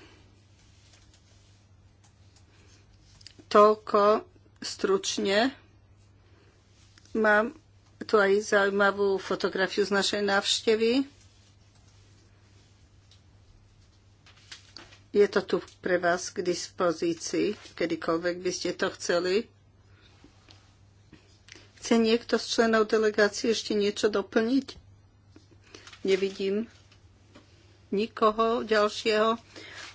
Toľko stručne. Mám tu aj zaujímavú fotografiu z našej návštevy. Je to tu pre vás k dispozícii, kedykoľvek by ste to chceli. Chce niekto z členov delegácie ešte niečo doplniť? Nevidím nikoho ďalšieho.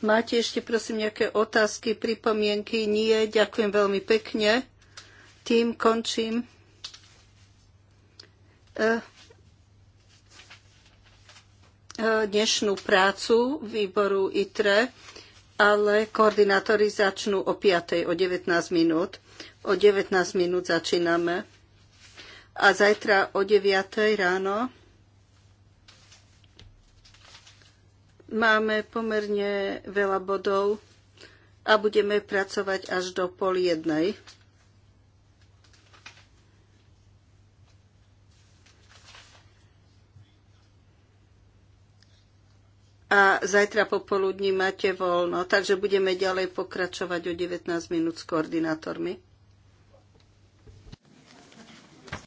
Máte ešte prosím nejaké otázky, pripomienky? Nie, ďakujem veľmi pekne. Tým končím. Eh, dnešnú prácu výboru ITRE, ale koordinátori začnú o 5. o 19 minút. O 19 minút začíname. A zajtra o 9. ráno máme pomerne veľa bodov a budeme pracovať až do pol jednej. a zajtra popoludní máte voľno, takže budeme ďalej pokračovať o 19 minút s koordinátormi.